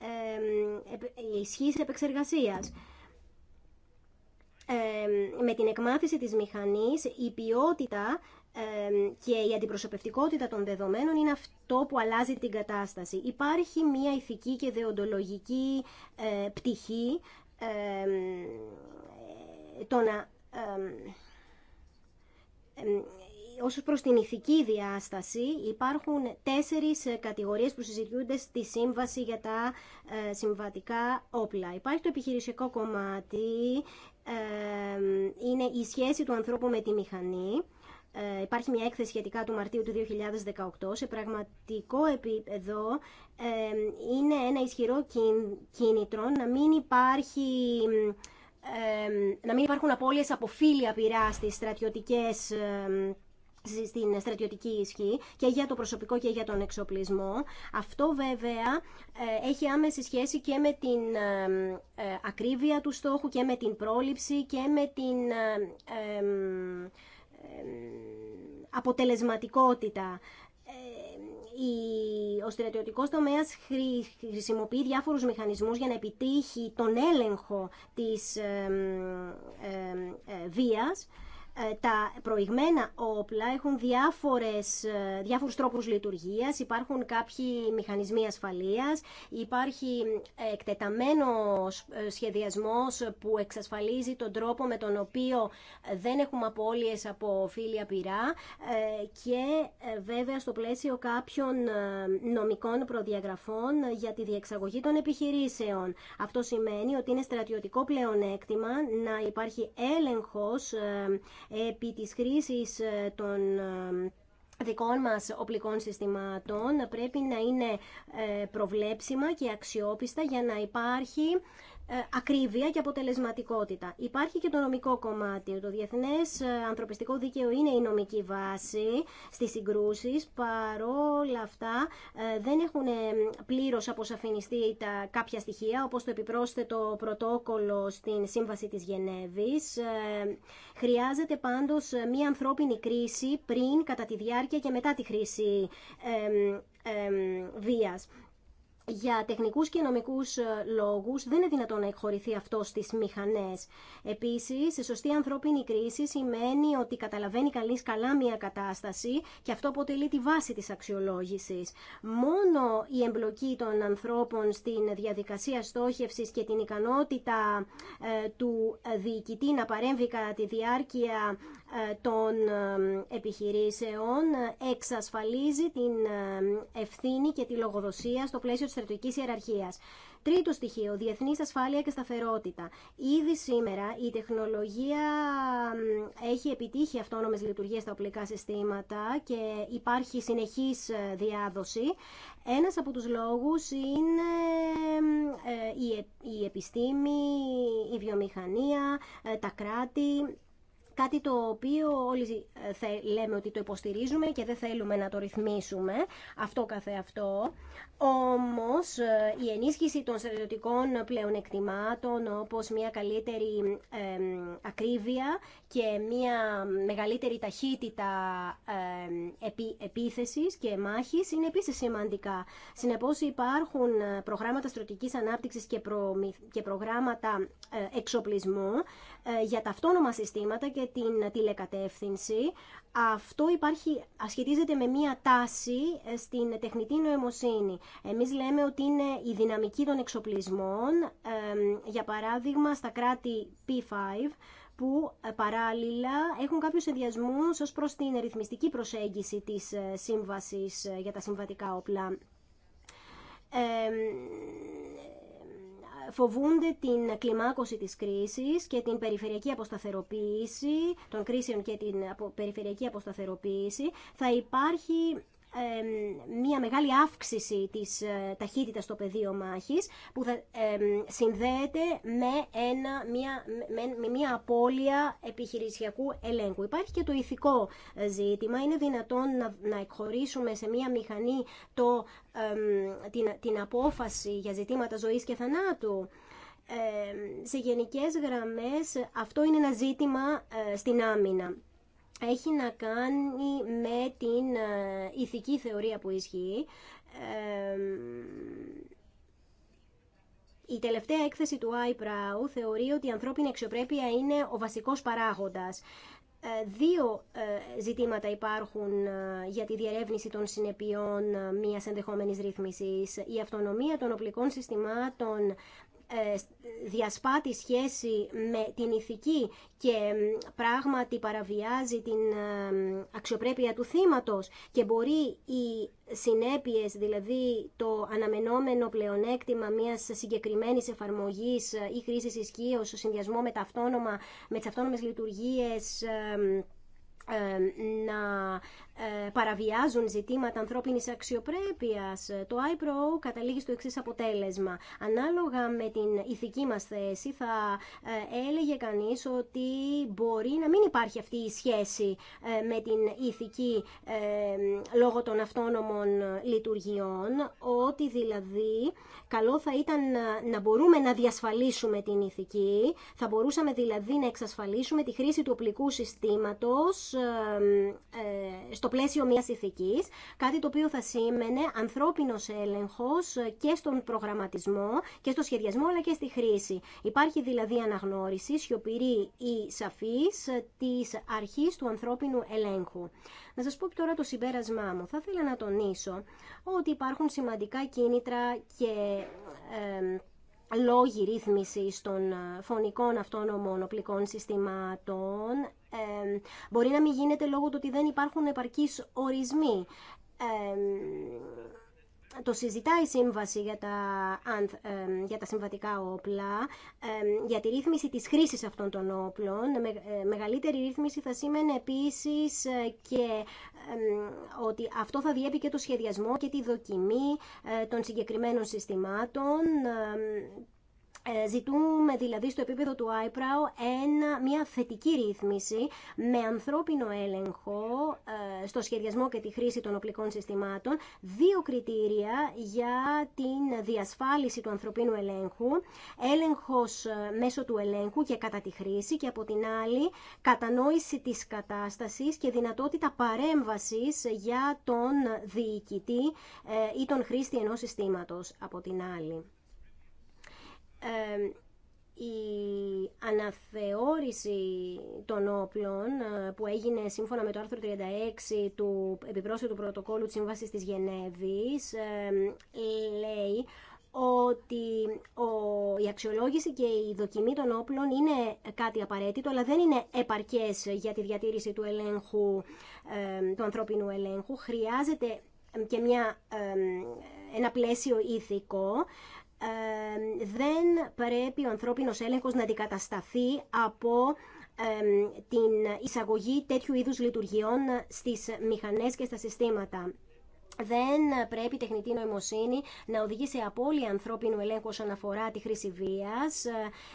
ε, ισχύς επεξεργασίας. με την εκμάθηση της μηχανής, η ποιότητα και η αντιπροσωπευτικότητα των δεδομένων είναι αυτό που αλλάζει την κατάσταση. Υπάρχει μια ηθική και δεοντολογική ε, πτυχή ε, το να Όσο ε, ε, προς την ηθική διάσταση υπάρχουν τέσσερις κατηγορίες που συζητούνται στη σύμβαση για τα συμβατικά όπλα. Υπάρχει το επιχειρησιακό κομμάτι, είναι η σχέση του ανθρώπου με τη μηχανή ε, υπάρχει μια έκθεση σχετικά του Μαρτίου του 2018. Σε πραγματικό επίπεδο ε, είναι ένα ισχυρό κίνητρο να μην υπάρχει ε, να μην υπάρχουν απώλειες από φίλια πειρά στις στρατιωτικές στην στρατιωτική ισχύ και για το προσωπικό και για τον εξοπλισμό. Αυτό βέβαια έχει άμεση σχέση και με την ακρίβεια του στόχου και με την πρόληψη και με την ε, αποτελεσματικότητα. Ε, ο στρατιωτικός τομέας χρησιμοποιεί διάφορους μηχανισμούς για να επιτύχει τον έλεγχο της ε, βίας ε, τα προηγμένα όπλα έχουν διάφορες, ε, διάφορους τρόπους λειτουργίας, υπάρχουν κάποιοι μηχανισμοί ασφαλείας, υπάρχει εκτεταμένο ε, σχεδιασμός που εξασφαλίζει τον τρόπο με τον οποίο δεν έχουμε απώλειες από φίλια πυρά και βέβαια στο πλαίσιο κάποιων νομικών προδιαγραφών για τη διεξαγωγή των επιχειρήσεων. Αυτό σημαίνει ότι είναι στρατιωτικό πλεονέκτημα να υπάρχει έλεγχος επί της χρήσης ε, των ε, δικών μας οπλικών συστημάτων πρέπει να είναι ε, προβλέψιμα και αξιόπιστα για να υπάρχει ε, ακρίβεια και αποτελεσματικότητα. Υπάρχει και το νομικό κομμάτι. Το διεθνές ε, ανθρωπιστικό δίκαιο είναι η νομική βάση στις συγκρούσεις. Παρόλα αυτά ε, δεν έχουν πλήρως αποσαφινιστεί τα κάποια στοιχεία, όπως το επιπρόσθετο πρωτόκολλο στην Σύμβαση της Γενέβη. Χρειάζεται πάντως μία ανθρώπινη κρίση πριν, κατά τη διάρκεια και μετά τη χρήση βίας για τεχνικούς και νομικούς ε, λόγους δεν είναι δυνατόν να εκχωρηθεί αυτό στις μηχανές. Επίσης, η σωστή ανθρώπινη κρίση σημαίνει ότι καταλαβαίνει καλής καλά μια κατάσταση και αυτό αποτελεί τη βάση της αξιολόγησης. Μόνο η εμπλοκή των ανθρώπων στην διαδικασία στόχευσης και την ικανότητα ε, του διοικητή να παρέμβει κατά τη διάρκεια ε, των ε, επιχειρήσεων ε, εξασφαλίζει την ευθύνη και τη λογοδοσία στο πλαίσιο της στρατηγικής ιεραρχίας. Τρίτο στοιχείο, διεθνή ασφάλεια και σταθερότητα. Ήδη σήμερα η τεχνολογία έχει επιτύχει αυτόνομες λειτουργίες στα οπλικά συστήματα και υπάρχει συνεχής διάδοση. Ένας από τους λόγους είναι η επιστήμη, η βιομηχανία, τα κράτη κάτι το οποίο όλοι ε, λέμε ότι το υποστηρίζουμε και δεν θέλουμε να το ρυθμίσουμε, αυτό καθεαυτό. Όμως ε, η ενίσχυση των στρατιωτικών πλεονεκτημάτων όπως μια καλύτερη ακρίβεια και μια μεγαλύτερη ταχύτητα επίθεσης και μάχης είναι επίσης σημαντικά. Συνεπώς υπάρχουν ε, προγράμματα στρατηγικής ανάπτυξης και προγράμματα ε, εξοπλισμού ε, για τα αυτόνομα συστήματα και την τηλεκατεύθυνση. Αυτό υπάρχει, ασχετίζεται με μία τάση στην τεχνητή νοημοσύνη. Εμείς λέμε ότι είναι η δυναμική των εξοπλισμών, για παράδειγμα στα κράτη P5, που ε, παράλληλα έχουν κάποιους συνδυασμού ω προς την ρυθμιστική προσέγγιση της ε, σύμβασης ε, για τα συμβατικά όπλα. φοβούνται την κλιμάκωση της κρίσης και την περιφερειακή αποσταθεροποίηση, των κρίσεων και την περιφερειακή αποσταθεροποίηση. Θα υπάρχει μια μεγάλη αύξηση της ε, ταχύτητας στο πεδίο μάχης που θα συνδέεται με, ένα, μια, μια απώλεια επιχειρησιακού ελέγχου. Υπάρχει και το ηθικό ε, ζήτημα. Είναι δυνατόν να, να εκχωρήσουμε σε μια μηχανή το, την, την απόφαση για ζητήματα ζωής και θανάτου. Ε, σε γενικές γραμμές αυτό είναι ένα ζήτημα ε, στην άμυνα έχει να κάνει με την ε, ηθική θεωρία που ισχύει. Η τελευταία έκθεση του IPRAU θεωρεί ότι η ανθρώπινη αξιοπρέπεια είναι ο βασικός παράγοντας. Ε, δύο ε, ζητήματα υπάρχουν για τη διερεύνηση των συνεπειών μιας ενδεχόμενης ρύθμισης. Η αυτονομία των οπλικών συστημάτων ε, διασπά τη σχέση με την ηθική και πράγματι παραβιάζει την ε, αξιοπρέπεια του θύματος και μπορεί οι συνέπειες, δηλαδή το αναμενόμενο πλεονέκτημα μιας συγκεκριμένης εφαρμογής ε, ή χρήσης ισχύω στο συνδυασμό με, τα με τις αυτόνομες λειτουργίες να ε, παραβιάζουν ζητήματα ανθρώπινης αξιοπρέπειας. Το iPro καταλήγει στο εξή αποτέλεσμα. Ανάλογα με την ηθική μας θέση θα ε, έλεγε κανείς ότι μπορεί να μην υπάρχει αυτή η σχέση ε, με την ηθική λόγω των αυτόνομων λειτουργιών, ότι δηλαδή καλό θα ήταν να μπορούμε να διασφαλίσουμε την ηθική, θα μπορούσαμε δηλαδή να εξασφαλίσουμε τη χρήση του οπλικού συστήματος το πλαίσιο μιας ηθικής, κάτι το οποίο θα σήμαινε ανθρώπινος έλεγχος και στον προγραμματισμό και στο σχεδιασμό αλλά και στη χρήση. Υπάρχει δηλαδή αναγνώριση, σιωπηρή ή σαφής, της αρχής του ανθρώπινου ελέγχου. Να σας πω τώρα το συμπέρασμά μου. Θα ήθελα να τονίσω ότι υπάρχουν σημαντικά κίνητρα και... Ε, λόγοι ρύθμισης των ε, φωνικών αυτών οπλικών συστημάτων μπορεί να μην γίνεται λόγω του ότι δεν υπάρχουν επαρκείς ορισμοί το συζητάει η Σύμβαση για τα, για τα συμβατικά όπλα, για τη ρύθμιση της χρήσης αυτών των όπλων. Ε, μεγαλύτερη ρύθμιση θα σήμαινε επίσης ε, και ότι αυτό θα διέπει και το σχεδιασμό και τη δοκιμή ε, των συγκεκριμένων συστημάτων, ε, ζητούμε δηλαδή στο επίπεδο του ΆΙΠΡΑΟ μια θετική ρύθμιση με ανθρώπινο έλεγχο ε, στο σχεδιασμό και τη χρήση των οπλικών συστημάτων, δύο κριτήρια για την διασφάλιση του ανθρωπίνου ελέγχου, έλεγχος ε, μέσω του ελέγχου και κατά τη χρήση και από την άλλη κατανόηση της κατάστασης και δυνατότητα παρέμβασης για τον διοικητή ή τον χρήστη ενός συστήματος από την άλλη η αναθεώρηση των όπλων ε, που έγινε σύμφωνα με το άρθρο 36 του επιπρόσθετου πρωτοκόλου της Σύμβασης της Γενέβης λέει ότι η αξιολόγηση και η δοκιμή των όπλων είναι κάτι απαραίτητο, αλλά δεν είναι επαρκές για τη διατήρηση του ελέγχου, του ανθρώπινου ελέγχου. Χρειάζεται και μια, ένα πλαίσιο ηθικό δεν πρέπει ο ανθρώπινος έλεγχος να αντικατασταθεί από την εισαγωγή τέτοιου είδους λειτουργιών στις μηχανές και στα συστήματα. Δεν πρέπει η τεχνητή νοημοσύνη να οδηγεί σε απώλεια ανθρώπινου ελέγχου όσον αφορά τη χρήση ε,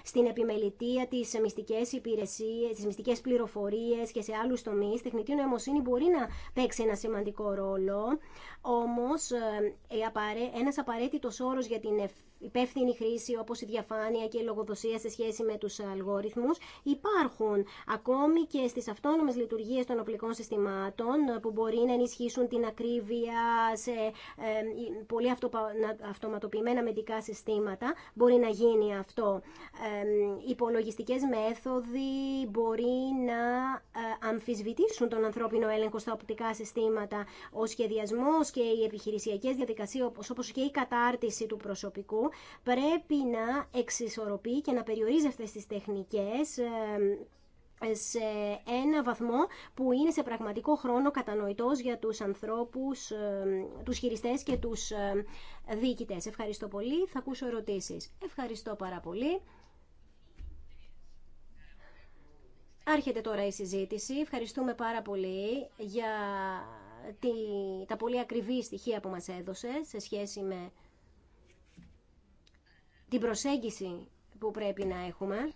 στην επιμελητία, τη μυστικέ υπηρεσίε, τι μυστικέ πληροφορίε και σε άλλου τομεί. Η τεχνητή νοημοσύνη μπορεί να παίξει ένα σημαντικό ρόλο, όμω ε, ένα απαραίτητο όρο για την υπεύθυνη χρήση όπως η διαφάνεια και η λογοδοσία σε σχέση με τους αλγόριθμους υπάρχουν ακόμη και στις αυτόνομες λειτουργίες των οπλικών συστημάτων ε, που μπορεί να ενισχύσουν την ακρίβεια σε ε, πολύ αυτοματοποιημένα μεντικά συστήματα μπορεί να γίνει αυτό. Υπολογιστικές μέθοδοι μπορεί να ε, αμφισβητήσουν τον ανθρώπινο έλεγχο στα οπτικά συστήματα. Ο σχεδιασμός και οι επιχειρησιακές διαδικασίες όπως και η κατάρτιση του προσωπικού πρέπει να εξισορροπεί και να περιορίζει αυτές τις τεχνικές ε, σε ένα βαθμό που είναι σε πραγματικό χρόνο κατανοητός για τους ανθρώπους, ε, τους χειριστές και τους ε, διοικητές. Ευχαριστώ πολύ. Θα ακούσω ερωτήσεις. Ευχαριστώ πάρα πολύ. Άρχεται τώρα η συζήτηση. Ευχαριστούμε πάρα πολύ για τη, τα πολύ ακριβή στοιχεία που μας έδωσε σε σχέση με την προσέγγιση που πρέπει να έχουμε.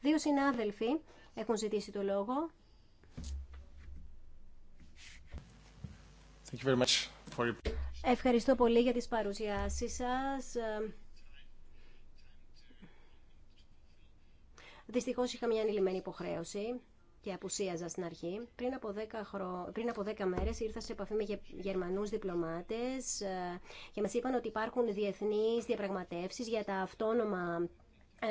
Δύο συνάδελφοι έχουν ζητήσει το λόγο. Ευχαριστώ πολύ για τις παρουσιάσεις σας. Δυστυχώς είχα μια ανηλυμένη υποχρέωση και απουσίαζα στην αρχή. Πριν από 10, χρο... πριν από 10 μέρες ήρθα σε επαφή με γερμανούς διπλωμάτες ε, και μας είπαν ότι υπάρχουν διεθνείς διαπραγματεύσεις για τα αυτόνομα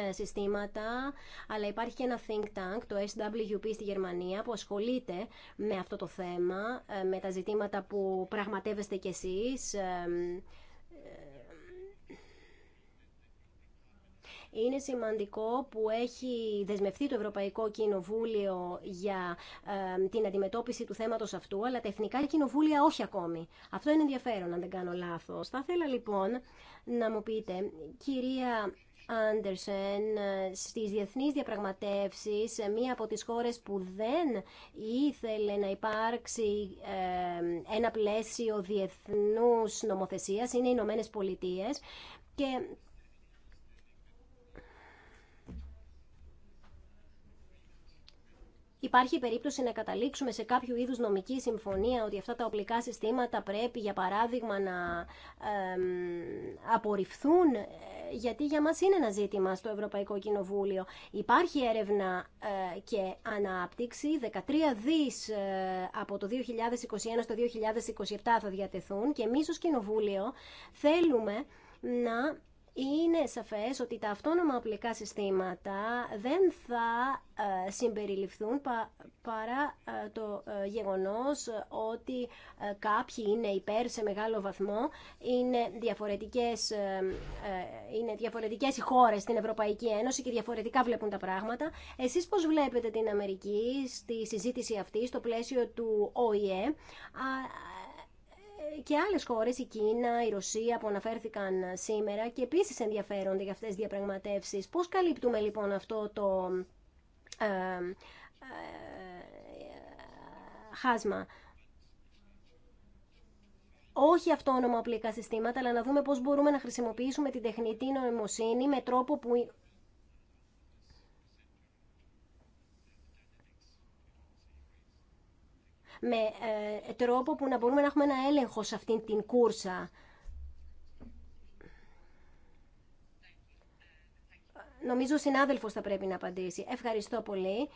ε, συστήματα, αλλά υπάρχει και ένα think tank, το SWP στη Γερμανία, που ασχολείται με αυτό το θέμα, ε, με τα ζητήματα που πραγματεύεστε κι εσείς. Είναι σημαντικό που έχει δεσμευτεί το Ευρωπαϊκό Κοινοβούλιο για την αντιμετώπιση του θέματος αυτού, αλλά τα εθνικά κοινοβούλια όχι ακόμη. Αυτό είναι ενδιαφέρον, αν δεν κάνω λάθος. Θα ήθελα λοιπόν να μου πείτε, κυρία Άντερσεν στις διεθνείς διαπραγματεύσεις μία από τις χώρες που δεν ήθελε να υπάρξει ένα πλαίσιο διεθνούς νομοθεσίας είναι οι Ηνωμένε Πολιτείε. και Υπάρχει περίπτωση να καταλήξουμε σε κάποιο είδους νομική συμφωνία ότι αυτά τα οπλικά συστήματα πρέπει για παράδειγμα να ε, απορριφθούν γιατί για μας είναι ένα ζήτημα στο Ευρωπαϊκό Κοινοβούλιο. Υπάρχει έρευνα ε, και ανάπτυξη, 13 δις ε, από το 2021 στο 2027 θα διατεθούν και εμείς ως Κοινοβούλιο θέλουμε να είναι σαφές ότι τα αυτόνομα οπλικά συστήματα δεν θα ε, συμπεριληφθούν παρά ε, το ε, γεγονός ότι κάποιοι είναι υπέρ σε μεγάλο βαθμό. Είναι διαφορετικές, είναι διαφορετικές οι χώρες στην Ευρωπαϊκή Ένωση και διαφορετικά βλέπουν τα πράγματα. Εσείς πώς βλέπετε την Αμερική στη συζήτηση αυτή στο πλαίσιο του ΟΗΕ και άλλε χώρε η Κίνα, η Ρωσία που αναφέρθηκαν σήμερα και επίση ενδιαφέρονται για αυτές τις διαπραγματεύσεις. Πώς καλύπτουμε λοιπόν αυτό το ε, ε, χάσμα. Όχι αυτόνομα οπλικά συστήματα, αλλά να δούμε πώς μπορούμε να χρησιμοποιήσουμε την τεχνητή νοημοσύνη με τρόπο που με ε, τρόπο που να μπορούμε να έχουμε ένα έλεγχο σε αυτήν την κούρσα. Νομίζω ο συνάδελφος θα πρέπει να απαντήσει. Ευχαριστώ πολύ.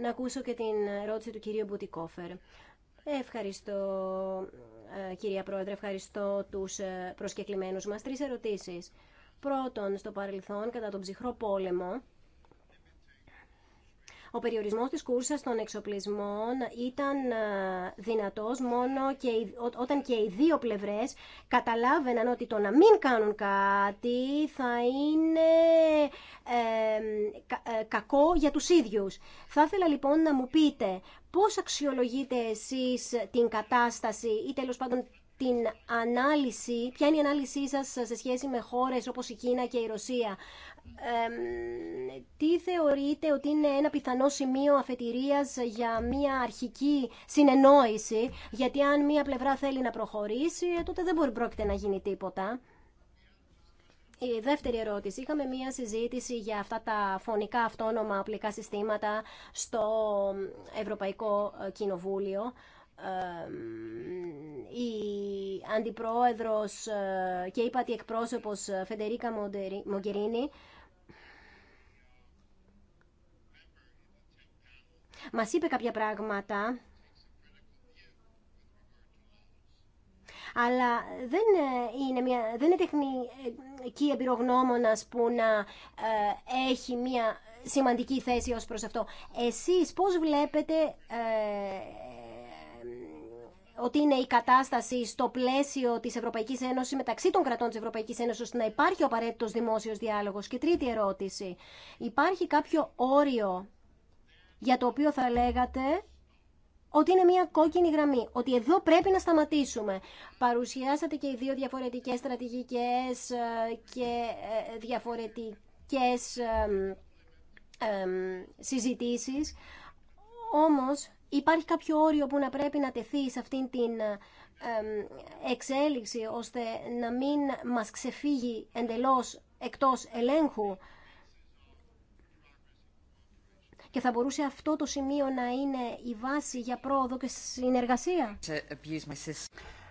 Να ακούσω και την ερώτηση του κυρίου Μπουτικόφερ. Ευχαριστώ ε, κυρία Πρόεδρε, ευχαριστώ τους ε, προσκεκλημένους μας. Τρεις ερωτήσεις. Πρώτον, στο παρελθόν, κατά τον ψυχρό πόλεμο, ο περιορισμός της κουρσα των εξοπλισμών ήταν ε, δυνατός μόνο και, όταν και οι δύο πλευρές καταλάβαιναν ότι το να μην κάνουν κάτι θα είναι ε, κακό για τους ίδιους. Θα ήθελα λοιπόν να μου πείτε πώς αξιολογείτε εσείς την κατάσταση ή τέλος πάντων την ανάλυση, ποια είναι η ανάλυση σας σε σχέση με χώρες όπως η Κίνα και η Ρωσία. τι θεωρείτε ότι είναι ένα πιθανό σημείο αφετηρίας για μια αρχική συνεννόηση, γιατί αν μια πλευρά θέλει να προχωρήσει, ε, τότε δεν μπορεί πρόκειται να γίνει τίποτα. Η δεύτερη ερώτηση. Είχαμε μία συζήτηση για αυτά τα φωνικά αυτόνομα απλικά συστήματα στο Ευρωπαϊκό Κοινοβούλιο η αντιπρόεδρος ε, και πατή εκπρόσωπος ε, Φεντερίκα Μογκερίνη μας είπε κάποια πράγματα αλλά δεν ε, είναι, μια, δεν είναι τεχνική εμπειρογνώμονας που να έχει μια σημαντική θέση ως προς αυτό. Εσείς πώς βλέπετε ότι είναι η κατάσταση στο πλαίσιο της Ευρωπαϊκής Ένωση μεταξύ των κρατών της Ευρωπαϊκής Ένωση ώστε να υπάρχει ο απαραίτητο δημόσιος διάλογος. Και τρίτη ερώτηση. Υπάρχει κάποιο όριο για το οποίο θα λέγατε ότι είναι μια κόκκινη γραμμή, ότι εδώ πρέπει να σταματήσουμε. Παρουσιάσατε και οι δύο διαφορετικές στρατηγικές ε, και ε, διαφορετικές συζητήσεις, όμως Υπάρχει κάποιο όριο που να πρέπει να τεθεί σε αυτήν την ε, εξέλιξη ώστε να μην μας ξεφύγει εντελώς εκτός ελέγχου και θα μπορούσε αυτό το σημείο να είναι η βάση για πρόοδο και συνεργασία.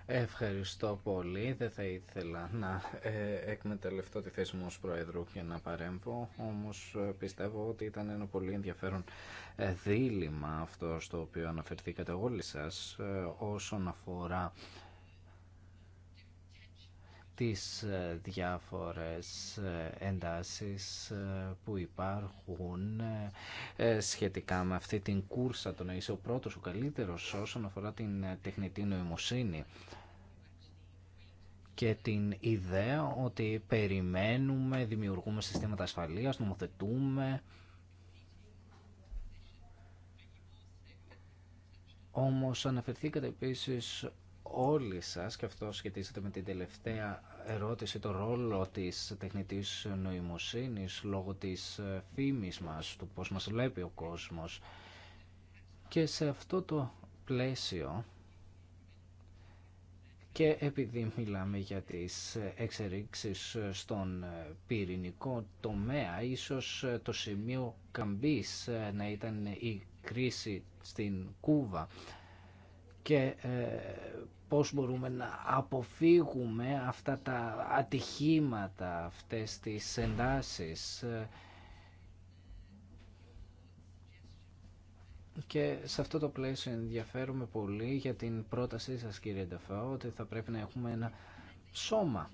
Ευχαριστώ πολύ. Δεν θα ήθελα να ε, εκμεταλλευτώ τη θέση μου ως Προεδρού και να παρέμβω, όμως ε, πιστεύω ότι ήταν ένα πολύ ενδιαφέρον ε, δίλημα αυτό στο οποίο αναφερθήκατε όλοι σας όσον αφορά τις διάφορες εντάσεις που υπάρχουν σχετικά με αυτή την κούρσα το να είσαι ο πρώτος, ο καλύτερος όσον αφορά την τεχνητή νοημοσύνη και την ιδέα ότι περιμένουμε, δημιουργούμε συστήματα ασφαλείας, νομοθετούμε. Όμως αναφερθήκατε επίσης όλοι σας, και αυτό σχετίζεται με την τελευταία ερώτηση, το ρόλο της τεχνητής νοημοσύνης λόγω της ε, φήμης μας, του πώς μας βλέπει ο κόσμος. Και σε αυτό το πλαίσιο και επειδή μιλάμε για τις εξερίξεις στον πυρηνικό τομέα, ίσως το σημείο καμπής να ήταν η κρίση στην Κούβα και ε, πώς μπορούμε να αποφύγουμε αυτά τα ατυχήματα, αυτές τις εντάσεις Και σε αυτό το πλαίσιο ενδιαφέρομαι πολύ για την πρότασή σας κύριε Νταφά ότι θα πρέπει να έχουμε ένα σώμα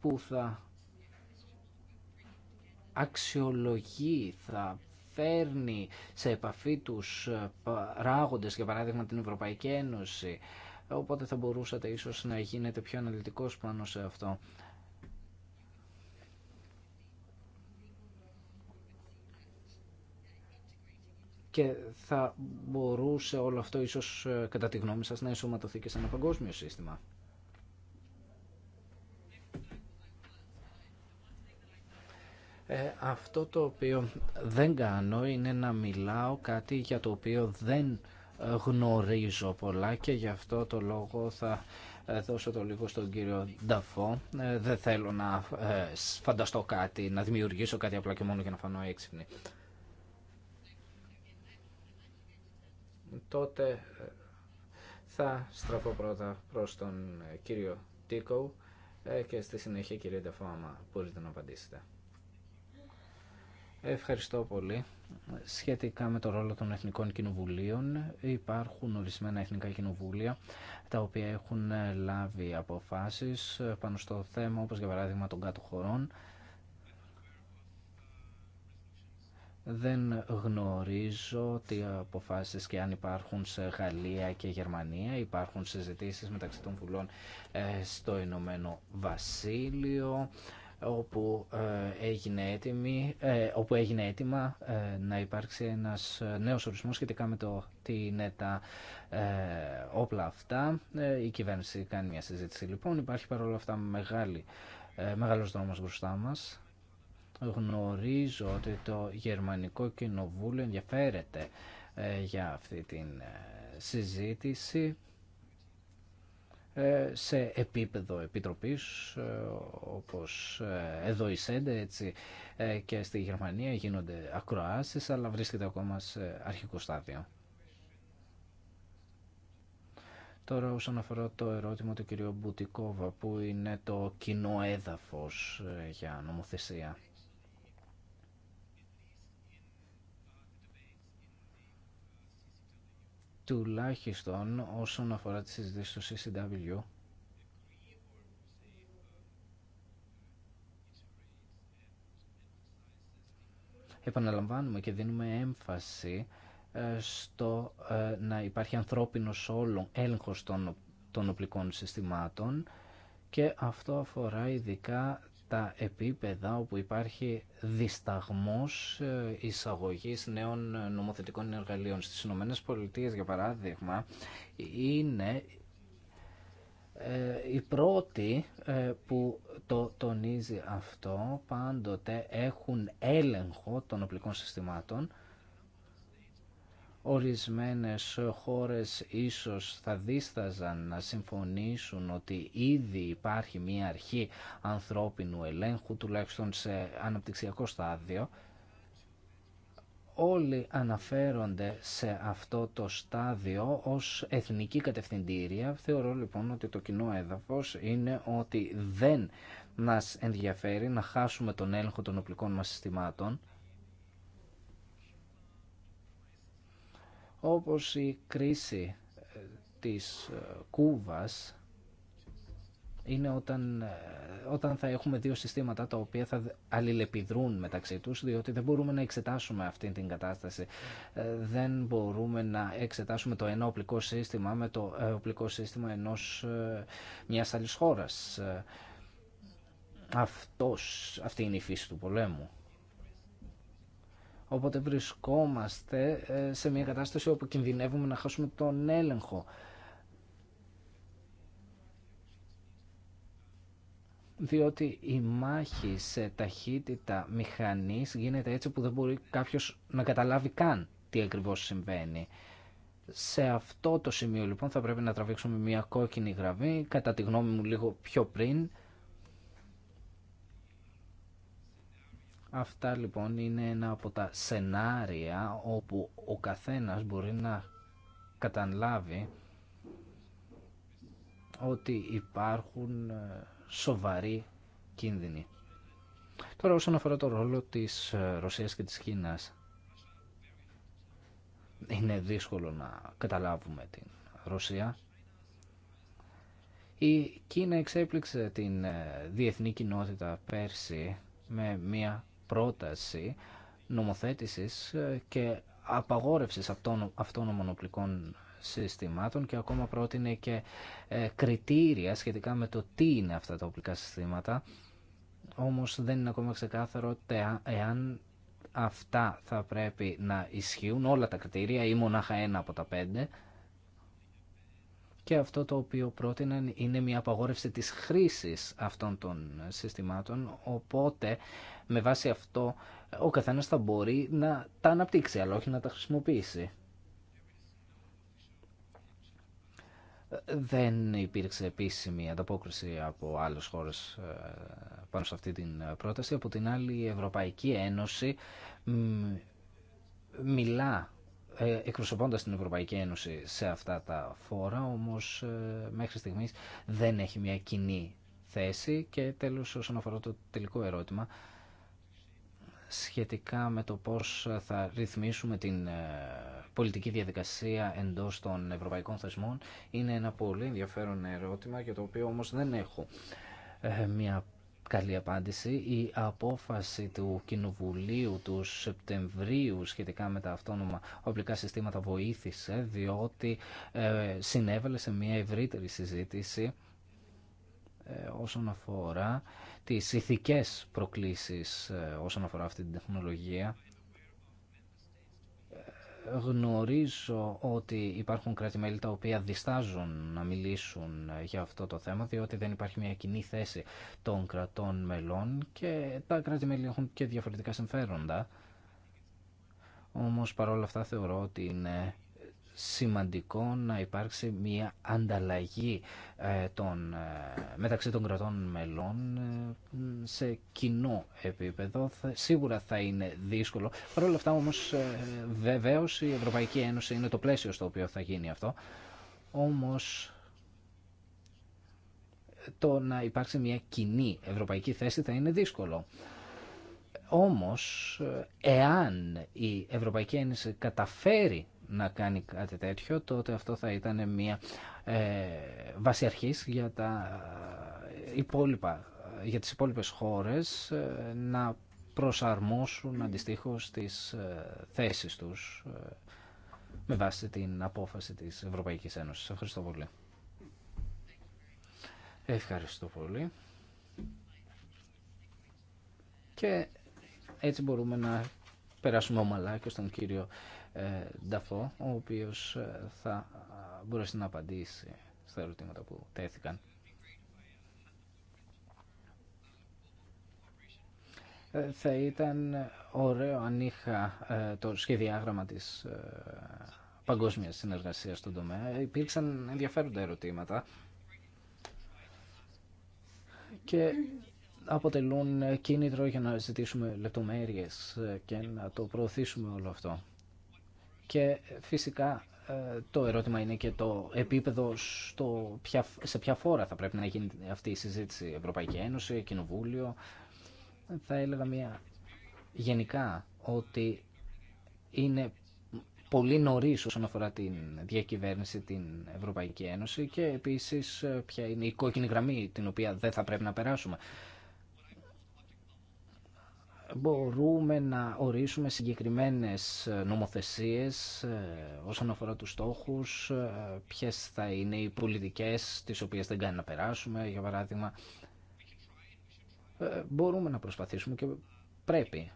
που θα αξιολογεί, θα φέρνει σε επαφή τους ε, ράγοντες, για παράδειγμα την Ευρωπαϊκή Ένωση, οπότε θα μπορούσατε ίσως να γίνετε πιο αναλυτικός πάνω σε αυτό. και θα μπορούσε όλο αυτό ίσως ε, κατά τη γνώμη σας να ενσωματωθεί και σε ένα παγκόσμιο σύστημα. Ε, αυτό το οποίο δεν κάνω είναι να μιλάω κάτι για το οποίο δεν ε, γνωρίζω πολλά και γι' αυτό το λόγο θα δώσω το λίγο στον κύριο Νταφό. δεν θέλω να φανταστώ κάτι, να δημιουργήσω κάτι απλά και μόνο για να φανώ έξυπνη. τότε ε, θα στραφώ πρώτα προς τον ε, κύριο Τίκο ε, και στη συνέχεια κύριε άμα μπορείτε να απαντήσετε. Ευχαριστώ πολύ. Σχετικά με το ρόλο των Εθνικών Κοινοβουλίων, υπάρχουν ορισμένα Εθνικά Κοινοβούλια τα οποία έχουν λάβει αποφάσεις πάνω στο θέμα, όπως για παράδειγμα των κάτω χωρών, Δεν γνωρίζω τι αποφάσει και αν υπάρχουν σε Γαλλία και Γερμανία. Υπάρχουν συζητήσει μεταξύ των βουλών ε, στο Ηνωμένο Βασίλειο όπου ε, έγινε, ε, όπου έγινε έτοιμα να υπάρξει ένας νέος ορισμός σχετικά με το τι είναι τα όπλα αυτά. η κυβέρνηση κάνει μια συζήτηση λοιπόν. Υπάρχει παρόλα αυτά μεγάλη, μεγάλος δρόμος μπροστά μας γνωρίζω ότι το Γερμανικό Κοινοβούλιο ενδιαφέρεται ε, για αυτή την ε, συζήτηση ε, σε επίπεδο επιτροπής όπως εδώ η έτσι και στη Γερμανία γίνονται ακροάσεις αλλά βρίσκεται ακόμα σε αρχικό στάδιο. Τώρα όσον αφορά το ερώτημα του κυρίου Μπουτικόβα που είναι το κοινό έδαφος για νομοθεσία. τουλάχιστον όσον αφορά τις συζητήσεις του CCW επαναλαμβάνουμε και δίνουμε έμφαση ε, στο ε, να υπάρχει ανθρώπινος όλων, έλεγχος των, των οπλικών συστημάτων και αυτό αφορά ειδικά τα επίπεδα όπου υπάρχει δισταγμός ε, εισαγωγής νέων ε, νομοθετικών εργαλείων. Στις Ηνωμένες Πολιτείες, για παράδειγμα, είναι ε, η πρώτη που το τονίζει αυτό πάντοτε έχουν έλεγχο των οπλικών συστημάτων Ορισμένες χώρες ίσως θα δίσταζαν να συμφωνήσουν ότι ήδη υπάρχει μια αρχή ανθρώπινου ελέγχου, τουλάχιστον σε αναπτυξιακό στάδιο. Όλοι αναφέρονται σε αυτό το στάδιο ως εθνική κατευθυντήρια. Θεωρώ λοιπόν ότι το κοινό έδαφος είναι ότι δεν μας ενδιαφέρει να χάσουμε τον έλεγχο των οπλικών μας συστημάτων όπως η κρίση ε, της ε, Κούβας είναι όταν, ε, όταν θα έχουμε δύο συστήματα τα οποία θα αλληλεπιδρούν μεταξύ τους, διότι δεν μπορούμε να εξετάσουμε αυτή την κατάσταση. Δεν μπορούμε να εξετάσουμε το ένα οπλικό σύστημα με το οπλικό σύστημα ενός μιας άλλης χώρας. Αυτός, αυτή είναι η φύση του πολέμου. Οπότε βρισκόμαστε ε, σε μια κατάσταση όπου κινδυνεύουμε να χάσουμε τον έλεγχο. διότι η μάχη σε ταχύτητα μηχανής γίνεται έτσι που δεν μπορεί κάποιος να καταλάβει καν τι ακριβώς συμβαίνει. Σε αυτό το σημείο λοιπόν θα πρέπει να τραβήξουμε μια κόκκινη γραμμή, κατά τη γνώμη μου λίγο πιο πριν, Αυτά λοιπόν είναι ένα από τα σενάρια όπου ο καθένας μπορεί να καταλάβει ότι υπάρχουν ε, σοβαροί κίνδυνοι. Τώρα όσον αφορά το ρόλο της ε, Ρωσίας και της Κίνας, είναι δύσκολο να καταλάβουμε την Ρωσία. Η Κίνα εξέπληξε την ε, διεθνή κοινότητα πέρσι με μια πρόταση νομοθέτησης ε, και απαγόρευσης αυτόνομων μονοπλικών συστημάτων και ακόμα πρότεινε και ε, κριτήρια σχετικά με το τι είναι αυτά τα οπλικά συστήματα. Όμως δεν είναι ακόμα ξεκάθαρο εάν αυτά θα πρέπει να ισχύουν όλα τα κριτήρια ή μονάχα ένα από τα πέντε και αυτό το οποίο πρότειναν είναι μια απαγόρευση της χρήσης αυτών των συστημάτων, οπότε με βάση αυτό ο καθένας θα μπορεί να τα αναπτύξει, αλλά όχι να τα χρησιμοποιήσει. Δεν υπήρξε επίσημη ανταπόκριση από άλλες χώρες ε, πάνω σε αυτή την πρόταση. Από την άλλη, η Ευρωπαϊκή Ένωση μιλά ε, εκπροσωπώντας την Ευρωπαϊκή Ένωση σε αυτά τα φόρα, όμως ε, μέχρι στιγμής δεν έχει μια κοινή θέση. Και τέλος, όσον αφορά το τελικό ερώτημα, σχετικά με το πώς θα ρυθμίσουμε την ε, πολιτική διαδικασία εντός των ευρωπαϊκών θεσμών, είναι ένα πολύ ενδιαφέρον ερώτημα, για το οποίο όμως δεν έχω μια καλή απάντηση. Η απόφαση του Κοινοβουλίου του Σεπτεμβρίου σχετικά με τα αυτόνομα οπλικά συστήματα βοήθησε διότι ε, συνέβαλε σε μια ευρύτερη συζήτηση ε, όσον αφορά τις ηθικές προκλήσεις ε, όσον αφορά αυτή την τεχνολογία γνωρίζω ότι υπάρχουν κράτη-μέλη τα οποία διστάζουν να μιλήσουν για αυτό το θέμα διότι δεν υπάρχει μια κοινή θέση των κρατών μελών και τα κράτη-μέλη έχουν και διαφορετικά συμφέροντα. Όμως παρόλα αυτά θεωρώ ότι είναι σημαντικό να υπάρξει μια ανταλλαγή ε, των, ε, μεταξύ των κρατών μελών ε, σε κοινό επίπεδο. Σίγουρα θα είναι δύσκολο. Παρ' όλα αυτά όμως βεβαίως η Ευρωπαϊκή Ένωση είναι το πλαίσιο στο οποίο θα γίνει αυτό. Όμως το να υπάρξει μια κοινή ευρωπαϊκή θέση θα είναι δύσκολο. Όμως, εάν η Ευρωπαϊκή Ένωση καταφέρει να κάνει κάτι τέτοιο, τότε αυτό θα ήταν μια ε, για τα ε, υπόλοιπα, για τις υπόλοιπες χώρες ε, να προσαρμόσουν αντιστοίχως τις ε, θέσεις τους ε, με βάση την απόφαση της Ευρωπαϊκής Ένωσης. Ευχαριστώ πολύ. Ευχαριστώ πολύ. Και έτσι μπορούμε να περάσουμε ομαλά και στον κύριο ε, Νταφό, ο οποίος ε, θα ε, μπορέσει να απαντήσει στα ερωτήματα που τέθηκαν. Θα ήταν ωραίο αν είχα το σχεδιάγραμμα της παγκόσμιας συνεργασίας στον τομέα. Υπήρξαν ενδιαφέροντα ερωτήματα και αποτελούν κίνητρο για να ζητήσουμε λεπτομέρειες και να το προωθήσουμε όλο αυτό. Και φυσικά ε, το ερώτημα είναι και το επίπεδο στο σε ποια φόρα θα πρέπει να γίνει αυτή η συζήτηση. Ευρωπαϊκή Ένωση, Κοινοβούλιο. Θα έλεγα μια γενικά ότι είναι πολύ νωρί όσον αφορά την διακυβέρνηση την Ευρωπαϊκή Ένωση και επίσης ε, ποια είναι η κόκκινη γραμμή την οποία δεν θα πρέπει να περάσουμε μπορούμε να ορίσουμε συγκεκριμένες νομοθεσίες ε, όσον αφορά τους στόχους, ε, ποιες θα είναι οι πολιτικές τις οποίες δεν κάνει να περάσουμε, για παράδειγμα. Ε, μπορούμε να προσπαθήσουμε και πρέπει.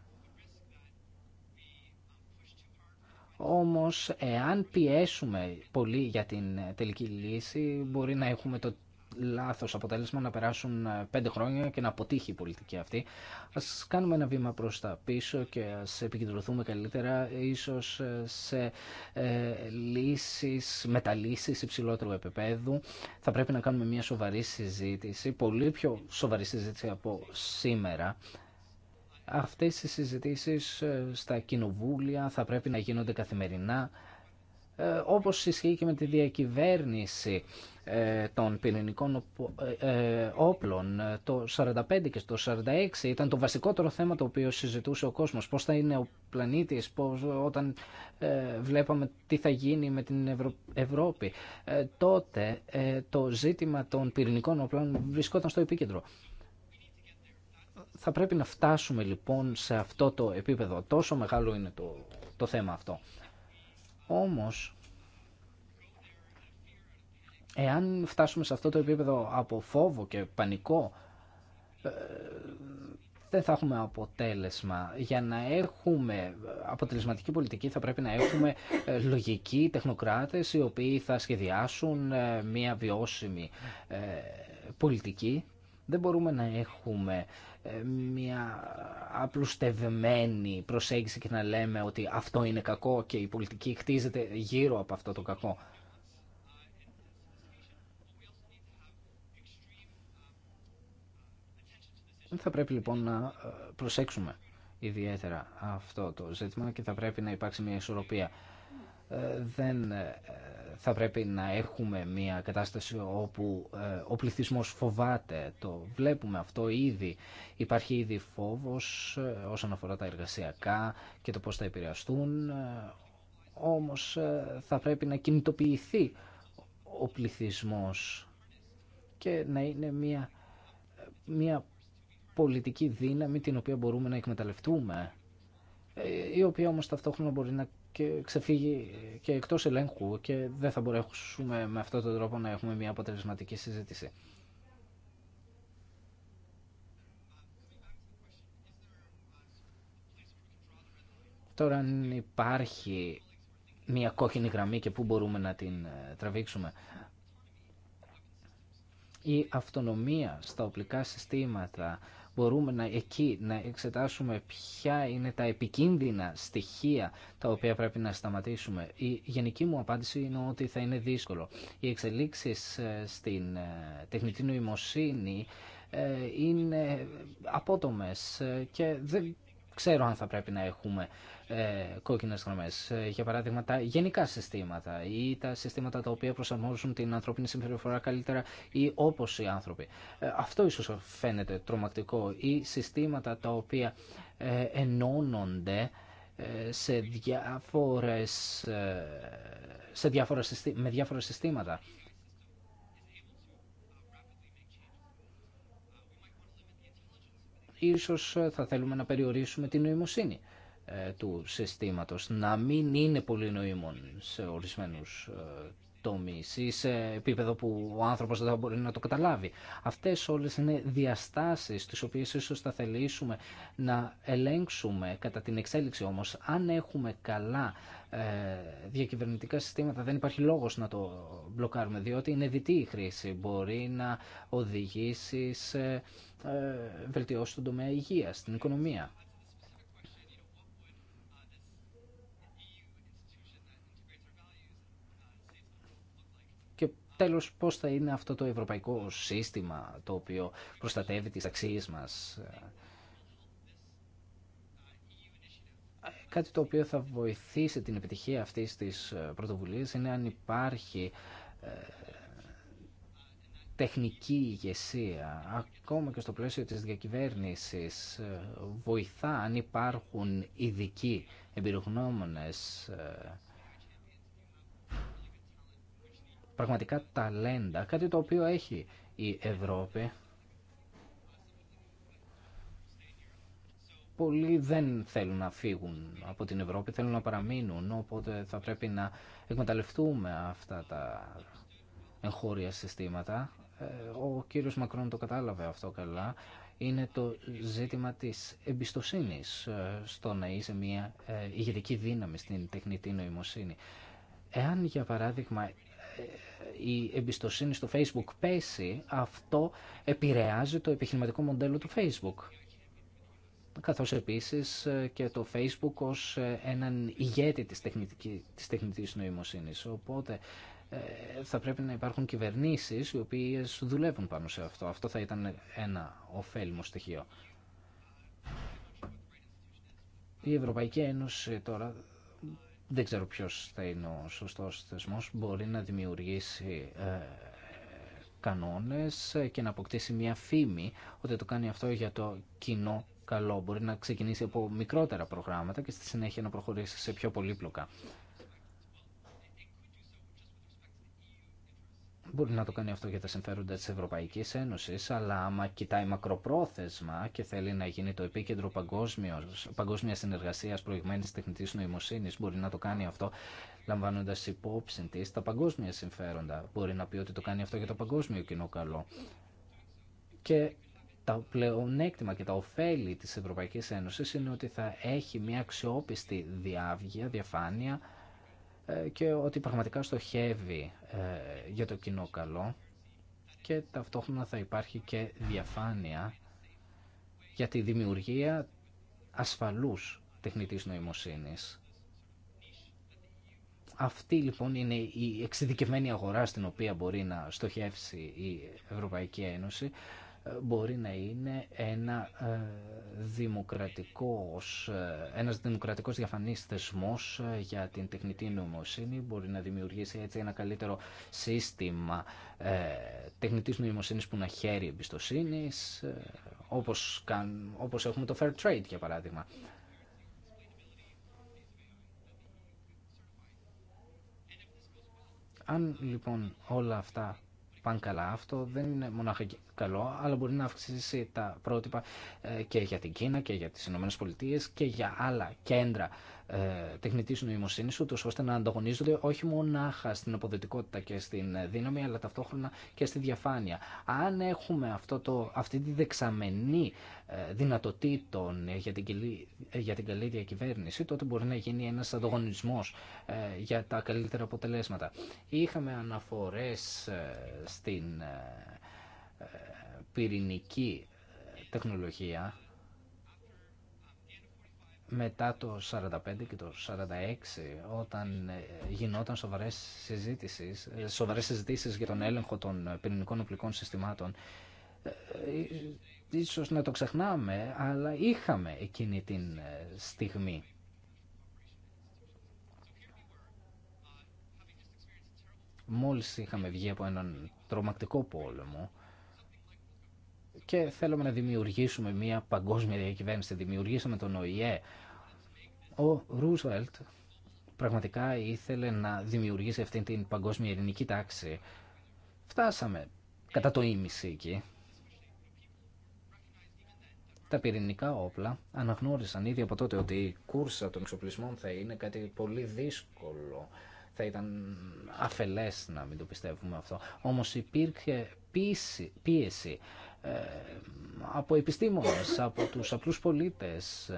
Όμως, εάν πιέσουμε πολύ για την τελική λύση, μπορεί να έχουμε το λάθος αποτέλεσμα να περάσουν ε, πέντε χρόνια και να αποτύχει η πολιτική αυτή. Α κάνουμε ένα βήμα προ τα πίσω και α επικεντρωθούμε καλύτερα ίσως ε, σε ε, λύσεις, μεταλύσει υψηλότερου επίπεδου. Θα πρέπει να κάνουμε μια σοβαρή συζήτηση, πολύ πιο σοβαρή συζήτηση από σήμερα, Αυτές οι συζητήσεις στα κοινοβούλια θα πρέπει να γίνονται καθημερινά ε, όπως ισχύει και με τη διακυβέρνηση ε, των πυρηνικών ε, όπλων το 45 και το 46 ήταν το βασικότερο θέμα το οποίο συζητούσε ο κόσμος πώς θα είναι ο πλανήτης πώς, όταν βλέπαμε τι θα γίνει με την Ευρώπη τότε το ζήτημα των πυρηνικών όπλων βρισκόταν στο επίκεντρο θα πρέπει να φτάσουμε λοιπόν σε αυτό το επίπεδο τόσο μεγάλο είναι το, το θέμα αυτό όμως, εάν φτάσουμε σε αυτό το επίπεδο από φόβο και πανικό, ε, δεν θα έχουμε αποτέλεσμα. Για να έχουμε αποτελεσματική πολιτική θα πρέπει να έχουμε ε, λογικοί τεχνοκράτες οι οποίοι θα σχεδιάσουν ε, μια βιώσιμη πολιτική δεν μπορούμε να έχουμε ε, μια απλουστευμένη προσέγγιση και να λέμε ότι αυτό είναι κακό και η πολιτική χτίζεται γύρω από αυτό το κακό. Θα πρέπει λοιπόν να ε, προσέξουμε ιδιαίτερα αυτό το ζήτημα και θα πρέπει να υπάρξει μια ισορροπία ε, δεν ε, θα πρέπει να έχουμε μια κατάσταση όπου ε, ο πληθυσμός φοβάται. Το βλέπουμε αυτό ήδη. Υπάρχει ήδη φόβος όσον αφορά τα εργασιακά και το πώς θα επηρεαστούν. Όμως θα πρέπει να κινητοποιηθεί ο πληθυσμός και να είναι μια, μια πολιτική δύναμη την οποία μπορούμε να εκμεταλλευτούμε η οποία όμως ταυτόχρονα μπορεί να και ξεφύγει και εκτός ελέγχου και δεν θα μπορέσουμε με αυτόν τον τρόπο να έχουμε μια αποτελεσματική συζήτηση. Τώρα αν υπάρχει μια κόκκινη γραμμή και πού μπορούμε να την ε, τραβήξουμε. Η αυτονομία στα οπλικά συστήματα μπορούμε να, εκεί να εξετάσουμε ποια είναι τα επικίνδυνα στοιχεία τα οποία πρέπει να σταματήσουμε. Η γενική μου απάντηση είναι ότι θα είναι δύσκολο. Οι εξελίξεις ε, στην ε, τεχνητή νοημοσύνη ε, είναι απότομες και δεν ξέρω αν θα πρέπει να έχουμε ε, κόκκινε γραμμέ. Ε, για παράδειγμα, τα γενικά συστήματα ή τα συστήματα τα οποία προσαρμόζουν την ανθρώπινη συμπεριφορά καλύτερα ή όπω οι άνθρωποι. Ε, αυτό ίσω φαίνεται τρομακτικό. Ή συστήματα τα οποία ε, ενώνονται σε διάφορες, σε με διάφορα συστήματα. ίσως ε, θα θέλουμε να περιορίσουμε την νοημοσύνη ε, του συστήματος, να μην είναι πολύ νοήμων σε ορισμένους ε, τομείς ή σε επίπεδο που ο άνθρωπος δεν θα μπορεί να το καταλάβει. Αυτές όλες είναι διαστάσεις τις οποίες ίσως θα θελήσουμε να ελέγξουμε κατά την εξέλιξη όμως. Αν έχουμε καλά ε, διακυβερνητικά συστήματα δεν υπάρχει λόγος να το μπλοκάρουμε διότι είναι δυτή η χρήση. Μπορεί να οδηγήσει σε ε, βελτιώσει στον τομέα υγεία στην οικονομία. τέλος πώς θα είναι αυτό το ευρωπαϊκό σύστημα το οποίο προστατεύει τις αξίες μας. Κάτι το οποίο θα βοηθήσει την επιτυχία αυτής της ε, πρωτοβουλίας είναι αν υπάρχει ε, τεχνική ηγεσία, ακόμα και στο πλαίσιο της διακυβέρνησης, ε, βοηθά αν υπάρχουν ειδικοί εμπειρογνώμονες πραγματικά ταλέντα, κάτι το οποίο έχει η Ευρώπη. Πολλοί δεν θέλουν να φύγουν από την Ευρώπη, θέλουν να παραμείνουν, οπότε θα πρέπει να εκμεταλλευτούμε αυτά τα εγχώρια συστήματα. Ε, ο κύριος Μακρόν το κατάλαβε αυτό καλά. Είναι το ζήτημα της εμπιστοσύνης ε, στο να είσαι μια ε, ηγετική δύναμη στην τεχνητή νοημοσύνη. Εάν για παράδειγμα η εμπιστοσύνη στο Facebook πέσει, αυτό επηρεάζει το επιχειρηματικό μοντέλο του Facebook. Καθώς επίσης ε, και το Facebook ως ε, έναν ηγέτη της, τεχνητική, της τεχνητής νοημοσύνης. Οπότε ε, θα πρέπει να υπάρχουν κυβερνήσεις οι οποίες δουλεύουν πάνω σε αυτό. Αυτό θα ήταν ένα ωφέλιμο στοιχείο. Η Ευρωπαϊκή Ένωση τώρα δεν ξέρω ποιος θα είναι ο σωστός θεσμός, μπορεί να δημιουργήσει ε, κανόνες και να αποκτήσει μια φήμη ότι το κάνει αυτό για το κοινό καλό. Μπορεί να ξεκινήσει από μικρότερα προγράμματα και στη συνέχεια να προχωρήσει σε πιο πολύπλοκα Μπορεί να το κάνει αυτό για τα συμφέροντα της Ευρωπαϊκής Ένωσης, αλλά άμα κοιτάει μακροπρόθεσμα και θέλει να γίνει το επίκεντρο παγκόσμια συνεργασία προηγμένη τεχνητή νοημοσύνη, μπορεί να το κάνει αυτό λαμβάνοντα υπόψη τη τα παγκόσμια συμφέροντα. Μπορεί να πει ότι το κάνει αυτό για το παγκόσμιο κοινό καλό. Και τα πλεονέκτημα και τα ωφέλη της Ευρωπαϊκής Ένωσης είναι ότι θα έχει μια αξιόπιστη διάβγεια, διαφάνεια, ε, και ότι πραγματικά στοχεύει ε, για το κοινό καλό και ταυτόχρονα θα υπάρχει και διαφάνεια για τη δημιουργία ασφαλούς τεχνητής νοημοσύνης. Αυτή λοιπόν είναι η εξειδικευμένη αγορά στην οποία μπορεί να στοχεύσει η Ευρωπαϊκή Ένωση ε, μπορεί να είναι ένα ε, δημοκρατικός, ε, ένας δημοκρατικός διαφανής θεσμός για την τεχνητή νοημοσύνη. Μπορεί να δημιουργήσει έτσι ένα καλύτερο σύστημα ε, τεχνητής νοημοσύνης που να χαίρει εμπιστοσύνη, όπως, όπως έχουμε το Fair Trade για παράδειγμα. Αν λοιπόν όλα αυτά πάνε καλά. Αυτό δεν είναι μονάχα καλό, αλλά μπορεί να αυξήσει τα πρότυπα ε, και για την Κίνα και για τις Ηνωμένες Πολιτείες και για άλλα κέντρα ε, τεχνητή νοημοσύνη, ούτω ώστε να ανταγωνίζονται όχι μονάχα στην αποδοτικότητα και στην ε, δύναμη, αλλά ταυτόχρονα και στη διαφάνεια. Αν έχουμε αυτό το, αυτή τη δεξαμενή ε, δυνατοτήτων για την, καλή, για την καλή διακυβέρνηση, τότε μπορεί να γίνει ένα ανταγωνισμό για τα καλύτερα αποτελέσματα. Είχαμε αναφορέ στην πυρηνική τεχνολογία μετά το 45 και το 46 όταν ε, γινόταν σοβαρές συζήτησεις, ε, σοβαρές συζητήσεις για τον έλεγχο των πυρηνικών οπλικών συστημάτων ε, ίσως να το ξεχνάμε αλλά είχαμε εκείνη την στιγμή μόλις είχαμε βγει από έναν τρομακτικό πόλεμο και θέλουμε να δημιουργήσουμε μια παγκόσμια διακυβέρνηση. Δημιουργήσαμε τον ΟΗΕ. Ο Ρούσβελτ πραγματικά ήθελε να δημιουργήσει αυτή την παγκόσμια ειρηνική τάξη. Φτάσαμε κατά το ίμιση εκεί. Τα πυρηνικά όπλα αναγνώρισαν ήδη από τότε ότι η κούρσα των εξοπλισμών θα είναι κάτι πολύ δύσκολο. Θα ήταν αφελές να μην το πιστεύουμε αυτό. Όμως υπήρχε πίεση, πίεση ε, από επιστήμονες, από τους απλούς πολίτες.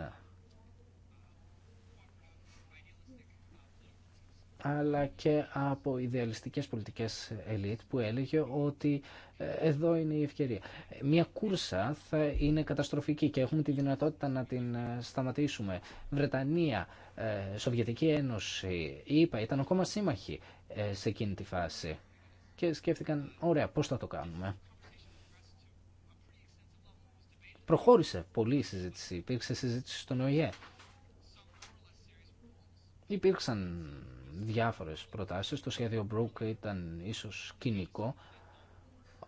αλλά και από ιδεαλιστικές πολιτικές ελίτ που έλεγε ότι ε, εδώ είναι η ευκαιρία. Μια κούρσα θα είναι καταστροφική και έχουμε τη δυνατότητα να την ε, σταματήσουμε. Βρετανία, Σοβιετική Ένωση, είπα, ήταν ακόμα σύμμαχοι σε εκείνη τη φάση και σκέφτηκαν ωραία πώς θα το κάνουμε. Προχώρησε πολύ η συζήτηση, υπήρξε συζήτηση στον ΟΗΕ. Υπήρξαν διάφορες προτάσεις, το σχέδιο Brook ήταν ίσως κοινικό,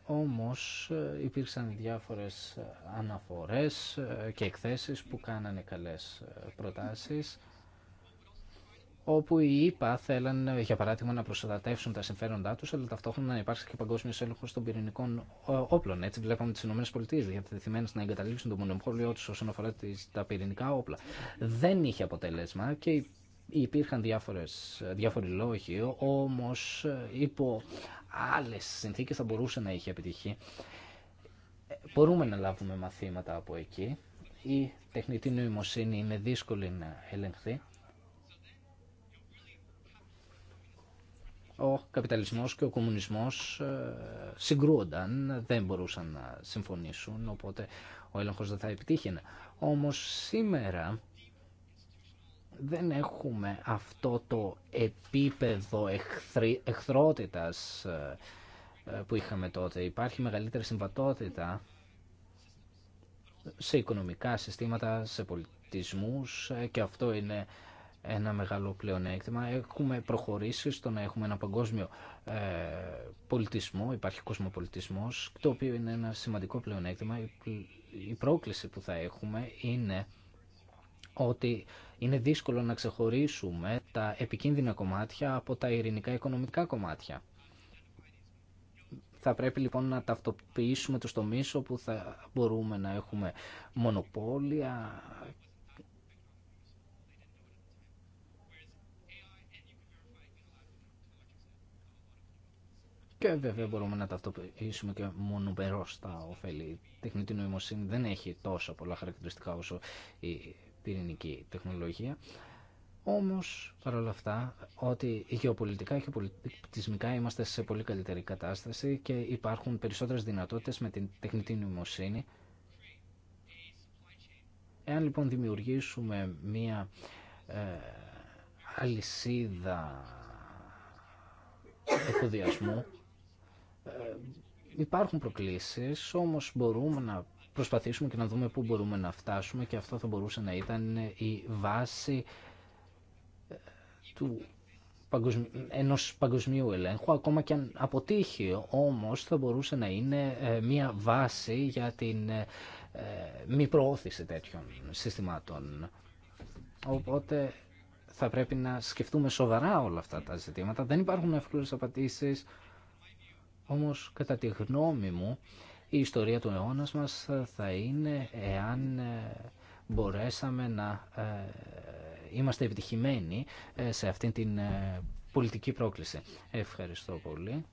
όμως ε, υπήρξαν διάφορες αναφορές ε, και εκθέσεις που κάνανε καλές ε, προτάσεις όπου οι ΗΠΑ θέλαν, για παράδειγμα, να προστατεύσουν τα συμφέροντά του, αλλά ταυτόχρονα να υπάρξει και παγκόσμιο έλεγχο των πυρηνικών ε, όπλων. Έτσι, βλέπαμε τι ΗΠΑ διατεθειμένε να εγκαταλείψουν το μονοπόλιο του όσον αφορά τα πυρηνικά όπλα. Δεν είχε αποτέλεσμα και υπήρχαν διάφορες, διάφοροι λόγοι, όμω, ε, υπό άλλε συνθήκε θα μπορούσε να είχε επιτυχεί. Μπορούμε να λάβουμε μαθήματα από εκεί. Η τεχνητή νοημοσύνη είναι δύσκολη να ελεγχθεί ο καπιταλισμός και ο κομμουνισμός ε, συγκρούονταν, δεν μπορούσαν να συμφωνήσουν, οπότε ο έλεγχος δεν θα επιτύχαινε. Όμως σήμερα δεν έχουμε αυτό το επίπεδο εχθρότητας ε, ε, που είχαμε τότε. Υπάρχει μεγαλύτερη συμβατότητα σε οικονομικά συστήματα, σε πολιτισμούς και αυτό είναι ένα μεγάλο πλεονέκτημα. Έχουμε προχωρήσει στο να έχουμε ένα παγκόσμιο ε, πολιτισμό, υπάρχει κοσμοπολιτισμός, το οποίο είναι ένα σημαντικό πλεονέκτημα. Η πρόκληση που θα έχουμε είναι ότι είναι δύσκολο να ξεχωρίσουμε τα επικίνδυνα κομμάτια από τα ειρηνικά οικονομικά κομμάτια. Θα πρέπει λοιπόν να ταυτοποιήσουμε το στομίσο που θα μπορούμε να έχουμε μονοπόλια Και βέβαια μπορούμε να ταυτοποιήσουμε και μονοπερό τα ωφέλη. Η τεχνητή νοημοσύνη δεν έχει τόσο πολλά χαρακτηριστικά όσο η πυρηνική τεχνολογία. Όμως, παρόλα αυτά, ότι γεωπολιτικά και πολιτισμικά είμαστε σε πολύ καλύτερη κατάσταση και υπάρχουν περισσότερες δυνατότητες με την τεχνητή νοημοσύνη. Εάν λοιπόν δημιουργήσουμε μία ε, αλυσίδα εφοδιασμού ε, υπάρχουν προκλήσεις, όμως μπορούμε να προσπαθήσουμε και να δούμε πού μπορούμε να φτάσουμε και αυτό θα μπορούσε να ήταν η βάση ε, του παγκοσμι... ενός παγκοσμίου ελέγχου, ακόμα και αν αποτύχει, όμως θα μπορούσε να είναι ε, μια βάση για την μη προώθηση τέτοιων συστημάτων. Οπότε θα πρέπει να σκεφτούμε σοβαρά όλα αυτά τα ζητήματα. Δεν υπάρχουν εύκολες απαντήσεις όμως κατά τη γνώμη μου η ιστορία του αιώνας μας θα είναι εάν ε, μπορέσαμε να ε, είμαστε επιτυχημένοι ε, σε αυτήν την πολιτική πρόκληση. Ευχαριστώ πολύ.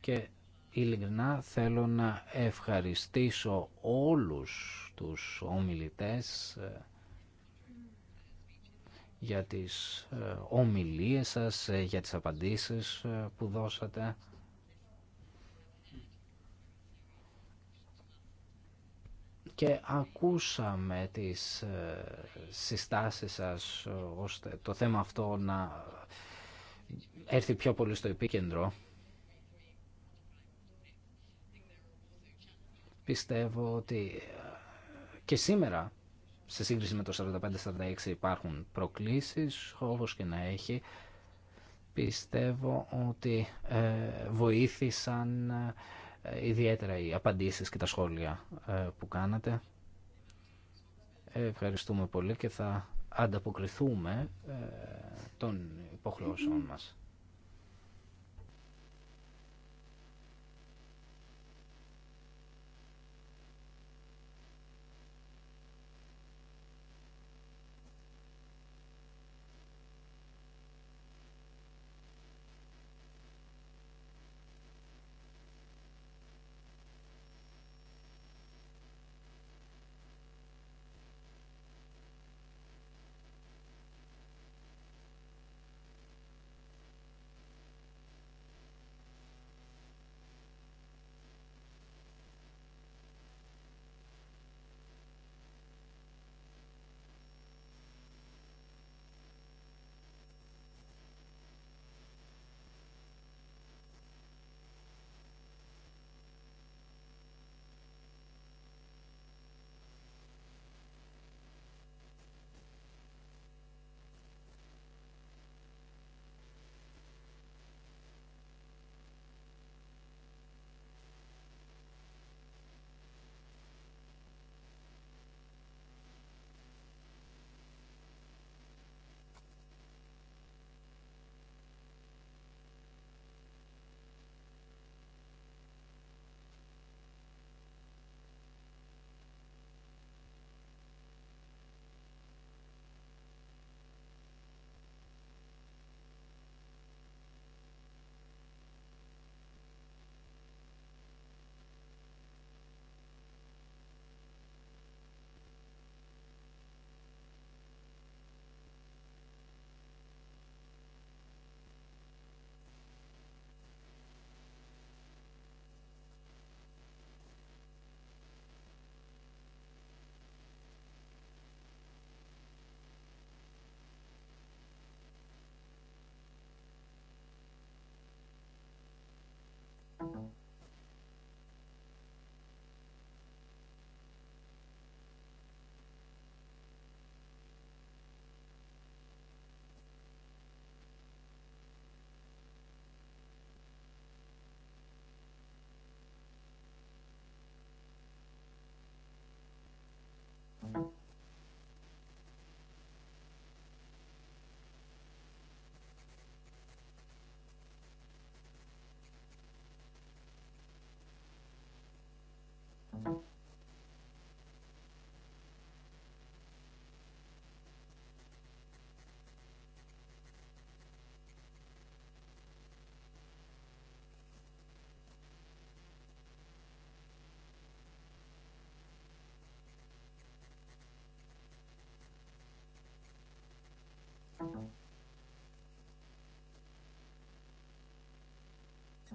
Και ειλικρινά θέλω να ευχαριστήσω όλους τους ομιλητές για τις ε, ομιλίες σας, ε, για τις απαντήσεις ε, που δώσατε. και ακούσαμε τις συστάσεις σας ώστε το θέμα αυτό να έρθει πιο πολύ στο επίκεντρο. Πιστεύω ότι και σήμερα σε σύγκριση με το 45-46 υπάρχουν προκλήσεις, όπως και να έχει. Πιστεύω ότι ε, βοήθησαν ε, ιδιαίτερα οι απαντήσεις και τα σχόλια ε, που κάνατε. Ευχαριστούμε πολύ και θα ανταποκριθούμε των υποχρεώσεων μας.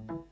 Thank you.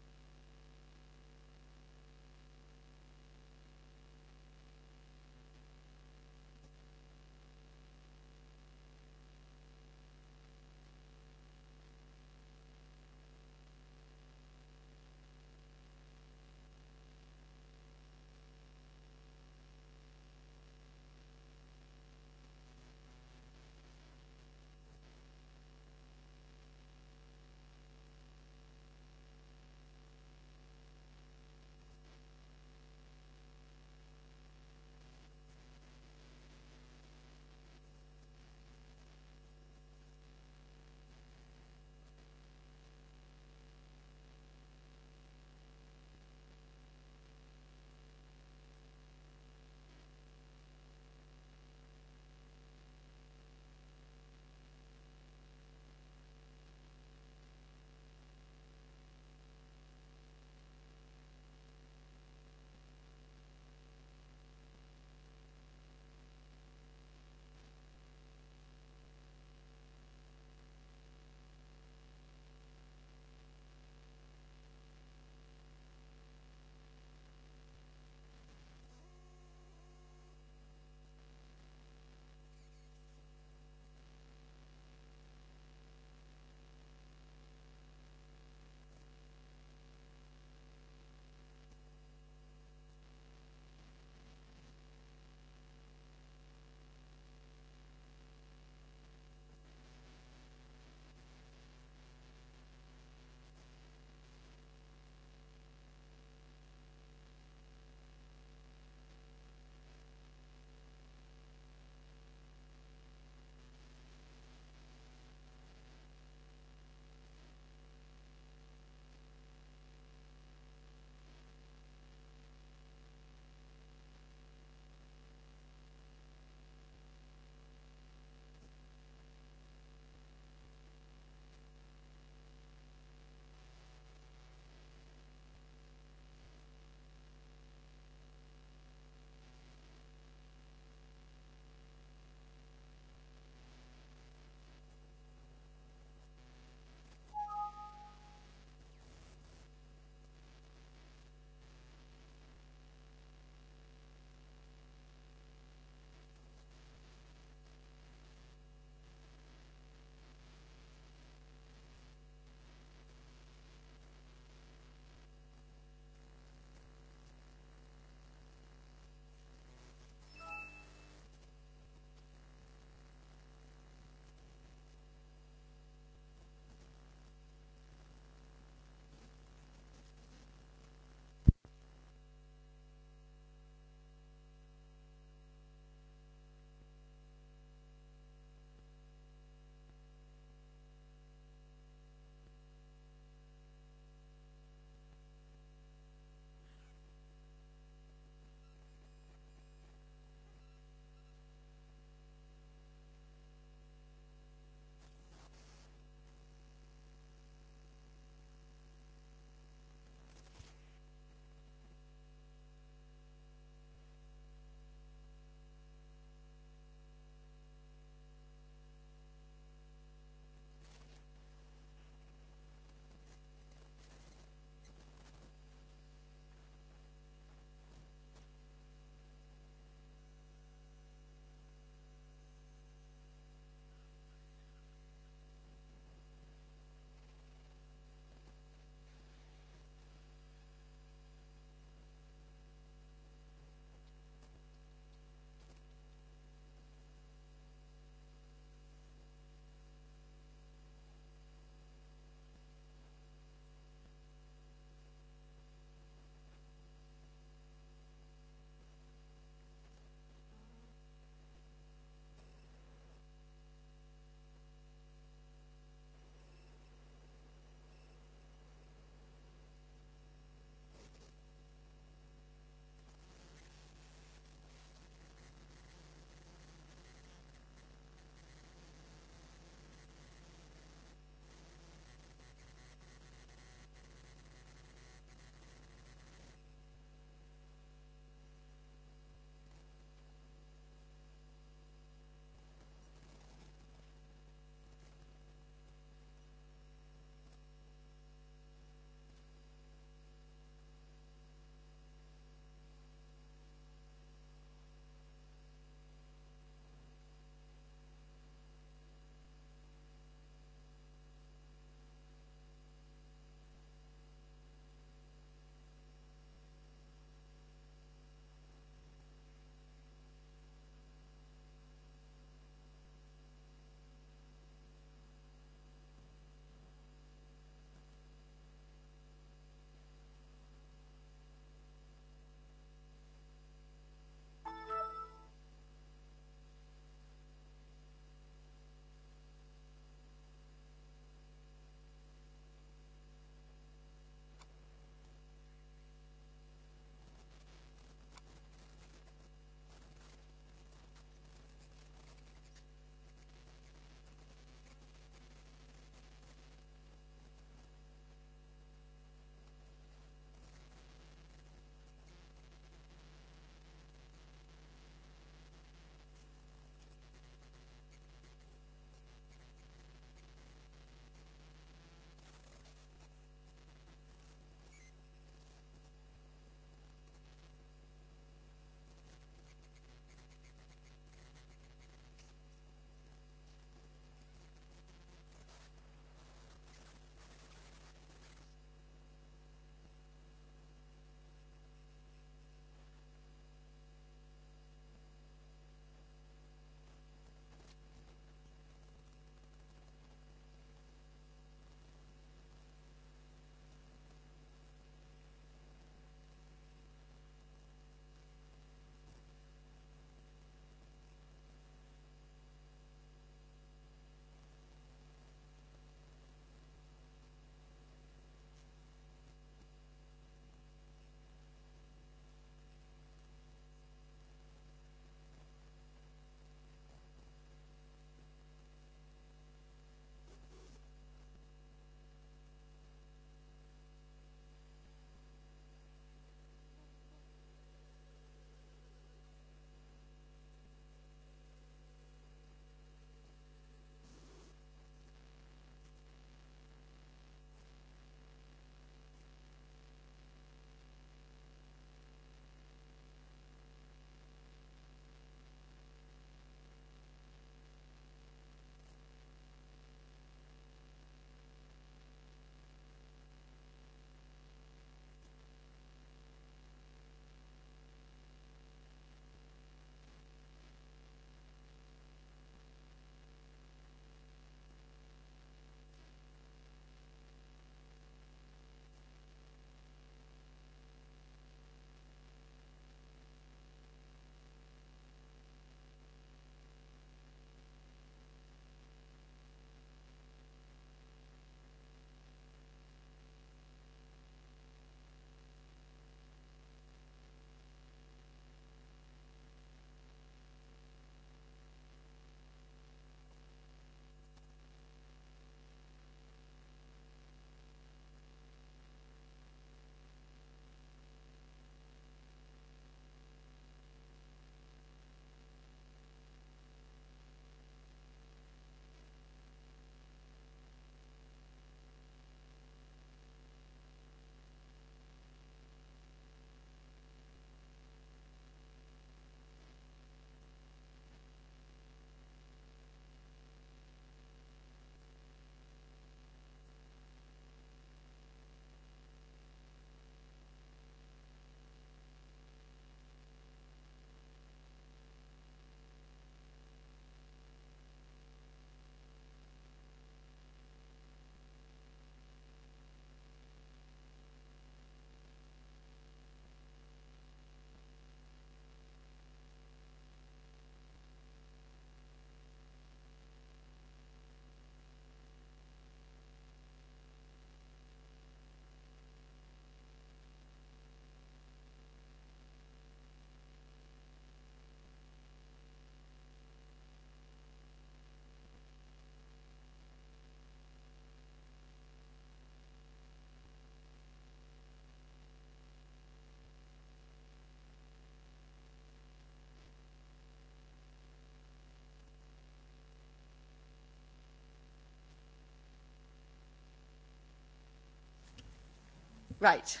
Right.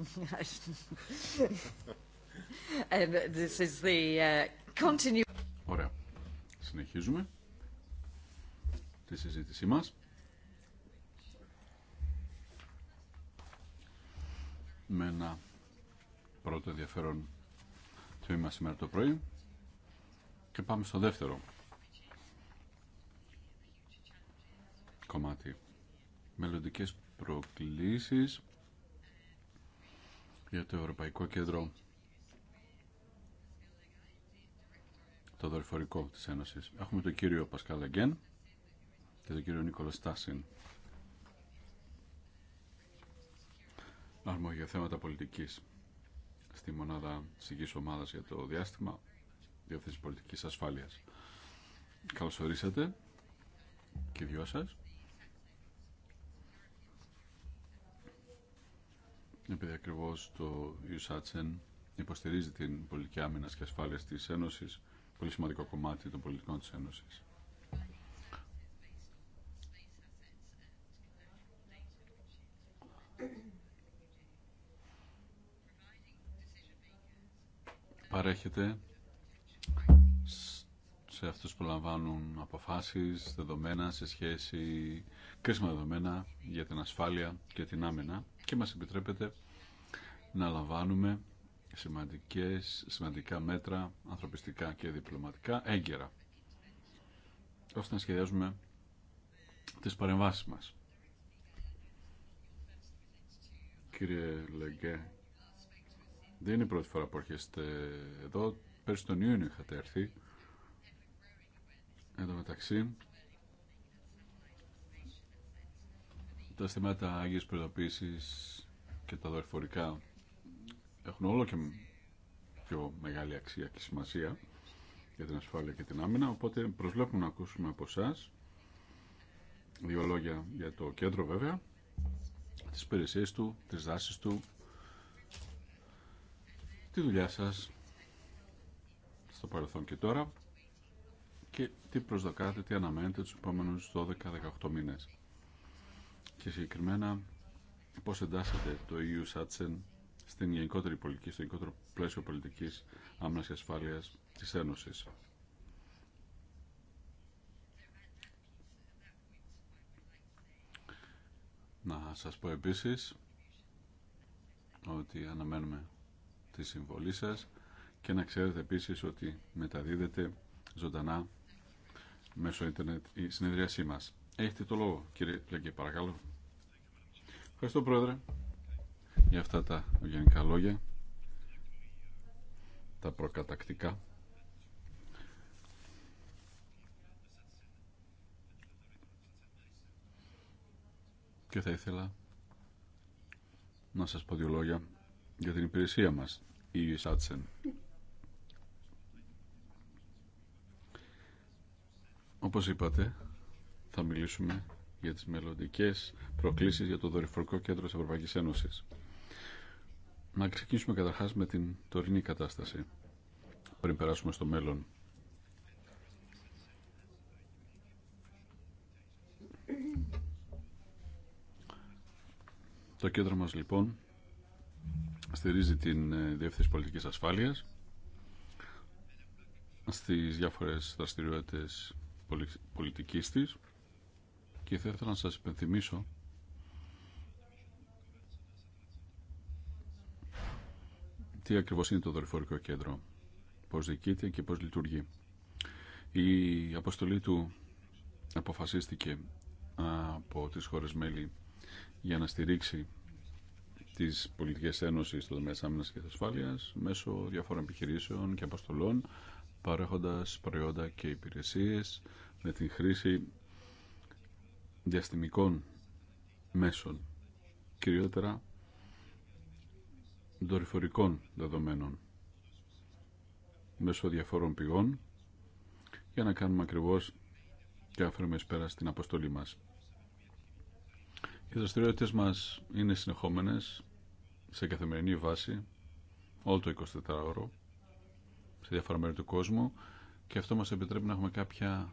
And this is the uh, Ωραία. Συνεχίζουμε τη συζήτησή μας. Με ένα πρώτο ενδιαφέρον τμήμα σήμερα το πρωί και πάμε στο δεύτερο κομμάτι. Μελλοντικές προκλήσεις για το Ευρωπαϊκό Κέντρο το δορυφορικό της Ένωσης. Έχουμε τον κύριο Πασκάλ Αγγέν και τον κύριο Νίκολο Στάσιν. Άρμο για θέματα πολιτικής στη μονάδα ψυχής ομάδας για το διάστημα διεύθυνση πολιτικής ασφάλειας. Καλώς ορίσατε και δυο σας. επειδή ακριβώ το ΙΟΥΣΑΤΣΕΝ υποστηρίζει την πολιτική άμυνα και ασφάλεια τη Ένωση, πολύ σημαντικό κομμάτι των πολιτικών τη Ένωση. Παρέχεται σε αυτούς που λαμβάνουν αποφάσεις, δεδομένα σε σχέση, κρίσιμα δεδομένα για την ασφάλεια και την άμυνα και μας επιτρέπεται να λαμβάνουμε σημαντικές, σημαντικά μέτρα ανθρωπιστικά και διπλωματικά έγκαιρα ώστε να σχεδιάζουμε τις παρεμβάσεις μας. Κύριε Λεγκέ, δεν είναι η πρώτη φορά που έρχεστε εδώ. Πέρσι τον Ιούνιο είχατε έρθει. Εν μεταξύ, τα στήματα άγιες προειδοποίησης και τα δορυφορικά έχουν όλο και πιο μεγάλη αξία και σημασία για την ασφάλεια και την άμυνα, οπότε προσβλέπουμε να ακούσουμε από εσά δύο λόγια για το κέντρο βέβαια, τις υπηρεσίε του, τις δάσεις του, τη δουλειά σας στο παρελθόν και τώρα και τι προσδοκάτε, τι αναμένετε τους επόμενους 12-18 μήνες και συγκεκριμένα πώς εντάσσεται το EU SATSEN στην γενικότερη πολιτική, στο γενικότερο πλαίσιο πολιτικής άμυνας και ασφάλειας της Ένωσης. Να σας πω επίσης ότι αναμένουμε τη συμβολή σας και να ξέρετε επίσης ότι μεταδίδεται ζωντανά μέσω ίντερνετ η συνεδρίασή μας. Έχετε το λόγο κύριε Λέγκε παρακαλώ. Ευχαριστώ Πρόεδρε για αυτά τα γενικά λόγια, τα προκατακτικά. Και θα ήθελα να σας πω δύο λόγια για την υπηρεσία μας, η ΣΑΤΣΕΝ. Όπως είπατε, θα μιλήσουμε για τις μελλοντικέ προκλήσεις για το Δορυφορικό Κέντρο της Ευρωπαϊκής Ένωσης. Να ξεκινήσουμε καταρχάς με την τωρινή κατάσταση πριν περάσουμε στο μέλλον. Το κέντρο μας λοιπόν στηρίζει την ε, Διεύθυνση Πολιτικής Ασφάλειας στις διάφορες δραστηριότητες πολιτικής της και θα ήθελα να σας υπενθυμίσω τι ακριβώς είναι το δορυφορικό κέντρο, πώς διοικείται και πώς λειτουργεί. Η αποστολή του αποφασίστηκε από τις χώρες μέλη για να στηρίξει τις πολιτικές ένωσης στο τομέα άμυνας και ασφάλειας μέσω διαφόρων επιχειρήσεων και αποστολών παρέχοντας προϊόντα και υπηρεσίες με την χρήση διαστημικών μέσων, κυριότερα δορυφορικών δεδομένων μέσω διαφόρων πηγών για να κάνουμε ακριβώς και να πέρα στην αποστολή μας. Οι δραστηριότητε μας είναι συνεχόμενες σε καθημερινή βάση όλο το 24ωρο σε διάφορα μέρη του κόσμου και αυτό μας επιτρέπει να έχουμε κάποια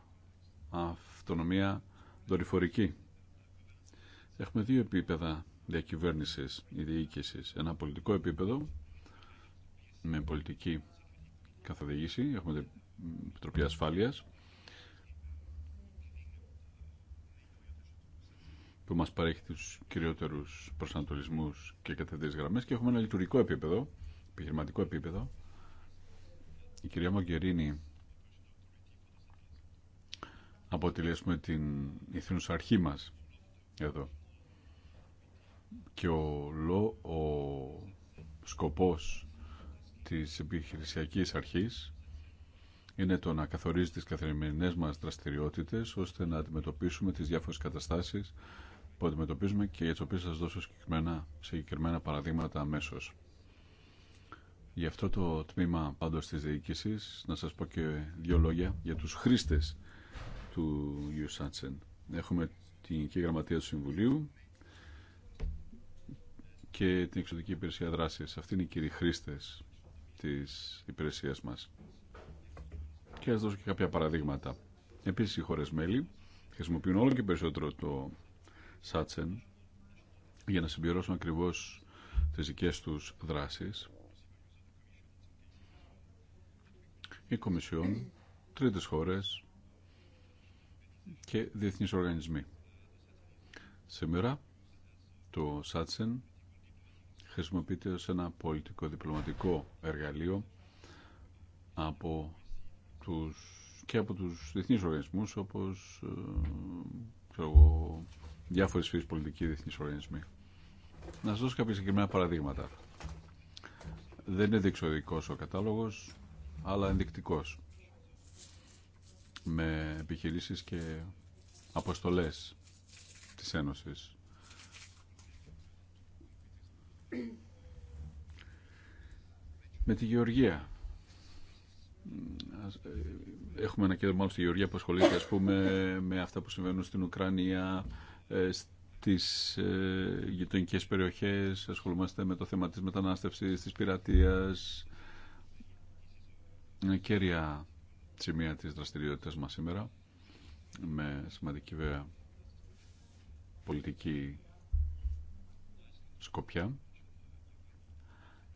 αυτονομία δορυφορική. Έχουμε δύο επίπεδα διακυβέρνησης, διοίκησης. Ένα πολιτικό επίπεδο με πολιτική καθοδήγηση. Έχουμε την Επιτροπή Ασφάλειας που μας παρέχει τους κυριότερους προσανατολισμούς και κατευθυντές γραμμές και έχουμε ένα λειτουργικό επίπεδο, επιχειρηματικό επίπεδο. Η κυρία Μογκερίνη αποτελέσουμε την ηθήνουσα αρχή μας εδώ. Και ο, λο, ο σκοπός της επιχειρησιακής αρχής είναι το να καθορίζει τις καθημερινές μας δραστηριότητες ώστε να αντιμετωπίσουμε τις διάφορες καταστάσεις που αντιμετωπίζουμε και για τις οποίες σας δώσω συγκεκριμένα, συγκεκριμένα παραδείγματα αμέσω. Γι' αυτό το τμήμα πάντως της διοίκησης να σας πω και δύο λόγια για τους χρήστες του ΣΑΤΣΕΝ. Έχουμε την Γενική Γραμματεία του Συμβουλίου και την Εξωτική Υπηρεσία δράση. Αυτοί είναι οι κύριοι χρήστε της υπηρεσίας μας. Και α δώσω και κάποια παραδείγματα. Επίση οι χώρε μέλη χρησιμοποιούν όλο και περισσότερο το Σάτσεν για να συμπληρώσουν ακριβώς τι δικέ τους δράσεις. Η Κομισιόν, τρίτε χώρε και διεθνείς οργανισμοί. Σήμερα το ΣΑΤΣΕΝ χρησιμοποιείται ως ένα πολιτικό διπλωματικό εργαλείο από τους, και από τους διεθνείς οργανισμούς όπως ε, ξέρω, διάφορες φύσεις πολιτικοί διεθνείς οργανισμοί. Να σας δώσω κάποια συγκεκριμένα παραδείγματα. Δεν είναι διεξοδικός ο κατάλογος, αλλά ενδεικτικός με επιχειρήσεις και αποστολές της Ένωσης. Με τη Γεωργία. Έχουμε ένα κέντρο μάλλον στη Γεωργία που ασχολείται ας πούμε με αυτά που συμβαίνουν στην Ουκρανία, ε, στις ε, γειτονικέ περιοχές, ασχολούμαστε με το θέμα της μετανάστευσης, της πειρατείας, ε, κέρια σημεία της δραστηριότητας μας σήμερα με σημαντική βέβαια πολιτική σκοπιά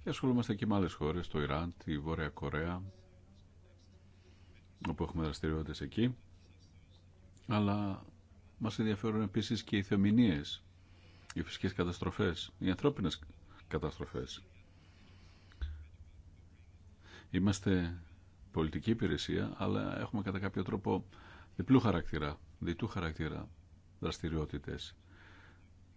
και ασχολούμαστε και με άλλες χώρες, το Ιράν, τη Βόρεια Κορέα όπου έχουμε δραστηριότητες εκεί αλλά μας ενδιαφέρουν επίσης και οι θεομηνίες οι φυσικές καταστροφές οι ανθρώπινες καταστροφές Είμαστε πολιτική υπηρεσία, αλλά έχουμε κατά κάποιο τρόπο διπλού χαρακτήρα, διτού χαρακτήρα δραστηριότητες.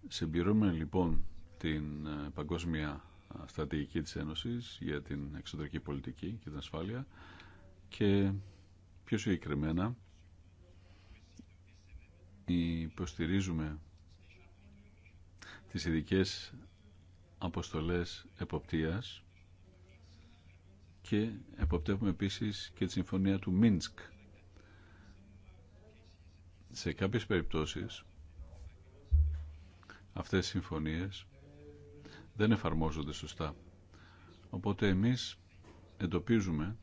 Συμπληρώνουμε λοιπόν την ε, παγκόσμια στρατηγική της Ένωσης για την εξωτερική πολιτική και την ασφάλεια και πιο συγκεκριμένα υποστηρίζουμε τις ειδικές αποστολές εποπτείας και εποπτεύουμε επίσης και τη συμφωνία του Μίνσκ. Σε κάποιες περιπτώσεις αυτές οι συμφωνίες δεν εφαρμόζονται σωστά. Οπότε εμείς εντοπίζουμε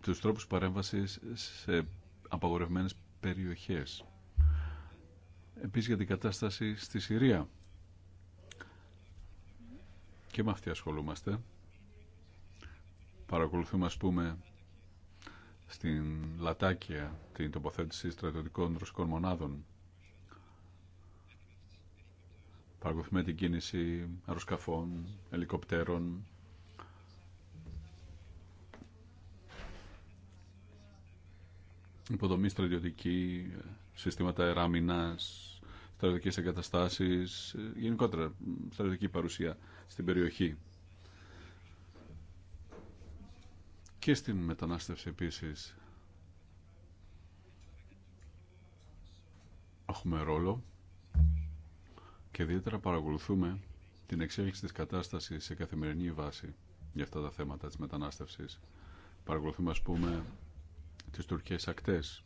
τους τρόπους παρέμβασης σε απαγορευμένες περιοχές. Επίσης για την κατάσταση στη Συρία και με αυτή ασχολούμαστε. Παρακολουθούμε, ας πούμε, στην Λατάκια την τοποθέτηση στρατιωτικών ρωσικών μονάδων. Παρακολουθούμε την κίνηση αεροσκαφών, ελικοπτέρων. Υποδομή στρατιωτική, συστήματα εράμινας, στρατιωτικές εγκαταστάσεις, ε, γενικότερα στρατιωτική παρουσία στην περιοχή. Και στην μετανάστευση επίσης έχουμε ρόλο και ιδιαίτερα παρακολουθούμε την εξέλιξη της κατάστασης σε καθημερινή βάση για αυτά τα θέματα της μετανάστευσης. Παρακολουθούμε, ας πούμε, τις τουρκικές ακτές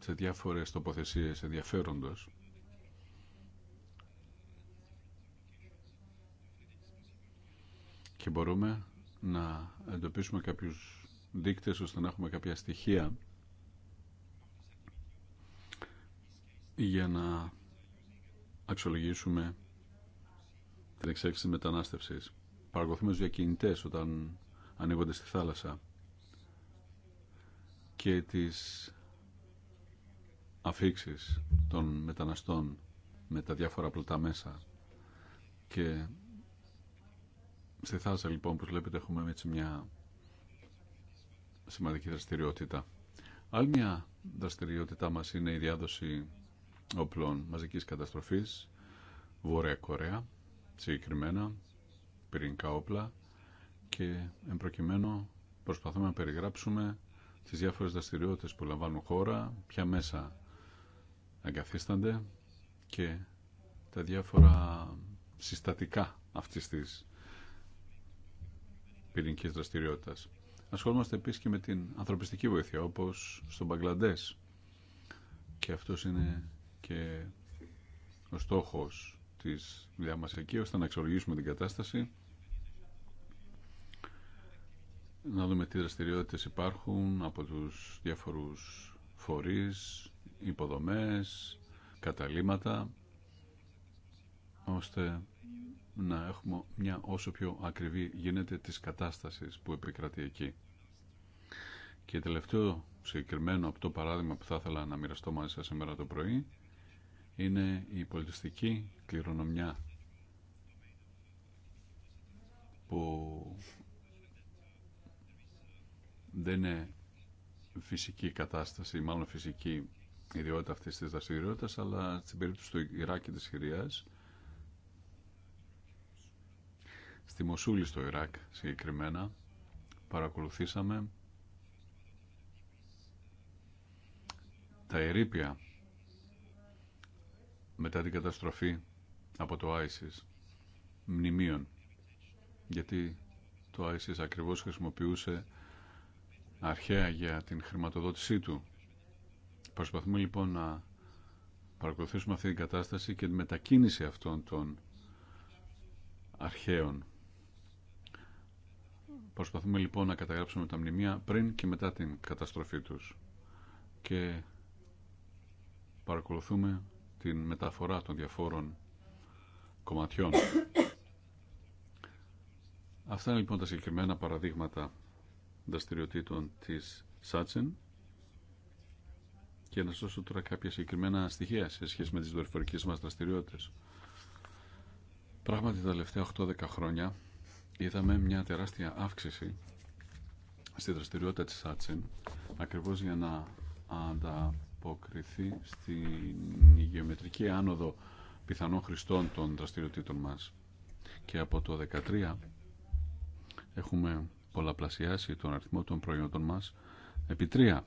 σε διάφορες τοποθεσίες ενδιαφέροντος και μπορούμε να εντοπίσουμε κάποιους δείκτες ώστε να έχουμε κάποια στοιχεία για να αξιολογήσουμε την εξέλιξη της μετανάστευσης. Παρακολουθούμε τους διακινητές όταν ανοίγονται στη θάλασσα και τις αφήξεις των μεταναστών με τα διάφορα πλωτά μέσα και στη θάλασσα λοιπόν που βλέπετε έχουμε έτσι μια σημαντική δραστηριότητα. Άλλη μια δραστηριότητά μας είναι η διάδοση όπλων μαζικής καταστροφής Βόρεια Κορέα συγκεκριμένα πυρηνικά όπλα και εμπροκειμένου προσπαθούμε να περιγράψουμε τις διάφορες δραστηριότητες που λαμβάνουν χώρα, ποια μέσα αγκαθίστανται και τα διάφορα συστατικά αυτής της πυρηνικής δραστηριότητας. Ασχολούμαστε επίσης και με την ανθρωπιστική βοήθεια, όπως στον Μπαγκλαντές. Και αυτός είναι και ο στόχος της δουλειά μας εκεί, ώστε να εξοργήσουμε την κατάσταση, να δούμε τι δραστηριότητες υπάρχουν από τους διάφορους φορείς, υποδομές, καταλήματα, ώστε να έχουμε μια όσο πιο ακριβή γίνεται της κατάστασης που επικρατεί εκεί. Και τελευταίο συγκεκριμένο από το παράδειγμα που θα ήθελα να μοιραστώ μαζί σας σήμερα το πρωί είναι η πολιτιστική κληρονομιά που δεν είναι φυσική κατάσταση, μάλλον φυσική ιδιότητα αυτής της δραστηριότητα, αλλά στην περίπτωση του Ιράκ και της Συρίας, στη Μοσούλη στο Ιράκ συγκεκριμένα, παρακολουθήσαμε τα ερήπια μετά την καταστροφή από το ISIS μνημείων γιατί το ISIS ακριβώς χρησιμοποιούσε αρχαία για την χρηματοδότησή του Προσπαθούμε λοιπόν να παρακολουθήσουμε αυτή την κατάσταση και τη μετακίνηση αυτών των αρχαίων. Προσπαθούμε λοιπόν να καταγράψουμε τα μνημεία πριν και μετά την καταστροφή τους και παρακολουθούμε την μεταφορά των διαφόρων κομματιών. Αυτά είναι λοιπόν τα συγκεκριμένα παραδείγματα δραστηριοτήτων της Σάτσεν και να σας δώσω τώρα κάποια συγκεκριμένα στοιχεία σε σχέση με τις δορυφορικές μας δραστηριότητες. Πράγματι τα τελευταία 8-10 χρόνια είδαμε μια τεράστια αύξηση στη δραστηριότητα της Άτσεν ακριβώς για να ανταποκριθεί στην γεωμετρική άνοδο πιθανών χρηστών των δραστηριοτήτων μας. Και από το 2013 έχουμε πολλαπλασιάσει τον αριθμό των προϊόντων μας επί τρία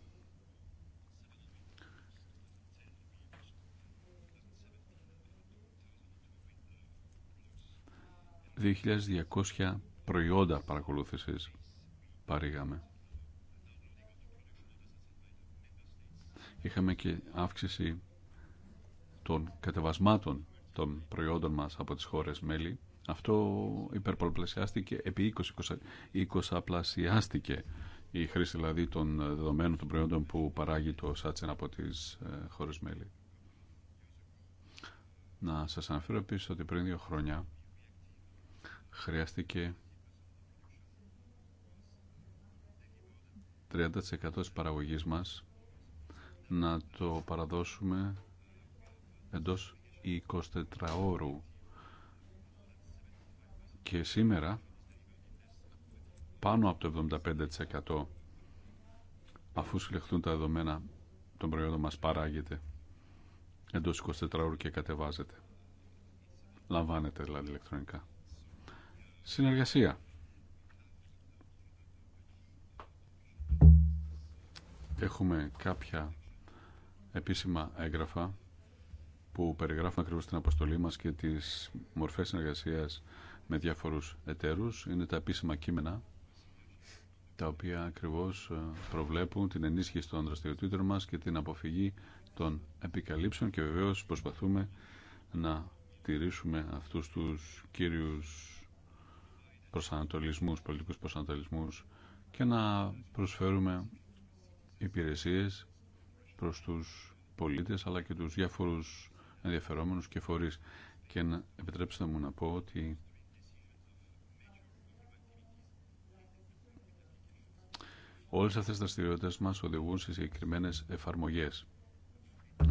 2.200 προϊόντα παρακολούθησης παρήγαμε. Είχαμε και αύξηση των κατεβασμάτων των προϊόντων μας από τις χώρες μέλη. Αυτό υπερπολπλασιάστηκε, επί 20, 20 πλασιάστηκε η χρήση δηλαδή των δεδομένων των προϊόντων που παράγει το Σάτσεν από τις ε, χώρες μέλη. Να σας αναφέρω επίσης ότι πριν δύο χρόνια χρειάστηκε 30% της παραγωγής μας να το παραδώσουμε εντός 24 ώρου και σήμερα πάνω από το 75% αφού συλλεχθούν τα δεδομένα των προϊόντων μας παράγεται εντός 24 ώρου και κατεβάζεται λαμβάνεται δηλαδή ηλεκτρονικά συνεργασία. Έχουμε κάποια επίσημα έγγραφα που περιγράφουν ακριβώς την αποστολή μας και τις μορφές συνεργασίας με διάφορους εταίρους. Είναι τα επίσημα κείμενα τα οποία ακριβώς ε, προβλέπουν την ενίσχυση των δραστηριοτήτων μας και την αποφυγή των επικαλύψεων και βεβαίως προσπαθούμε να τηρήσουμε αυτούς τους κύριους προσανατολισμούς, πολιτικούς προσανατολισμούς και να προσφέρουμε υπηρεσίες προς τους πολίτες αλλά και τους διάφορους ενδιαφερόμενους και φορείς. Και να, επιτρέψτε μου να πω ότι όλες αυτές τις δραστηριότητες μας οδηγούν σε συγκεκριμένε εφαρμογές.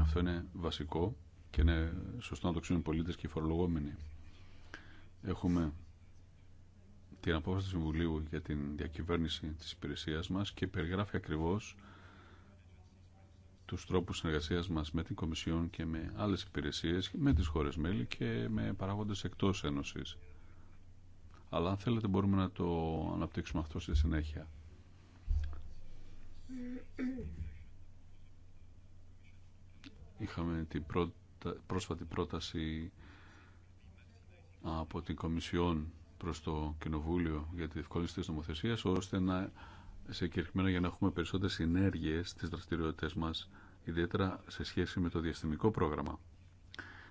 Αυτό είναι βασικό και είναι σωστό να το ξέρουν οι πολίτες και οι φορολογόμενοι. Έχουμε την απόφαση του Συμβουλίου για την διακυβέρνηση της υπηρεσίας μας και περιγράφει ακριβώς τους τρόπους συνεργασίας μας με την Κομισιόν και με άλλες υπηρεσίες, με τις χώρες μέλη και με παράγοντες εκτός Ένωσης. Αλλά αν θέλετε μπορούμε να το αναπτύξουμε αυτό στη συνέχεια. Είχαμε την πρόσφατη πρόταση από την Κομισιόν προς το Κοινοβούλιο για τη διευκόλυνση της νομοθεσίας ώστε να σε για να έχουμε περισσότερες συνέργειες στις δραστηριότητες μας ιδιαίτερα σε σχέση με το διαστημικό πρόγραμμα.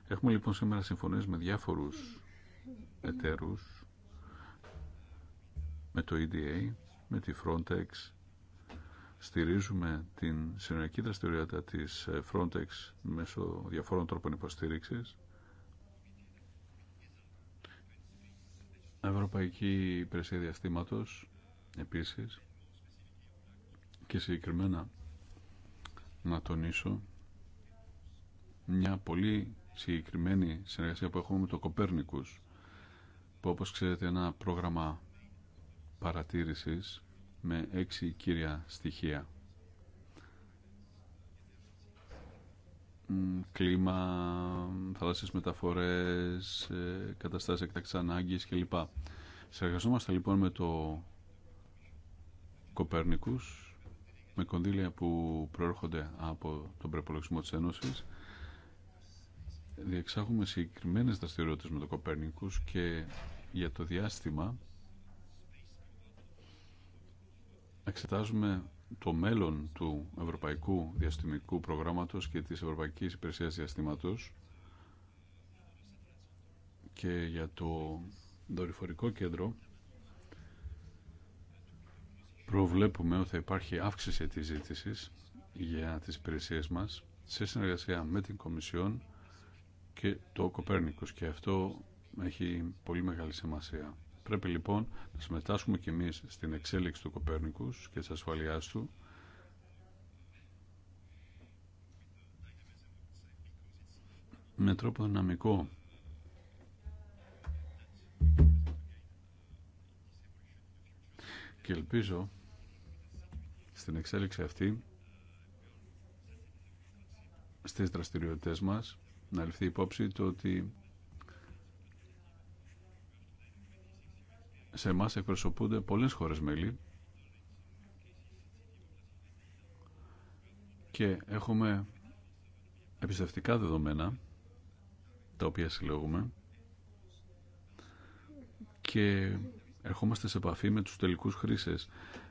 Έχουμε λοιπόν σήμερα συμφωνίες με διάφορους εταίρους με το EDA, με τη Frontex στηρίζουμε την συνολική δραστηριότητα της Frontex μέσω διαφόρων τρόπων υποστήριξης Ευρωπαϊκή Υπηρεσία Διαστήματος επίσης και συγκεκριμένα να τονίσω μια πολύ συγκεκριμένη συνεργασία που έχουμε με το Κοπέρνικους που όπως ξέρετε ένα πρόγραμμα παρατήρησης με έξι κύρια στοιχεία κλίμα, θαλασσίες μεταφορές, ε, καταστάσεις εκτάξης ανάγκης κλπ. Συνεργαζόμαστε λοιπόν με το Κοπέρνικους, με κονδύλια που προέρχονται από τον προπολογισμό της Ένωσης. Διεξάγουμε συγκεκριμένες δραστηριότητες με το Κοπέρνικους και για το διάστημα εξετάζουμε το μέλλον του Ευρωπαϊκού Διαστημικού Προγράμματος και της Ευρωπαϊκής Υπηρεσίας Διαστήματος και για το δορυφορικό κέντρο προβλέπουμε ότι θα υπάρχει αύξηση της ζήτησης για τις υπηρεσίες μας σε συνεργασία με την Κομισιόν και το Κοπέρνικος και αυτό έχει πολύ μεγάλη σημασία. Πρέπει λοιπόν να συμμετάσχουμε κι εμείς στην εξέλιξη του Κοπέρνικους και της ασφαλείας του με τρόπο δυναμικό και ελπίζω στην εξέλιξη αυτή στις δραστηριότητες μας να ληφθεί υπόψη το ότι σε εμά εκπροσωπούνται πολλές χώρες μέλη και έχουμε επιστευτικά δεδομένα τα οποία συλλέγουμε και ερχόμαστε σε επαφή με τους τελικούς χρήσες.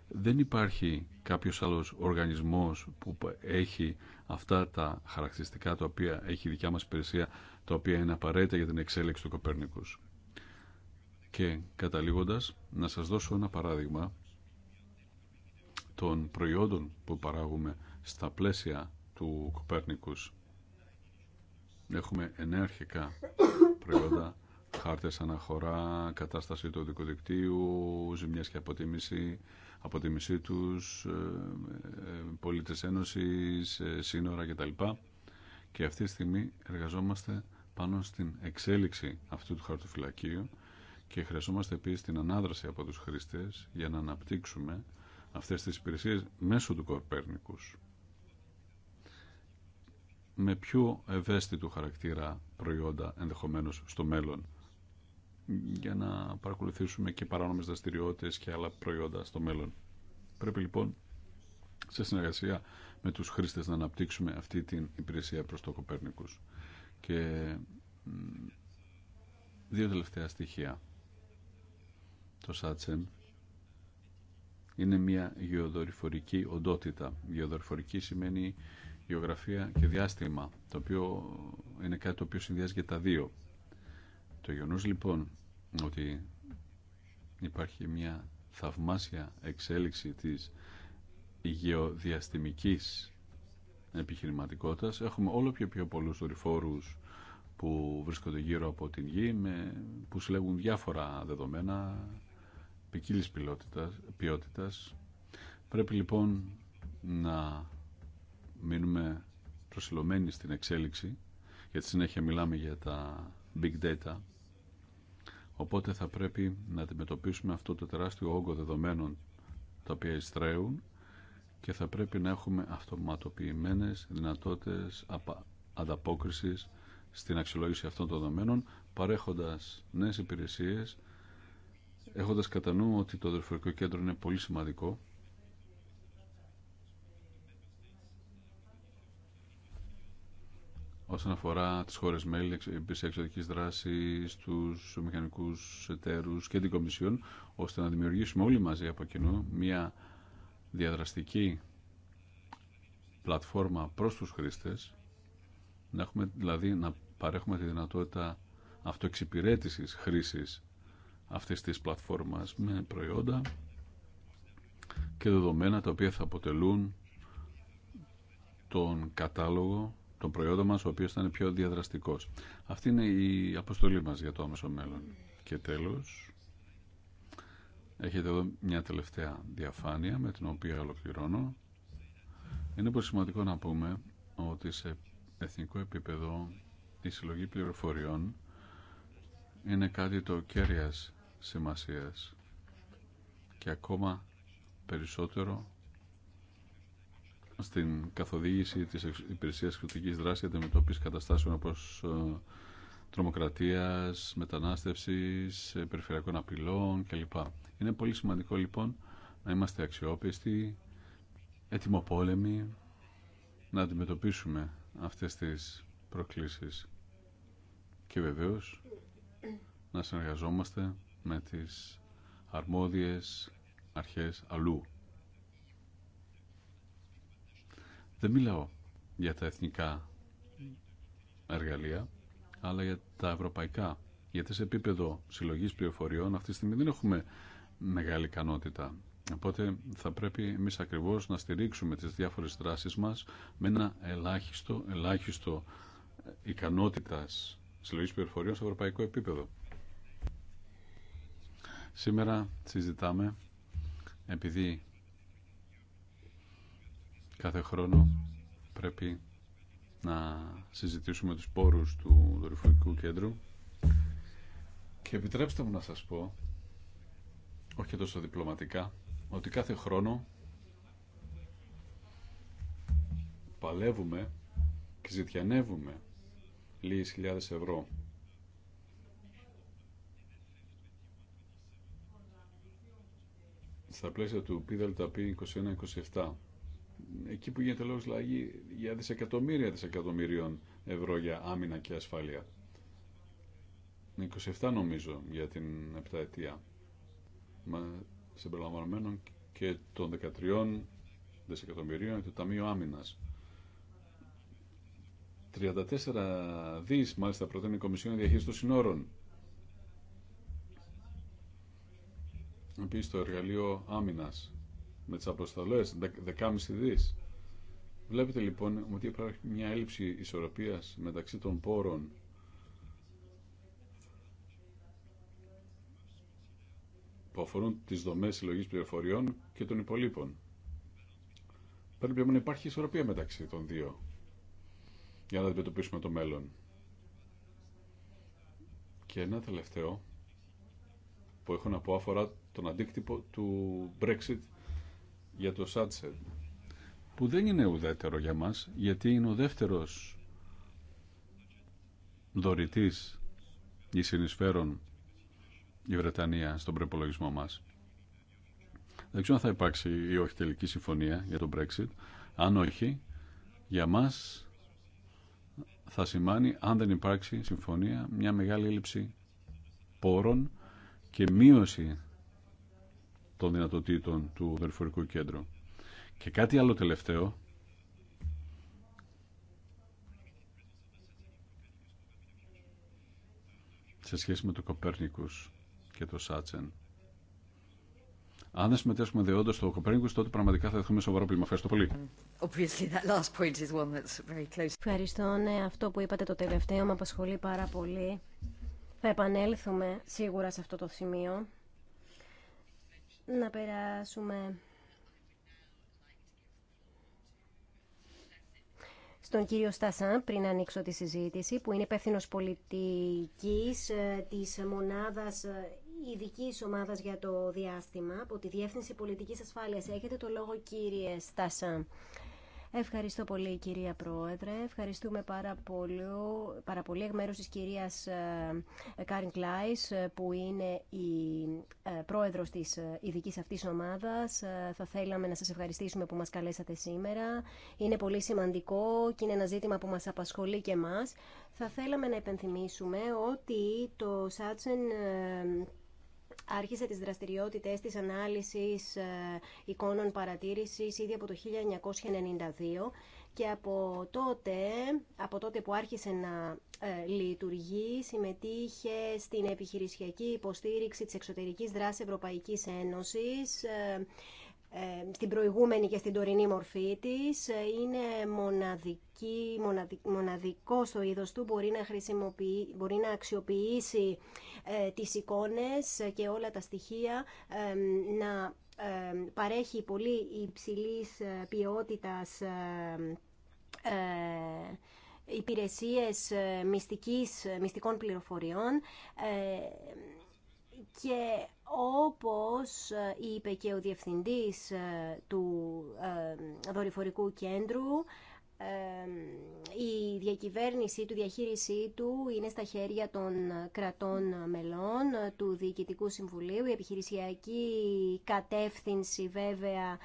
Δεν υπάρχει κάποιος άλλος οργανισμός που έχει αυτά τα χαρακτηριστικά τα οποία έχει η δικιά μας υπηρεσία, τα οποία είναι απαραίτητα για την εξέλιξη του Κοπέρνικους. Και καταλήγοντας, να σας δώσω ένα παράδειγμα των προϊόντων που παράγουμε στα πλαίσια του Κοπέρνικους. Έχουμε ενέρχικα προϊόντα, χάρτες αναχωρά, κατάσταση του δικοδικτύου, ζημιές και αποτίμηση, αποτίμησή τους, ε, ε, πολίτες ένωσης, ε, σύνορα κτλ. Και αυτή τη στιγμή εργαζόμαστε πάνω στην εξέλιξη αυτού του χαρτοφυλακίου και χρειαζόμαστε επίσης την ανάδραση από τους χρήστες για να αναπτύξουμε αυτές τις υπηρεσίες μέσω του Κορπέρνικους με πιο ευαίσθητου χαρακτήρα προϊόντα ενδεχομένως στο μέλλον για να παρακολουθήσουμε και παράνομες δραστηριότητε και άλλα προϊόντα στο μέλλον. Πρέπει λοιπόν σε συνεργασία με τους χρήστες να αναπτύξουμε αυτή την υπηρεσία προς το Κοπέρνικους. Και δύο τελευταία στοιχεία το ΣΑΤΣΕΜ είναι μια γεωδορυφορική οντότητα. Γεωδορυφορική σημαίνει γεωγραφία και διάστημα, το οποίο είναι κάτι το οποίο συνδυάζει τα δύο. Το γεγονό λοιπόν ότι υπάρχει μια θαυμάσια εξέλιξη της γεωδιαστημικής επιχειρηματικότητας. Έχουμε όλο και πιο πολλούς δορυφόρους που βρίσκονται γύρω από την γη με, που συλλέγουν διάφορα δεδομένα ποικίλη ποιότητα. Πρέπει λοιπόν να μείνουμε προσιλωμένοι στην εξέλιξη, γιατί συνέχεια μιλάμε για τα big data. Οπότε θα πρέπει να αντιμετωπίσουμε αυτό το τεράστιο όγκο δεδομένων τα οποία ειστρέουν και θα πρέπει να έχουμε αυτοματοποιημένες δυνατότητες ανταπόκρισης στην αξιολόγηση αυτών των δεδομένων, παρέχοντας νέες υπηρεσίες έχοντας κατά νου ότι το δορυφορικό κέντρο είναι πολύ σημαντικό όσον αφορά τις χώρες μέλη της εξωτικής δράσης, τους μηχανικούς εταίρους και την Κομισιόν, ώστε να δημιουργήσουμε όλοι μαζί από κοινού μια διαδραστική πλατφόρμα προς τους χρήστες, να έχουμε δηλαδή να παρέχουμε τη δυνατότητα αυτοεξυπηρέτησης χρήσης αυτής της πλατφόρμας με προϊόντα και δεδομένα τα οποία θα αποτελούν τον κατάλογο των προϊόντων μας, ο οποίος θα είναι πιο διαδραστικός. Αυτή είναι η αποστολή μας για το άμεσο μέλλον. Και τέλος, έχετε εδώ μια τελευταία διαφάνεια με την οποία ολοκληρώνω. Είναι πολύ σημαντικό να πούμε ότι σε εθνικό επίπεδο η συλλογή πληροφοριών είναι κάτι το κέρια σημασίας και ακόμα περισσότερο στην καθοδήγηση της υπηρεσίας κριτικής δράσης για την μετώπιση καταστάσεων όπως ε, τρομοκρατίας, μετανάστευσης, ε, περιφερειακών απειλών κλπ. Είναι πολύ σημαντικό λοιπόν να είμαστε αξιόπιστοι, ετοιμοπόλεμοι, να αντιμετωπίσουμε αυτές τις προκλήσεις και βεβαίως να συνεργαζόμαστε με τις αρμόδιες αρχές αλλού. Δεν μιλάω για τα εθνικά εργαλεία, αλλά για τα ευρωπαϊκά. Γιατί σε επίπεδο συλλογής πληροφοριών αυτή τη στιγμή δεν έχουμε μεγάλη ικανότητα. Οπότε θα πρέπει εμείς ακριβώς να στηρίξουμε τις διάφορες δράσεις μας με ένα ελάχιστο, ελάχιστο ικανότητας συλλογής πληροφοριών σε ευρωπαϊκό επίπεδο. Σήμερα συζητάμε επειδή κάθε χρόνο πρέπει να συζητήσουμε τους πόρους του δορυφορικού κέντρου και επιτρέψτε μου να σας πω όχι τόσο διπλωματικά ότι κάθε χρόνο παλεύουμε και ζητιανεύουμε λίγες χιλιάδες ευρώ στα πλαίσια του ΠΔΠ 21-27 εκεί που γίνεται λόγος λαγή για δισεκατομμύρια δισεκατομμυρίων ευρώ για άμυνα και ασφάλεια. 27 νομίζω για την 7 ετία. Μα συμπεριλαμβανομένων και των 13 δισεκατομμυρίων του Ταμείου Άμυνας. 34 δις μάλιστα προτείνει η Κομισιόν Διαχείριση των Συνόρων Επίσης το εργαλείο άμυνας με τις αποστολέ, 10,5 δις. Βλέπετε λοιπόν ότι υπάρχει μια έλλειψη ισορροπίας μεταξύ των πόρων που αφορούν τις δομές συλλογή πληροφοριών και των υπολείπων. Πρέπει λοιπόν να υπάρχει ισορροπία μεταξύ των δύο για να αντιμετωπίσουμε το μέλλον. Και ένα τελευταίο που έχω να πω αφορά τον αντίκτυπο του Brexit για το Σάτσερ που δεν είναι ουδέτερο για μας γιατί είναι ο δεύτερος δωρητής ή συνεισφέρον η Βρετανία στον προπολογισμό μας. Δεν ξέρω αν θα υπάρξει ή όχι τελική συμφωνία για τον Brexit. Αν όχι, για μας θα σημάνει, αν δεν υπάρξει συμφωνία, μια μεγάλη έλλειψη πόρων και μείωση των δυνατοτήτων του δορυφορικού κέντρου. Και κάτι άλλο τελευταίο, σε σχέση με το Κοπέρνικους και το Σάτσεν. Αν δεν συμμετέχουμε δεόντω στο Κοπέρνικους, τότε πραγματικά θα δεχθούμε σοβαρό πλήμα. Ευχαριστώ πολύ. Ευχαριστώ. Ναι, αυτό που είπατε το τελευταίο με απασχολεί πάρα πολύ. Θα επανέλθουμε σίγουρα σε αυτό το σημείο να περάσουμε στον κύριο Στασάν πριν ανοίξω τη συζήτηση που είναι υπεύθυνο πολιτικής ε, της μονάδας ε, ειδική ομάδας για το διάστημα από τη Διεύθυνση Πολιτικής Ασφάλειας. Έχετε το λόγο κύριε Στασάν. Ευχαριστώ πολύ κυρία Πρόεδρε. Ευχαριστούμε πάρα πολύ, εκ μέρους της κυρίας ε, Κάριν Κλάις ε, που είναι η ε, πρόεδρος της ειδικής αυτής ομάδας. Θα θέλαμε να σας ευχαριστήσουμε που μας καλέσατε σήμερα. Είναι πολύ σημαντικό και είναι ένα ζήτημα που μας απασχολεί και εμάς. Θα θέλαμε να υπενθυμίσουμε ότι το Σάτσεν άρχισε τις δραστηριότητες της ανάλυσης ε, εικόνων παρατήρησης ήδη από το 1992 και από τότε, από τότε που άρχισε να ε, λειτουργεί συμμετείχε στην επιχειρησιακή υποστήριξη της εξωτερικής δράσης Ευρωπαϊκής Ένωσης ε, ε, στην προηγούμενη και στην τωρινή μορφή της ε, είναι μοναδική, μοναδικό στο είδος του μπορεί να, χρησιμοποιεί, μπορεί να αξιοποιήσει ε, τις εικόνες και όλα τα στοιχεία να παρέχει πολύ υψηλής ποιότητας υπηρεσίες μυστικής, μυστικών πληροφοριών και όπως ε, είπε και ο Διευθυντής ε, του ε, Δορυφορικού Κέντρου, η διακυβέρνησή του, διαχείρισή του είναι στα χέρια των κρατών μελών του Διοικητικού Συμβουλίου. Η επιχειρησιακή κατεύθυνση βέβαια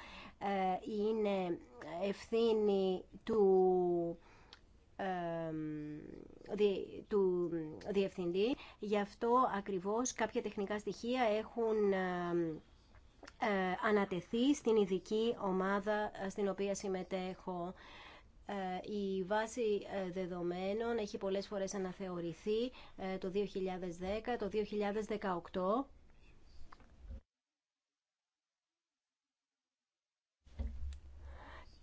είναι ευθύνη του του διευθυντή. Γι' αυτό ακριβώς κάποια τεχνικά στοιχεία έχουν ε, ανατεθεί στην ειδική ομάδα ε, στην οποία συμμετέχω. Ε, η βάση δεδομένων έχει πολλές φορές αναθεωρηθεί το 2010, το 2018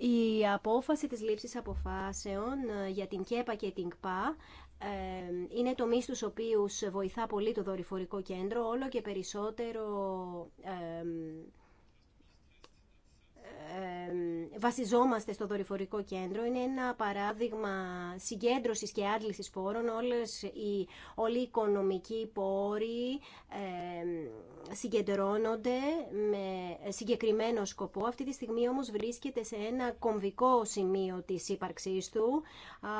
Η απόφαση της λήψης αποφάσεων ε, για την ΚΕΠΑ και την ΚΠΑ ε, είναι τομεί τους οποίους βοηθά πολύ το δορυφορικό κέντρο, όλο και περισσότερο ε, βασιζόμαστε στο δορυφορικό κέντρο. Είναι ένα παράδειγμα συγκέντρωσης και άντλησης πόρων. Όλες όλοι οι οικονομικοί πόροι συγκεντρώνονται με συγκεκριμένο σκοπό. Αυτή τη στιγμή όμως βρίσκεται σε ένα κομβικό σημείο της ύπαρξής του.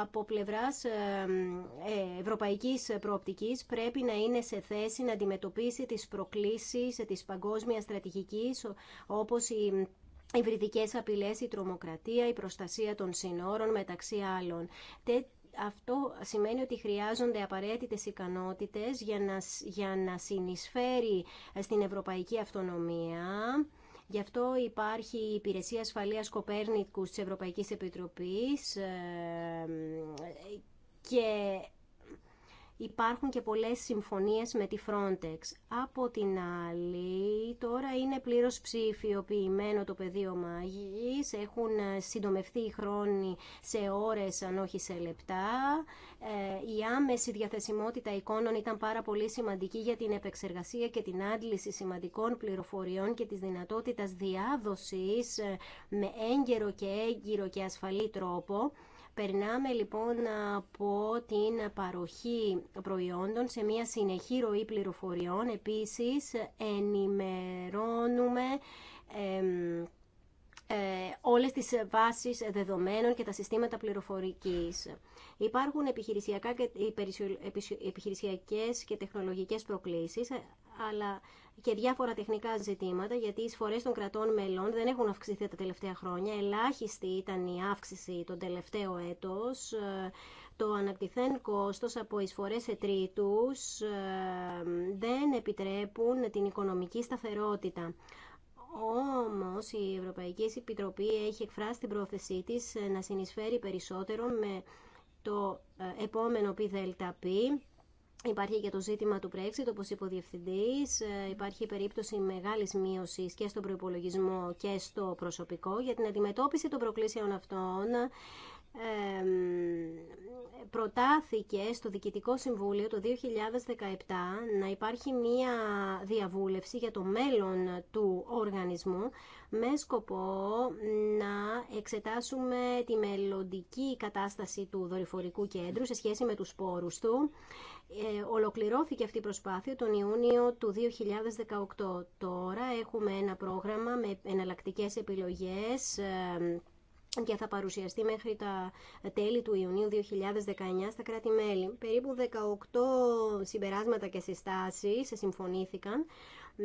Από πλευράς ε, ευρωπαϊκής προοπτικής πρέπει να είναι σε θέση να αντιμετωπίσει τις προκλήσεις της παγκόσμιας στρατηγικής όπως η υβριδικέ απειλές, η τρομοκρατία, η προστασία των συνόρων μεταξύ άλλων. Αυτό σημαίνει ότι χρειάζονται απαραίτητες ικανότητες για να, για να συνεισφέρει ε, στην ευρωπαϊκή αυτονομία. Γι' αυτό υπάρχει η Υπηρεσία Ασφαλείας Κοπέρνικου της Ευρωπαϊκής Επιτροπής ε, και υπάρχουν και πολλές συμφωνίες με τη Frontex. Από την άλλη, τώρα είναι πλήρως ψηφιοποιημένο το πεδίο μάγης, έχουν ε, συντομευτεί οι χρόνοι σε ώρες αν όχι σε λεπτά. Ε, η άμεση διαθεσιμότητα εικόνων ήταν πάρα πολύ σημαντική για την επεξεργασία και την άντληση σημαντικών πληροφοριών και της δυνατότητας διάδοσης ε, με έγκαιρο και έγκυρο και ασφαλή τρόπο. Περνάμε λοιπόν από την παροχή προϊόντων σε μια συνεχή ροή πληροφοριών. Επίσης ενημερώνουμε ε, όλες τις βάσεις δεδομένων και τα συστήματα πληροφορικής. Υπάρχουν επιχειρησιακά και, επιχειρησιακές και τεχνολογικές προκλήσεις, ε, αλλά και διάφορα τεχνικά ζητήματα, γιατί οι σφορές των κρατών μελών δεν έχουν αυξηθεί τα τελευταία χρόνια. Ελάχιστη ήταν η αύξηση τον τελευταίο έτος. Ε, το αναπτυθέν κόστος από εισφορές σε τρίτους δεν επιτρέπουν την οικονομική σταθερότητα. Όμως η Ευρωπαϊκή Επιτροπή έχει εκφράσει την πρόθεσή της να συνεισφέρει περισσότερο με το ε, επόμενο πι Υπάρχει και το ζήτημα του Brexit, όπως είπε ο Διευθυντής. Ε, υπάρχει περίπτωση μεγάλης μείωσης και στον προϋπολογισμό και στο προσωπικό για την αντιμετώπιση των προκλήσεων αυτών προτάθηκε στο Διοικητικό Συμβούλιο το 2017 να υπάρχει μία διαβούλευση για το μέλλον του οργανισμού με σκοπό να εξετάσουμε τη μελλοντική κατάσταση του δορυφορικού κέντρου σε σχέση με τους σπόρους του. Ε, ολοκληρώθηκε αυτή η προσπάθεια τον Ιούνιο του 2018. Τώρα έχουμε ένα πρόγραμμα με εναλλακτικές επιλογές και θα παρουσιαστεί μέχρι τα τέλη του Ιουνίου 2019 στα κράτη-μέλη. Περίπου 18 συμπεράσματα και συστάσεις συμφωνήθηκαν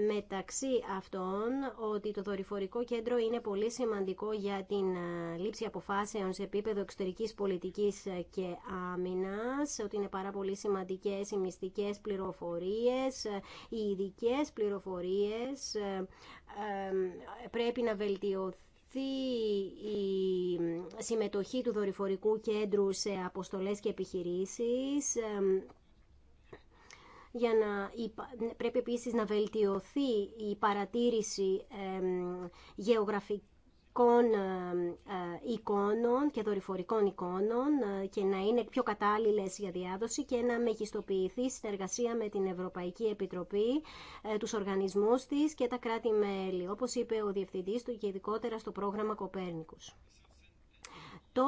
μεταξύ αυτών ότι το δορυφορικό κέντρο είναι πολύ σημαντικό για την ε, λήψη αποφάσεων σε επίπεδο εξωτερικής πολιτικής ε, και άμυνας, ότι είναι πάρα πολύ σημαντικές οι μυστικές πληροφορίες, ε, οι ειδικέ πληροφορίες, πρέπει να βελτιωθούν αυξηθεί η συμμετοχή του δορυφορικού κέντρου σε αποστολές και επιχειρήσεις. Για να, πρέπει επίσης να βελτιωθεί η παρατήρηση γεωγραφική ε, ε, εικόνων και δορυφορικών εικόνων ε, και να είναι πιο κατάλληλες για διάδοση και να μεγιστοποιηθεί συνεργασία με την Ευρωπαϊκή Επιτροπή, τους οργανισμούς της και τα κράτη-μέλη, όπως είπε ο Διευθυντής του και ειδικότερα στο πρόγραμμα Κοπέρνικους. Το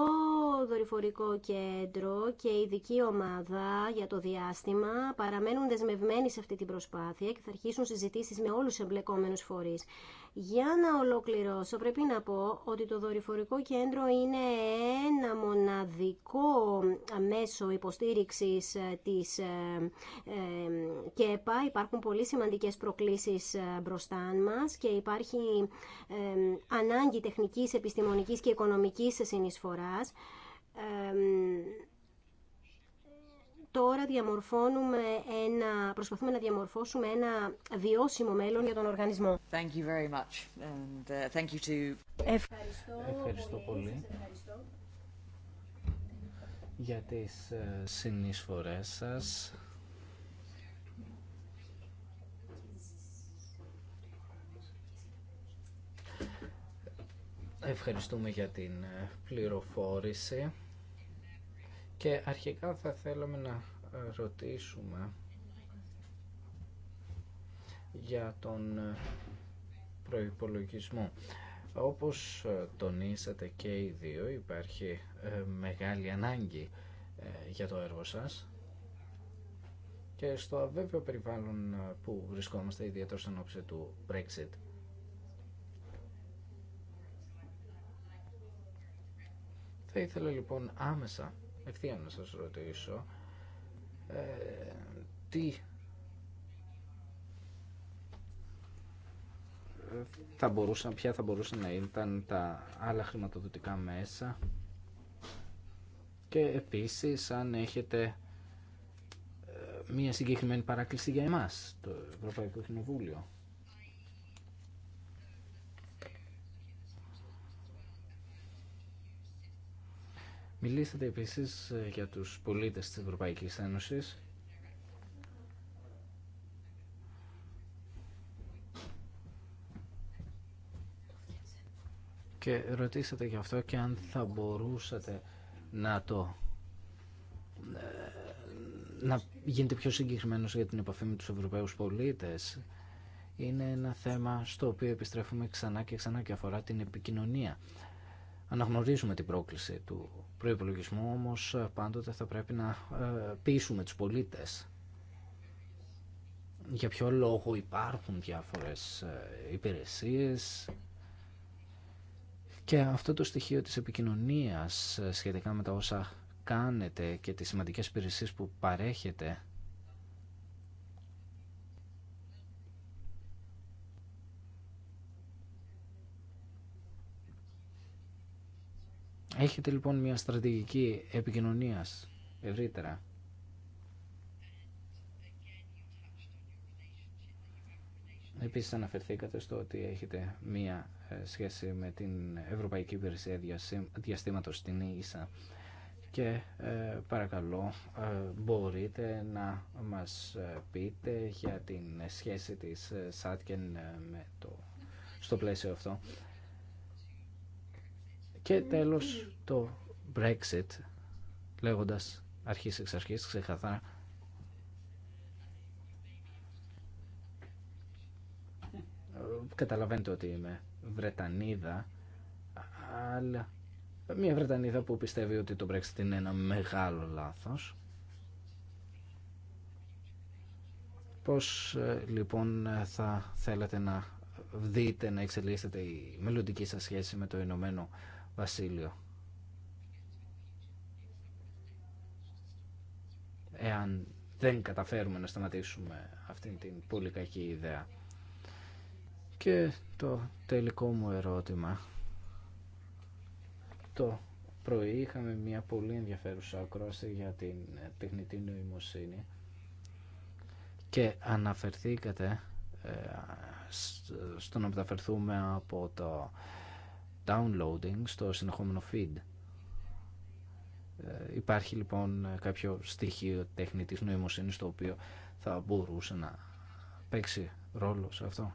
δορυφορικό κέντρο και η ειδική ομάδα για το διάστημα παραμένουν δεσμευμένοι σε αυτή την προσπάθεια και θα αρχίσουν συζητήσεις με όλους τους εμπλεκόμενους φορείς. Για να ολοκληρώσω πρέπει να πω ότι το δορυφορικό κέντρο είναι ένα μοναδικό μέσο υποστήριξης ε, της ε, ε, ΚΕΠΑ. Υπάρχουν πολύ σημαντικές προκλήσεις μπροστά μας και υπάρχει ανάγκη τεχνικής, επιστημονικής και οικονομικής συνεισφοράς τώρα διαμορφώνουμε ένα, προσπαθούμε να διαμορφώσουμε ένα βιώσιμο μέλλον για τον οργανισμό. Thank you very much. And, uh, thank you to... Ευχαριστώ, ευχαριστώ πολύ. για τις ε, συνεισφορές σας. Ευχαριστούμε για την ε, πληροφόρηση. Και αρχικά θα θέλαμε να ε, ρωτήσουμε για τον ε, προϋπολογισμό. Όπως ε, τονίσατε και οι δύο, υπάρχει μεγάλη ανάγκη για το έργο σας και στο αβέβαιο περιβάλλον που βρισκόμαστε ιδιαίτερα στον όψη του Brexit. Θα ήθελα λοιπόν άμεσα ευθείαν να σας ρωτήσω ε, τι θα μπορούσαν, ποια θα μπορούσαν να ήταν τα άλλα χρηματοδοτικά μέσα και επίσης αν έχετε ε, μία συγκεκριμένη παράκληση για εμάς, το Ευρωπαϊκό Κοινοβούλιο. Μιλήσατε επίσης ε, για τους πολίτες της Ευρωπαϊκής Ένωσης. Και ρωτήσατε γι' αυτό και αν θα μπορούσατε να το ε, να γίνετε πιο συγκεκριμένος για την επαφή με τους Ευρωπαίους πολίτες είναι ένα θέμα στο οποίο επιστρέφουμε ξανά και ξανά και αφορά την επικοινωνία Αναγνωρίζουμε την πρόκληση του προϋπολογισμού, όμως πάντοτε θα πρέπει να ε, πείσουμε τους πολίτες για ποιο λόγο υπάρχουν διάφορες ε, υπηρεσίες και αυτό το στοιχείο της επικοινωνίας ε, σχετικά με τα όσα κάνετε και τις σημαντικές υπηρεσίες που παρέχετε Έχετε λοιπόν μια στρατηγική επικοινωνίας ευρύτερα. Επίσης αναφερθήκατε στο ότι έχετε μία ε, σχέση με την Ευρωπαϊκή Υπηρεσία Διαστήματος στην ΙΣΑ και ε, παρακαλώ ε, μπορείτε να μας πείτε για την σχέση της Σάτκεν με το, στο πλαίσιο αυτό. Και τέλος το Brexit, λέγοντας αρχής εξ αρχής ξεχαθάρα... καταλαβαίνετε ότι είμαι Βρετανίδα, αλλά μια Βρετανίδα που πιστεύει ότι το Brexit είναι ένα μεγάλο λάθος. Πώς ε, λοιπόν θα θέλατε να δείτε, να εξελίσσετε η μελλοντική σας σχέση με το Ηνωμένο Βασίλειο. Εάν δεν καταφέρουμε να σταματήσουμε αυτήν την πολύ κακή ιδέα. Και το τελικό μου ερώτημα. Το πρωί είχαμε μια πολύ ενδιαφέρουσα ακρόαση για την τεχνητή νοημοσύνη και αναφερθήκατε ε, στο να μεταφερθούμε από το downloading στο συνεχόμενο feed. Ε, υπάρχει λοιπόν ε, κάποιο στοιχείο τεχνητής νοημοσύνης το οποίο θα μπορούσε να παίξει ρόλο σε αυτό.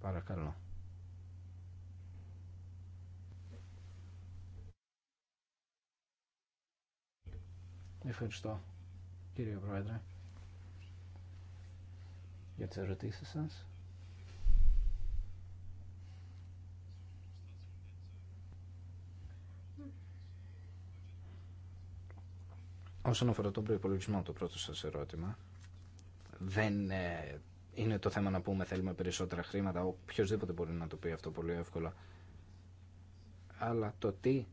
Παρακαλώ. Ευχαριστώ κύριε Πρόεδρε για τις ερωτήσεις σας. Όσον αφορά τον προπολογισμό, το πρώτο σας ερώτημα, δεν ε, είναι το θέμα να πούμε θέλουμε περισσότερα χρήματα, οποιοδήποτε μπορεί να το πει αυτό πολύ εύκολα, αλλά το τι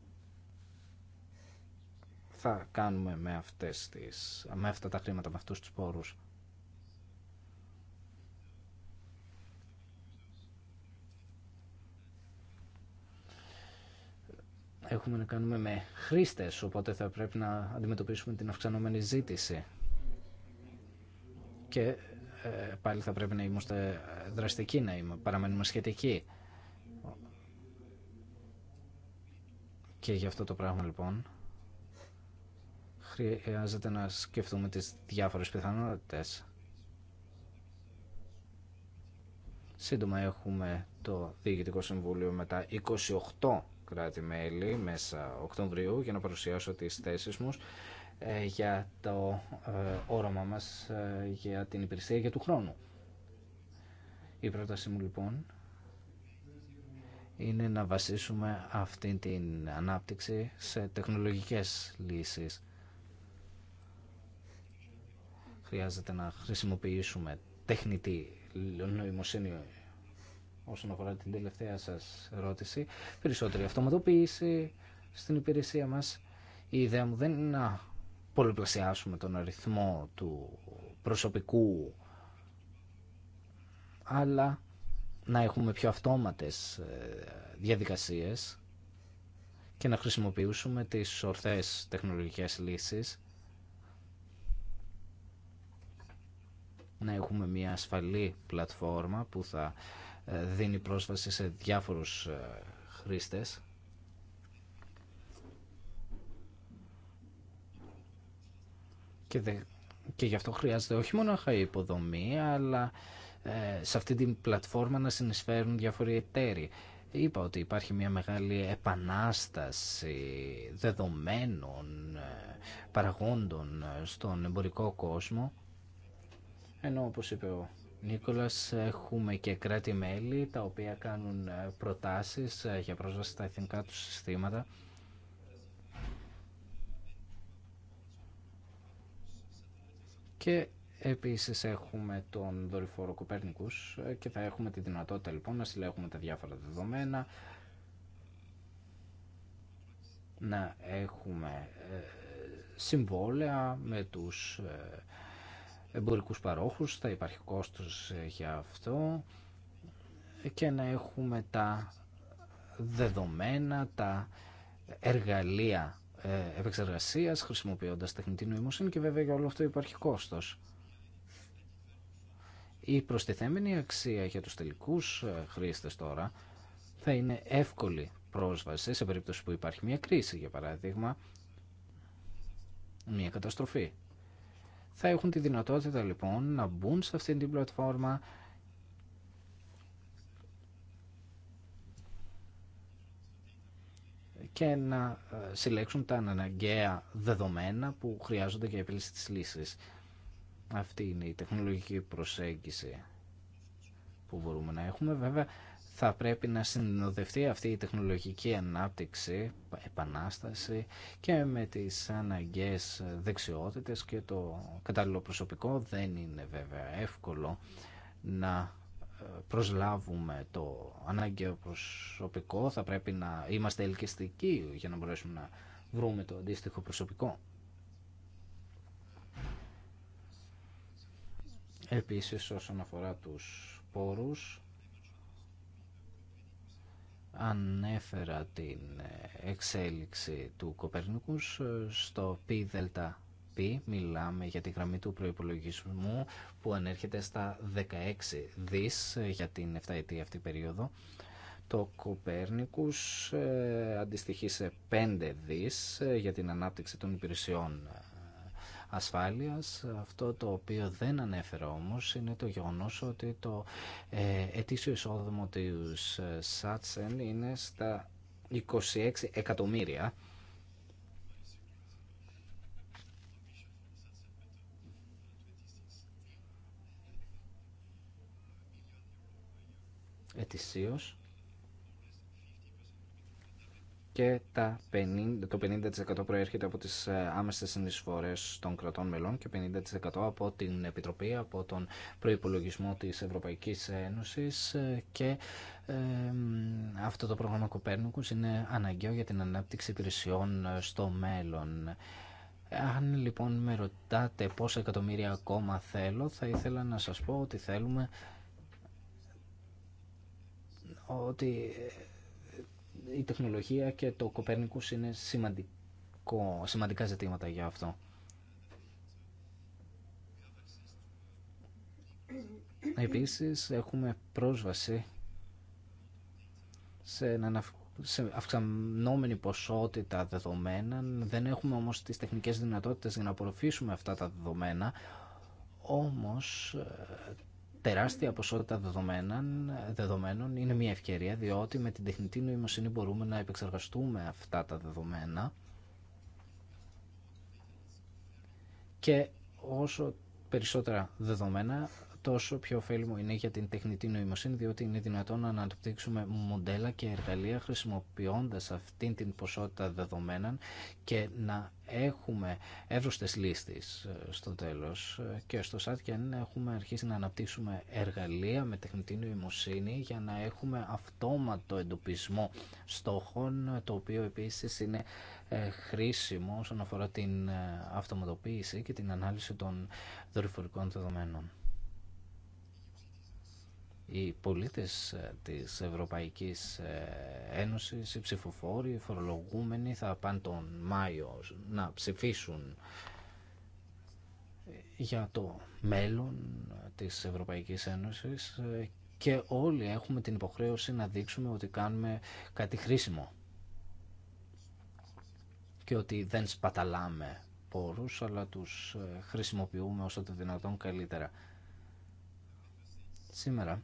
θα κάνουμε με, αυτές τις, με αυτά τα χρήματα, με αυτού τους πόρους. έχουμε να κάνουμε με χρήστες, οπότε θα πρέπει να αντιμετωπίσουμε την αυξανόμενη ζήτηση. Και ε, πάλι θα πρέπει να είμαστε δραστικοί, να παραμένουμε σχετικοί. Και για αυτό το πράγμα λοιπόν χρειάζεται να σκεφτούμε τις διάφορες πιθανότητες. Σύντομα έχουμε το Διοικητικό Συμβούλιο με τα 28 κράτη-μέλη μέσα Οκτωβρίου για να παρουσιάσω τις θέσεις μου ε, για το ε, όραμα μας ε, για την υπηρεσία για του χρόνου. Η πρότασή μου λοιπόν είναι να βασίσουμε αυτή την ανάπτυξη σε τεχνολογικές λύσεις. Χρειάζεται να χρησιμοποιήσουμε τεχνητή νοημοσύνη όσον αφορά την τελευταία σας ερώτηση, περισσότερη αυτοματοποίηση στην υπηρεσία μας. Η ιδέα μου δεν είναι να πολυπλασιάσουμε τον αριθμό του προσωπικού, αλλά να έχουμε πιο αυτόματες ε, διαδικασίες και να χρησιμοποιήσουμε τις ορθές τεχνολογικές λύσεις να έχουμε μια ασφαλή πλατφόρμα που θα ε, δίνει πρόσβαση σε διάφορους ε, χρήστες. Και, δε, και γι' αυτό χρειάζεται όχι μόνο η υποδομή, αλλά ε, σε αυτή την πλατφόρμα να συνεισφέρουν διάφοροι εταίροι. Είπα ότι υπάρχει μια μεγάλη επανάσταση δεδομένων παραγόντων στον εμπορικό κόσμο, ενώ όπως είπε ο Νίκολας, έχουμε και κράτη-μέλη τα οποία κάνουν ε, προτάσεις ε, για πρόσβαση στα εθνικά του συστήματα. Και επίσης έχουμε τον δορυφόρο Κοπέρνικους ε, και θα έχουμε τη δυνατότητα λοιπόν να συλλέγουμε τα διάφορα δεδομένα, να έχουμε συμβόλαια με τους εμπορικούς παρόχους, θα υπάρχει κόστος ε, για αυτό και να έχουμε τα δεδομένα, τα εργαλεία ε, επεξεργασίας χρησιμοποιώντας τεχνητή νοημοσύνη και βέβαια για όλο αυτό υπάρχει κόστος. Η προστιθέμενη αξία για τους τελικούς ε, χρήστες τώρα θα είναι εύκολη πρόσβαση σε περίπτωση που υπάρχει μια κρίση, για παράδειγμα, μια καταστροφή θα έχουν τη δυνατότητα λοιπόν να μπουν σε αυτήν την πλατφόρμα και να ε, συλλέξουν τα αναγκαία δεδομένα που χρειάζονται για επίλυση της λύσης. Αυτή είναι η τεχνολογική προσέγγιση που μπορούμε να έχουμε. Βέβαια, θα πρέπει να συνοδευτεί αυτή η τεχνολογική ανάπτυξη, επανάσταση και με τις αναγκαίες δεξιότητες και το κατάλληλο προσωπικό δεν είναι βέβαια εύκολο να ε, προσλάβουμε το ανάγκαιο προσωπικό, θα πρέπει να είμαστε ελκυστικοί για να μπορέσουμε να βρούμε το αντίστοιχο προσωπικό. Επίσης όσον αφορά τους πόρους, ανέφερα την εξέλιξη του Κοπερνικούς στο πι δελτα πι μιλάμε για τη γραμμή του προϋπολογισμού που ανέρχεται στα 16 δις για την 7 η αυτή περίοδο το Κοπέρνικους ε, αντιστοιχεί σε 5 δις για την ανάπτυξη των υπηρεσιών ασφάλειας. Αυτό το οποίο δεν ανέφερα όμως είναι το γεγονός ότι το ε, ετήσιο εισόδημα της ε, ΣΑΤΣΕΝ είναι στα 26 εκατομμύρια. ετησίως και τα 50, το 50% προέρχεται από τις ε, άμεσες συνεισφορές των κρατών μελών και 50% από την Επιτροπή, από τον προϋπολογισμό της Ευρωπαϊκής Ένωσης ε, και αυτό το πρόγραμμα Κοπέρνικους είναι αναγκαίο για την ανάπτυξη υπηρεσιών ε, στο μέλλον. Αν λοιπόν με ρωτάτε πόσα εκατομμύρια ακόμα θέλω, θα ήθελα να σας πω ότι θέλουμε ότι η τεχνολογία και το Κοπέρνικους είναι σημαντικό, σημαντικά ζητήματα για αυτό. Επίσης έχουμε πρόσβαση σε έναν σε αυξανόμενη ποσότητα δεδομένα. Δεν έχουμε όμως τις τεχνικές δυνατότητες για να απορροφήσουμε αυτά τα δεδομένα. Όμως ε, τεράστια ποσότητα δεδομένων, δεδομένων είναι μια ευκαιρία διότι με την τεχνητή νοημοσύνη μπορούμε να επεξεργαστούμε αυτά τα δεδομένα και όσο περισσότερα δεδομένα τόσο πιο ωφέλιμο είναι για την τεχνητή νοημοσύνη, διότι είναι δυνατόν να αναπτύξουμε μοντέλα και εργαλεία χρησιμοποιώντας αυτήν την ποσότητα δεδομένων και να έχουμε εύρωστες λίστες ε, στο τέλος ε, και στο ΣΑΤΚΙΑΝ έχουμε αρχίσει να αναπτύξουμε εργαλεία με τεχνητή νοημοσύνη για να έχουμε αυτόματο εντοπισμό στόχων, ε, το οποίο επίσης είναι χρήσιμο όσον αφορά την αυτοματοποίηση και την ανάλυση των δορυφορικών δεδομένων οι πολίτες ε, της Ευρωπαϊκής ε, Ένωσης, οι ψηφοφόροι, οι φορολογούμενοι θα πάνε τον Μάιο να ψηφίσουν για το μέλλον της Ευρωπαϊκής Ένωσης ε, και όλοι έχουμε την υποχρέωση να δείξουμε ότι κάνουμε κάτι χρήσιμο και ότι δεν σπαταλάμε πόρους αλλά τους χρησιμοποιούμε όσο το δυνατόν καλύτερα. Σήμερα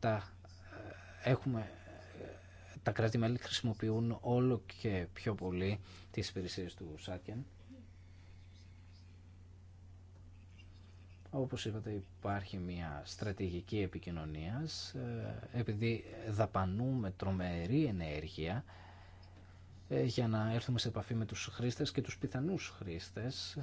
τα ε, έχουμε ε, τα κράτη-μέλη χρησιμοποιούν όλο και πιο πολύ τις υπηρεσίες του Σάκεν. Όπως είπατε υπάρχει μια στρατηγική επικοινωνίας ε, επειδή δαπανούμε τρομερή ενέργεια για να έρθουμε σε επαφή με τους χρήστες και τους πιθανούς χρήστες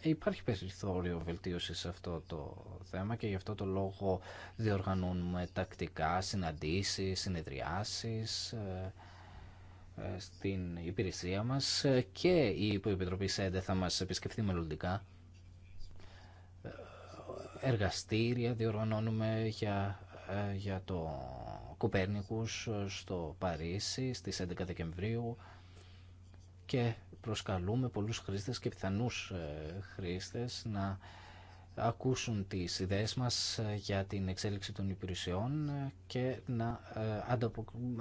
Υπάρχει περιθώριο βελτίωση σε αυτό το θέμα και γι' αυτό το λόγο διοργανώνουμε τακτικά συναντήσεις, συνεδριάσεις ε, ε, στην υπηρεσία μας και η Υποεπιτροπή ΣΕΝΤΕ θα μας επισκεφθεί μελλοντικά. Ε, εργαστήρια διοργανώνουμε για, για το Κοπέρνικους στο Παρίσι στις 11 Δεκεμβρίου και προσκαλούμε πολλούς χρήστες και πιθανούς ε, χρήστες να ακούσουν τις ιδέες μας ε, για την εξέλιξη των υπηρεσιών ε, και να,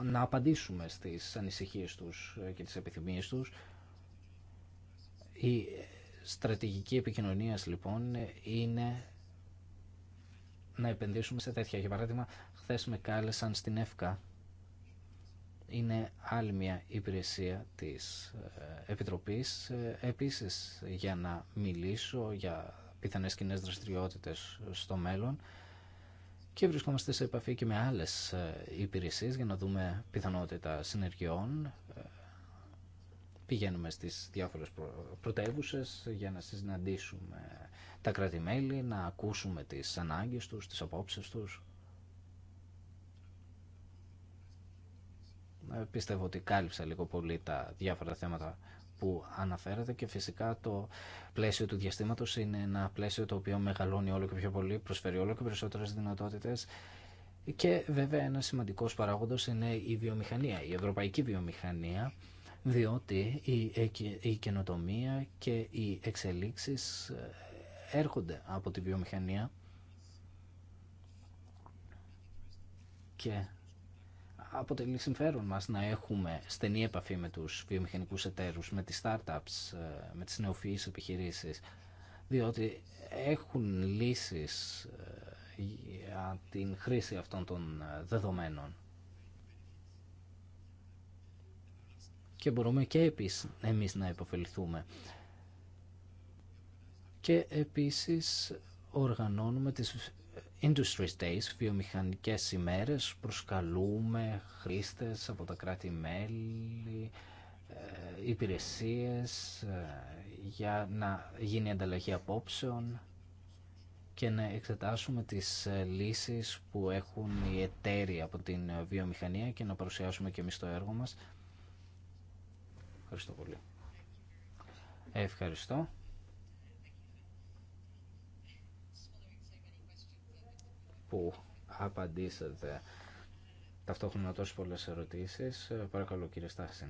να απαντήσουμε στις ανησυχίες τους και τις επιθυμίες τους. Η στρατηγική επικοινωνίας λοιπόν είναι να επενδύσουμε σε τέτοια. Για παράδειγμα, χθε με κάλεσαν στην ΕΦΚΑ είναι άλλη μια υπηρεσία της ε, Επιτροπής ε, επίσης για να μιλήσω για πιθανές κοινέ δραστηριότητες στο μέλλον και βρισκόμαστε σε επαφή και με άλλες ε, υπηρεσίες για να δούμε πιθανότητα συνεργειών. Πηγαίνουμε στις διάφορες πρωτεύουσε για να συναντήσουμε τα κράτη-μέλη, να ακούσουμε τις ανάγκες τους, τις απόψεις τους. Ε, πιστεύω ότι κάλυψα λίγο πολύ τα διάφορα θέματα που αναφέρατε και φυσικά το πλαίσιο του διαστήματος είναι ένα πλαίσιο το οποίο μεγαλώνει όλο και πιο πολύ, προσφέρει όλο και περισσότερες δυνατότητες και βέβαια ένα σημαντικός παράγοντας είναι η βιομηχανία, η ευρωπαϊκή βιομηχανία διότι η καινοτομία και οι εξελίξεις ε, έρχονται από τη βιομηχανία και αποτελεί συμφέρον μας να έχουμε στενή επαφή με τους βιομηχανικούς εταίρους, με τις startups, ε, με τις νεοφυείς επιχειρήσεις, διότι έχουν λύσεις ε, για την χρήση αυτών των ε, δεδομένων. Και μπορούμε και επίσης εμείς να υποφεληθούμε. Και επίσης οργανώνουμε τις Industry Days, βιομηχανικές ημέρες, προσκαλούμε χρήστες από τα κράτη-μέλη, ε, υπηρεσίες ε, για να γίνει ανταλλαγή απόψεων και να εξετάσουμε τις ε, λύσεις που έχουν οι εταίροι από την βιομηχανία και να παρουσιάσουμε και εμείς το έργο μας. Ευχαριστώ πολύ. Ευχαριστώ. που απαντήσατε ταυτόχρονα τόσες πολλές ερωτήσεις. Παρακαλώ κύριε Στάση.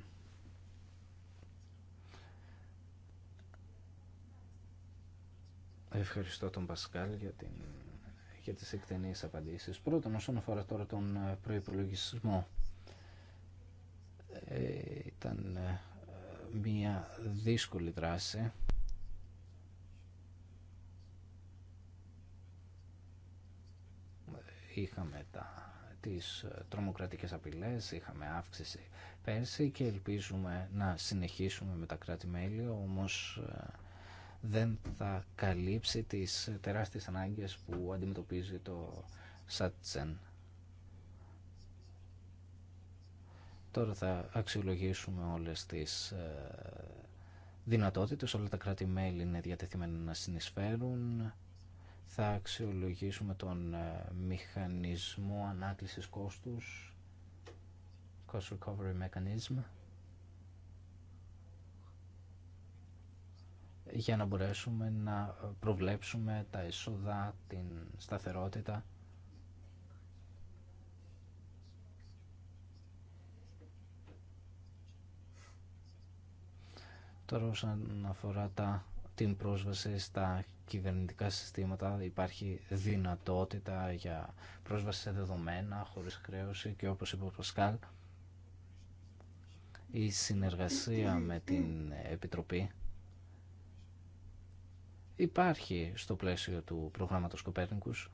Ευχαριστώ τον Πασκάλ για, την, για τις εκτενείς απαντήσεις. Πρώτον, όσον αφορά τώρα τον ε, προϋπολογισμό, ε, ήταν ε, μια δύσκολη δράση είχαμε τα, τις ε, τρομοκρατικές απειλές, είχαμε αύξηση πέρσι και ελπίζουμε να συνεχίσουμε με τα κράτη-μέλη, όμως ε, δεν θα καλύψει τις τεράστιες ανάγκες που αντιμετωπίζει το ΣΑΤΣΕΝ. Τώρα θα αξιολογήσουμε όλες τις ε, δυνατότητες, όλα τα κράτη-μέλη είναι διατεθειμένα να συνεισφέρουν θα αξιολογήσουμε τον ε, μηχανισμό ανάκλησης κόστους, cost recovery mechanism, για να μπορέσουμε να προβλέψουμε τα έσοδα, την σταθερότητα Τώρα όσον αφορά τα, την πρόσβαση στα κυβερνητικά συστήματα υπάρχει δυνατότητα για πρόσβαση σε δεδομένα χωρίς χρέωση και όπως είπε ο Πασκάλ η συνεργασία με την Επιτροπή υπάρχει στο πλαίσιο του προγράμματος Κοπέρνικους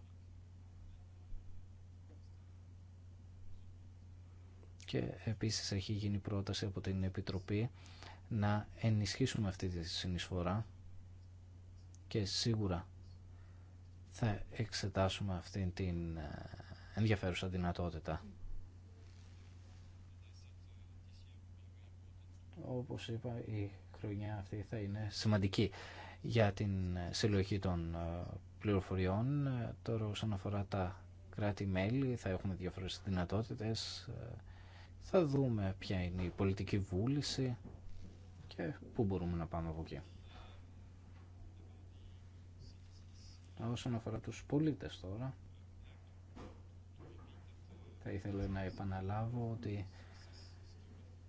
και επίσης έχει γίνει πρόταση από την Επιτροπή να ενισχύσουμε αυτή τη συνεισφορά και σίγουρα θα εξετάσουμε αυτήν την ε, ενδιαφέρουσα δυνατότητα. Όπως είπα, η χρονιά αυτή θα είναι σημαντική για την ε, συλλογή των ε, πληροφοριών. Τώρα όσον αφορά τα κράτη-μέλη θα έχουμε διάφορες δυνατότητες. Θα δούμε ποια είναι η πολιτική βούληση και πού μπορούμε να πάμε από εκεί. Όσον αφορά τους πολίτες τώρα, θα ήθελα να επαναλάβω ότι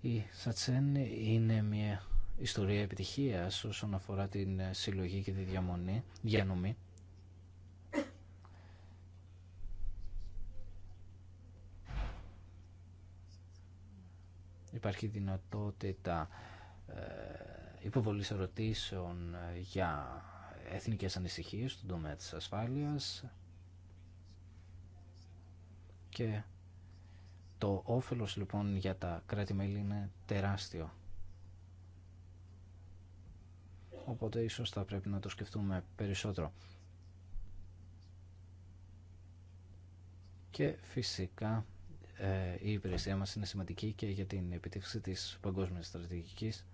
η Σατσέν είναι μια ιστορία επιτυχίας όσον αφορά την συλλογή και τη διαμονή, διανομή. Υπάρχει δυνατότητα ε, υποβολής ερωτήσεων για εθνικές ανησυχίες στον τομέα της ασφάλειας και το όφελος λοιπόν για τα κράτη-μέλη είναι τεράστιο. Οπότε ίσως θα πρέπει να το σκεφτούμε περισσότερο. Και φυσικά ε, η υπηρεσία μας είναι σημαντική και για την επιτύχηση της παγκόσμιας στρατηγικής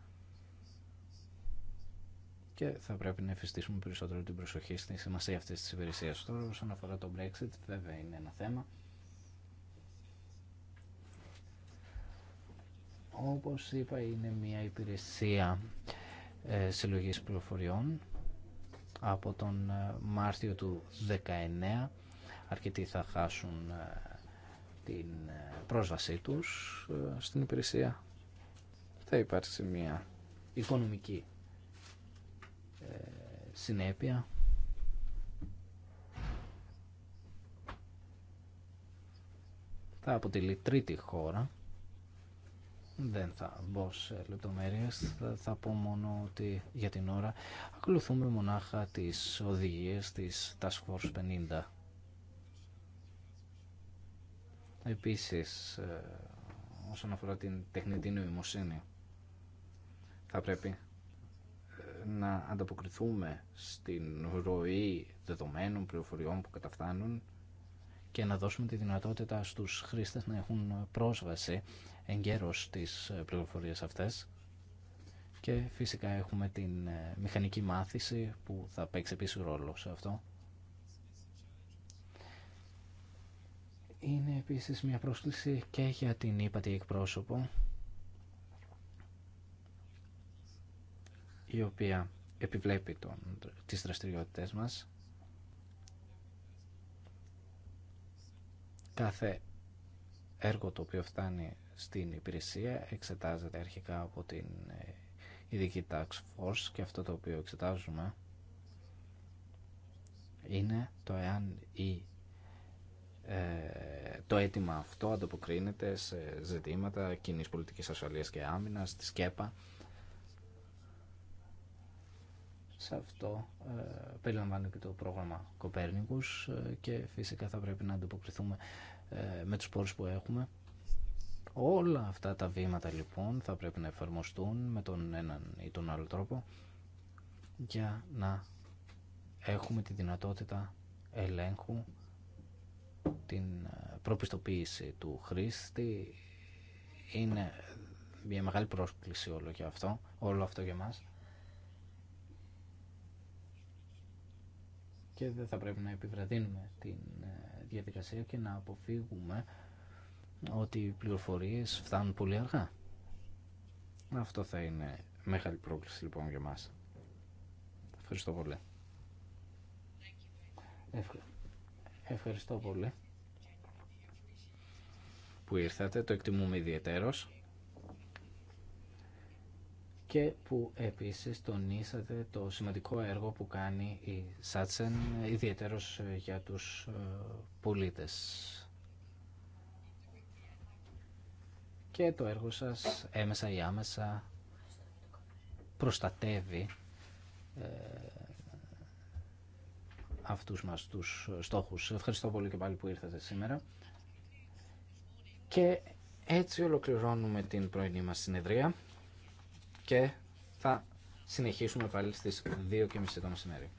και θα πρέπει να εφιστήσουμε περισσότερο την προσοχή στην σημασία αυτής της υπηρεσίας. Τώρα όσον αφορά το Brexit βέβαια είναι ένα θέμα όπως είπα είναι μια υπηρεσία ε, συλλογής πληροφοριών από τον ε, Μάρτιο του 19 αρκετοί θα χάσουν ε, την ε, πρόσβασή τους στην υπηρεσία θα υπάρξει μια οικονομική συνέπεια. Θα αποτελεί τρίτη χώρα. Δεν θα μπω σε λεπτομέρειες, θα πω μόνο ότι για την ώρα ακολουθούμε μονάχα τις οδηγίες της Task Force 50. Επίσης, ε, όσον αφορά την τεχνητή νοημοσύνη, θα πρέπει να ανταποκριθούμε στην ροή δεδομένων πληροφοριών που καταφτάνουν και να δώσουμε τη δυνατότητα στους χρήστες να έχουν πρόσβαση εγκαίρως στις πληροφορίες αυτές και φυσικά έχουμε την ε, μηχανική μάθηση που θα παίξει επίσης ρόλο σε αυτό. Είναι επίσης μια πρόσκληση και για την ύπατη εκπρόσωπο η οποία επιβλέπει τον, τις δραστηριότητες μας. Κάθε έργο το οποίο φτάνει στην υπηρεσία εξετάζεται αρχικά από την ε, ειδική tax force και αυτό το οποίο εξετάζουμε είναι το εάν η, ε, το αίτημα αυτό ανταποκρίνεται σε ζητήματα κοινής πολιτικής ασφαλείας και άμυνας, της ΚΕΠΑ σε αυτό ε, περιλαμβάνει και το πρόγραμμα Κοπέρνικους ε, και φυσικά θα πρέπει να αντιποκριθούμε ε, με τους πόρους που έχουμε. Όλα αυτά τα βήματα λοιπόν θα πρέπει να εφαρμοστούν με τον έναν ή τον άλλο τρόπο για να έχουμε τη δυνατότητα ελέγχου την προπιστοποίηση του χρήστη είναι μια μεγάλη πρόσκληση όλο και αυτό, όλο αυτό για μας και δεν θα πρέπει να επιβραδύνουμε την ε, διαδικασία και να αποφύγουμε ότι οι πληροφορίες φτάνουν πολύ αργά. Αυτό θα είναι μεγάλη πρόκληση λοιπόν για μας. Ευχαριστώ πολύ. Ευχαριστώ πολύ που ήρθατε, το εκτιμούμε ιδιαίτερος και που επίσης τονίσατε το σημαντικό έργο που κάνει η Σάτσεν, ιδιαίτερος ε, για τους ε, πολίτες. Και το έργο σας έμεσα ή άμεσα προστατεύει ε, αυτούς μας τους στόχους. Ευχαριστώ πολύ και πάλι που ήρθατε σήμερα. Και έτσι ολοκληρώνουμε την πρωινή μας συνεδρία και θα συνεχίσουμε πάλι στις 2.30 το μεσημέρι.